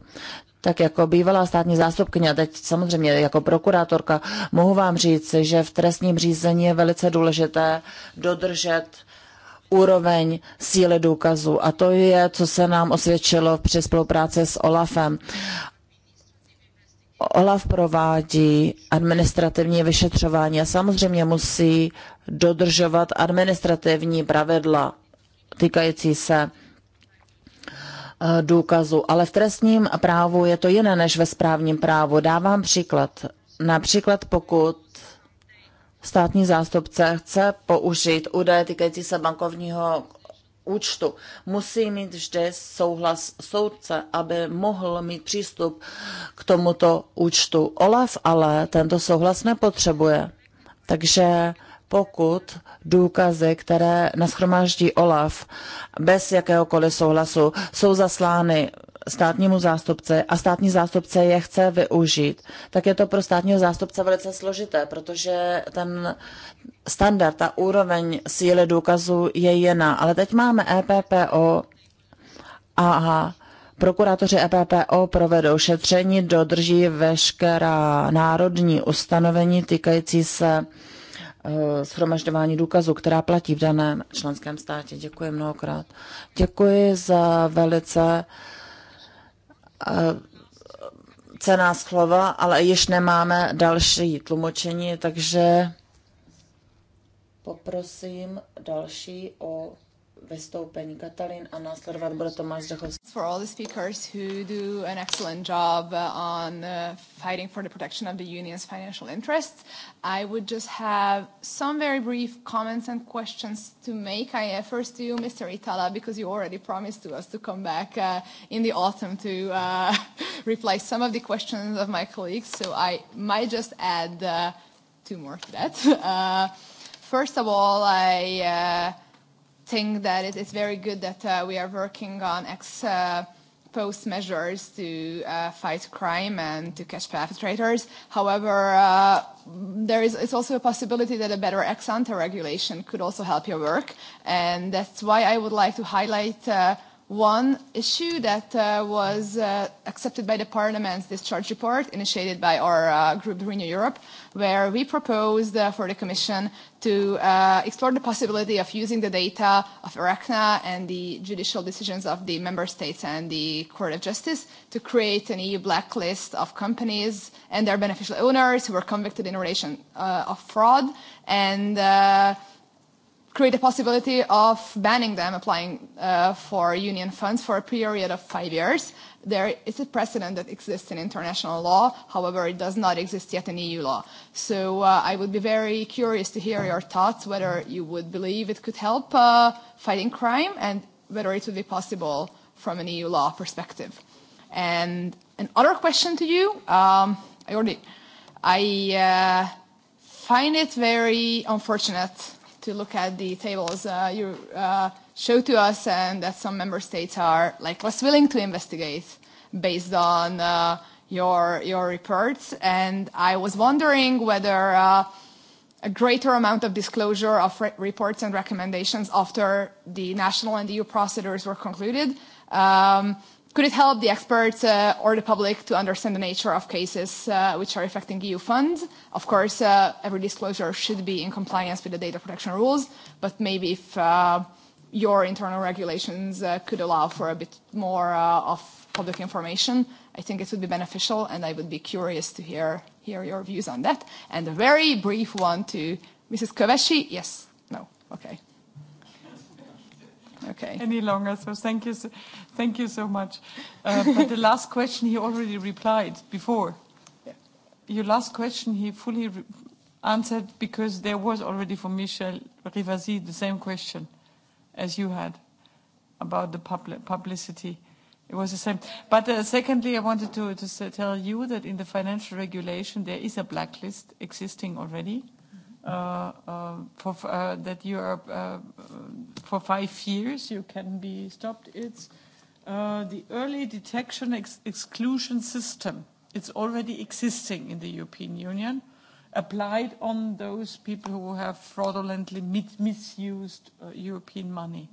tak jako bývalá státní zástupkyně, a teď samozřejmě jako prokurátorka, mohu vám říct, že v trestním řízení je velice důležité dodržet úroveň síly důkazů. A to je, co se nám osvědčilo při spolupráci s OLAFem. OLAF provádí administrativní vyšetřování a samozřejmě musí dodržovat administrativní pravidla týkající se Eh, důkazů. Ale v trestním právu je to jiné než ve správním právu. Dávám příklad. Například pokud státní zástupce chce použít údaje týkající se bankovního účtu, musí mít vždy souhlas soudce, aby mohl mít přístup k tomuto účtu. Olaf ale tento souhlas nepotřebuje. Takže pokud důkazy, které nashromáždí OLAF bez jakéhokoliv souhlasu, jsou zaslány státnímu zástupci a státní zástupce je chce využít, tak je to pro státního zástupce velice složité, protože ten standard, ta úroveň síly důkazů je jiná. Ale teď máme EPPO a Prokurátoři EPPO provedou šetření, dodrží veškerá národní ustanovení týkající se Eh, shromažďování důkazů, která platí v daném členském státě. Děkuji mnohokrát. Děkuji za velice eh, cená slova, ale již nemáme další tlumočení, takže poprosím další o vystoupení Katalin a následovat bude Tomáš Zdechovský. For all the speakers who do an excellent job uh, on uh, fighting for the protection of the union's financial interests, I would just have some very brief comments and questions to make. I uh, first to you, Mr. Itala, because you already promised to us to come back uh, in the autumn to uh, reply some of the questions of my colleagues. So I might just add uh, two more to that. Uh, first of all, I uh, think that it is very good that uh, we are working on ex uh, post measures to uh, fight crime and to catch perpetrators. However, uh, there is it's also a possibility that a better ex ante regulation could also help your work, and that's why I would like to highlight. Uh, one issue that uh, was uh, accepted by the Parliament's discharge report initiated by our uh, group Renew Europe, where we proposed uh, for the Commission to uh, explore the possibility of using the data of ERACNA and the judicial decisions of the Member States and the Court of Justice to create an EU blacklist of companies and their beneficial owners who were convicted in relation uh, of fraud and uh, create a possibility of banning them applying uh, for union funds for a period of five years. There is a precedent that exists in international law. However, it does not exist yet in EU law. So uh, I would be very curious to hear your thoughts, whether you would believe it could help uh, fighting crime and whether it would be possible from an EU law perspective. And another question to you, um, I already, I uh, find it very unfortunate to look at the tables uh, you uh, show to us and that some member states are like less willing to investigate based on uh, your your reports and I was wondering whether uh, a greater amount of disclosure of re reports and recommendations after the national and EU e procedures were concluded um, Could it help the experts uh, or the public to understand the nature of cases uh, which are affecting EU funds? Of course, uh, every disclosure should be in compliance with the data protection rules, but maybe if uh, your internal regulations uh, could allow for a bit more uh, of public information, I think it would be beneficial, and I would be curious to hear, hear your views on that. And a very brief one to Mrs. Koveshi. Yes? No? Okay okay. any longer. So thank you, so, thank you so much. Uh, but the last question he already replied before. Yeah. Your last question he fully re- answered because there was already for Michel Rivasi the same question as you had about the pub- publicity. It was the same. But uh, secondly, I wanted to, to tell you that in the financial regulation there is a blacklist existing already Uh, uh, for uh, that you are uh, uh, for five years you can be stopped. It's uh, the early detection ex- exclusion system. It's already existing in the European Union, applied on those people who have fraudulently mit- misused uh, European money.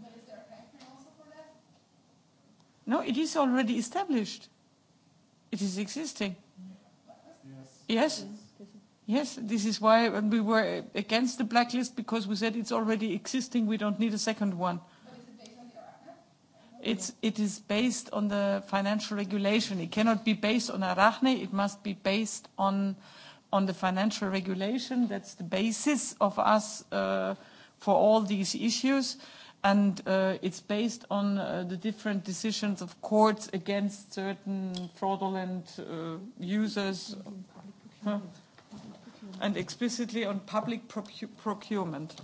No, it is already established. It is existing. Yes. yes. yes. Yes, this is why we were against the blacklist because we said it's already existing. We don't need a second one. It's, it is based on the financial regulation. It cannot be based on Arachne. It must be based on, on the financial regulation. That's the basis of us uh, for all these issues. And uh, it's based on uh, the different decisions of courts against certain fraudulent uh, users. Huh? and explicitly on public procu procurement.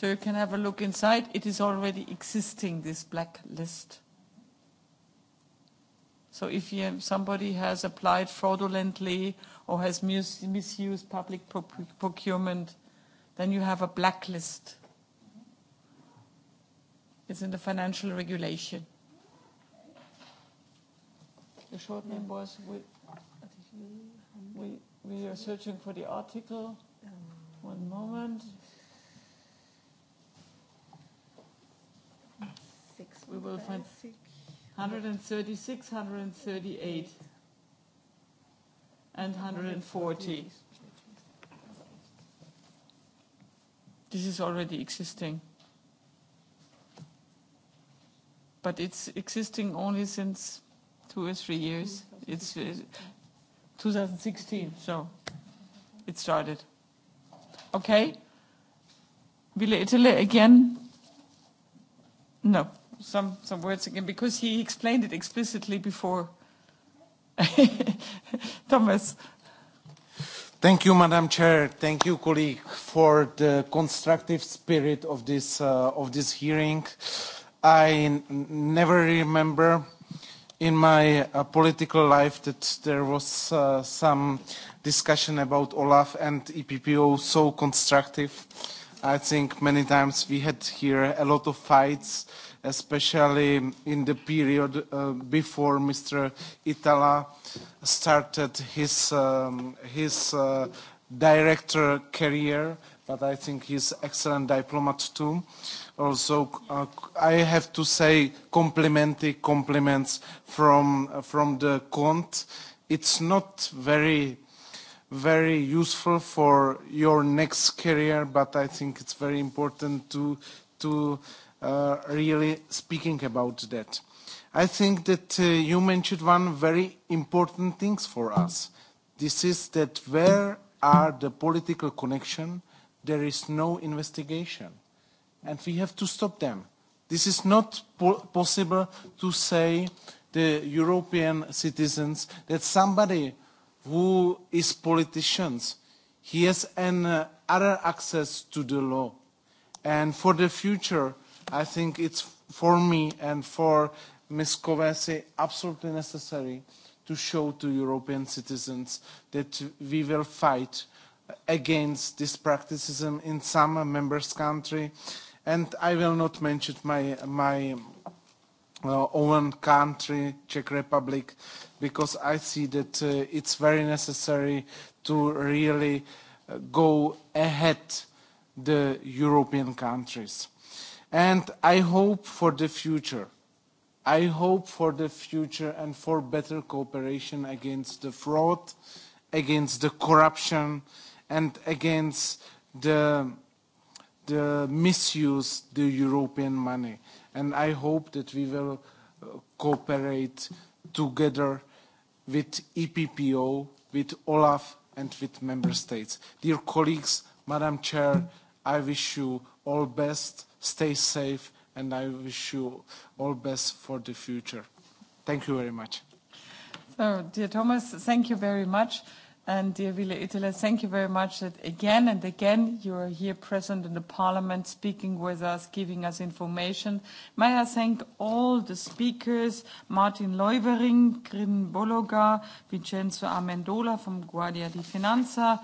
So you can have a look inside. It is already existing, this black list. So if you, have, somebody has applied fraudulently or has mis misused public pro procurement, then you have a blacklist. It's in the financial regulation. The short name was... With, we, we are searching for the article. Um, One moment. Six we will find 136, 138, and 140. This is already existing. But it's existing only since two or three years. It's, 2016, so it started. Okay? Ville Italy again? No, some, some words again, because he explained it explicitly before. Thomas. Thank you, Madam Chair. Thank you, colleague, for the constructive spirit of this, uh, of this hearing. I never remember in my uh, political life that there was uh, some discussion about Olaf and EPPO so constructive. I think many times we had here a lot of fights, especially in the period uh, before Mr. Itala started his, um, his uh, director career, but I think he's excellent diplomat too. Uh, also uh, I have to say complimentary compliments from uh, from the Quant. It's not very very useful for your next career, but I think it's very important to to uh, really speaking about that. I think that uh, you mentioned one very important things for us. This is that where are the political connection? There is no investigation and we have to stop them. This is not po possible to say the European citizens that somebody who is politicians, he has an uh, other access to the law. And for the future, I think it's for me and for Ms. Kovesi absolutely necessary to show to European citizens that we will fight against this practicism in some members' countries And I will not mention my, my uh, own country, Czech Republic, because I see that uh, it's very necessary to really uh, go ahead the European countries. And I hope for the future. I hope for the future and for better cooperation against the fraud, against the corruption, and against the the uh, misuse the European money. And I hope that we will uh, cooperate together with EPPO, with OLAF, and with member states. Dear colleagues, Madam Chair, I wish you all best, stay safe, and I wish you all best for the future. Thank you very much. So, dear Thomas, thank you very much. And dear Vila Itala, thank you very much that again and again you are here present in the Parliament, speaking with us, giving us information. May I thank all the speakers, Martin Leuvering, Grin Bologa, Vincenzo Amendola from Guardia di Finanza,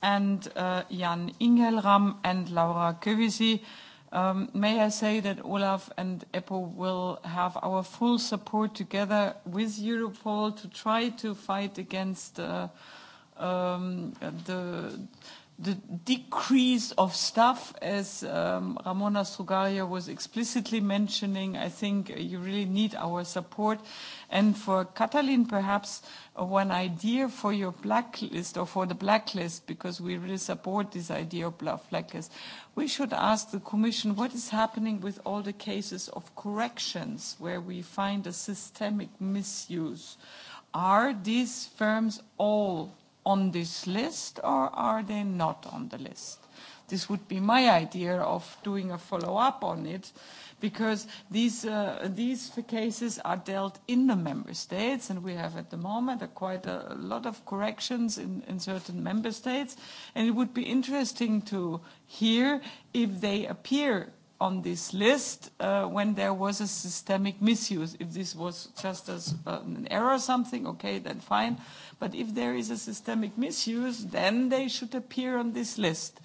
and uh, Jan Ingelram and Laura Kövisi. Um, may I say that Olaf and EPO will have our full support together with Europol to try to fight against uh, um, the, the decrease of staff, as um, Ramona Sugaria was explicitly mentioning, I think you really need our support. And for Katalin, perhaps uh, one idea for your blacklist or for the blacklist, because we really support this idea of blacklist, we should ask the Commission what is happening with all the cases of corrections where we find a systemic misuse. Are these firms all on this list or are they not on the list? This would be my idea of doing a follow-up on it because these, uh, these cases are dealt in the member states and we have at the moment a, quite a, lot of corrections in, in certain member states and it would be interesting to hear if they appear on this list uh, when there was a systemic misuse. If this was just as uh, an error or something, okay, then fine. Mm-hmm But if there is a systemic misuse, then they should appear on this list.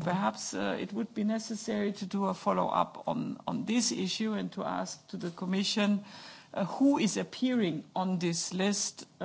Perhaps uh, it would be necessary to do a follow-up on, on this issue and to ask to the Commission uh, who is appearing on this list. Uh,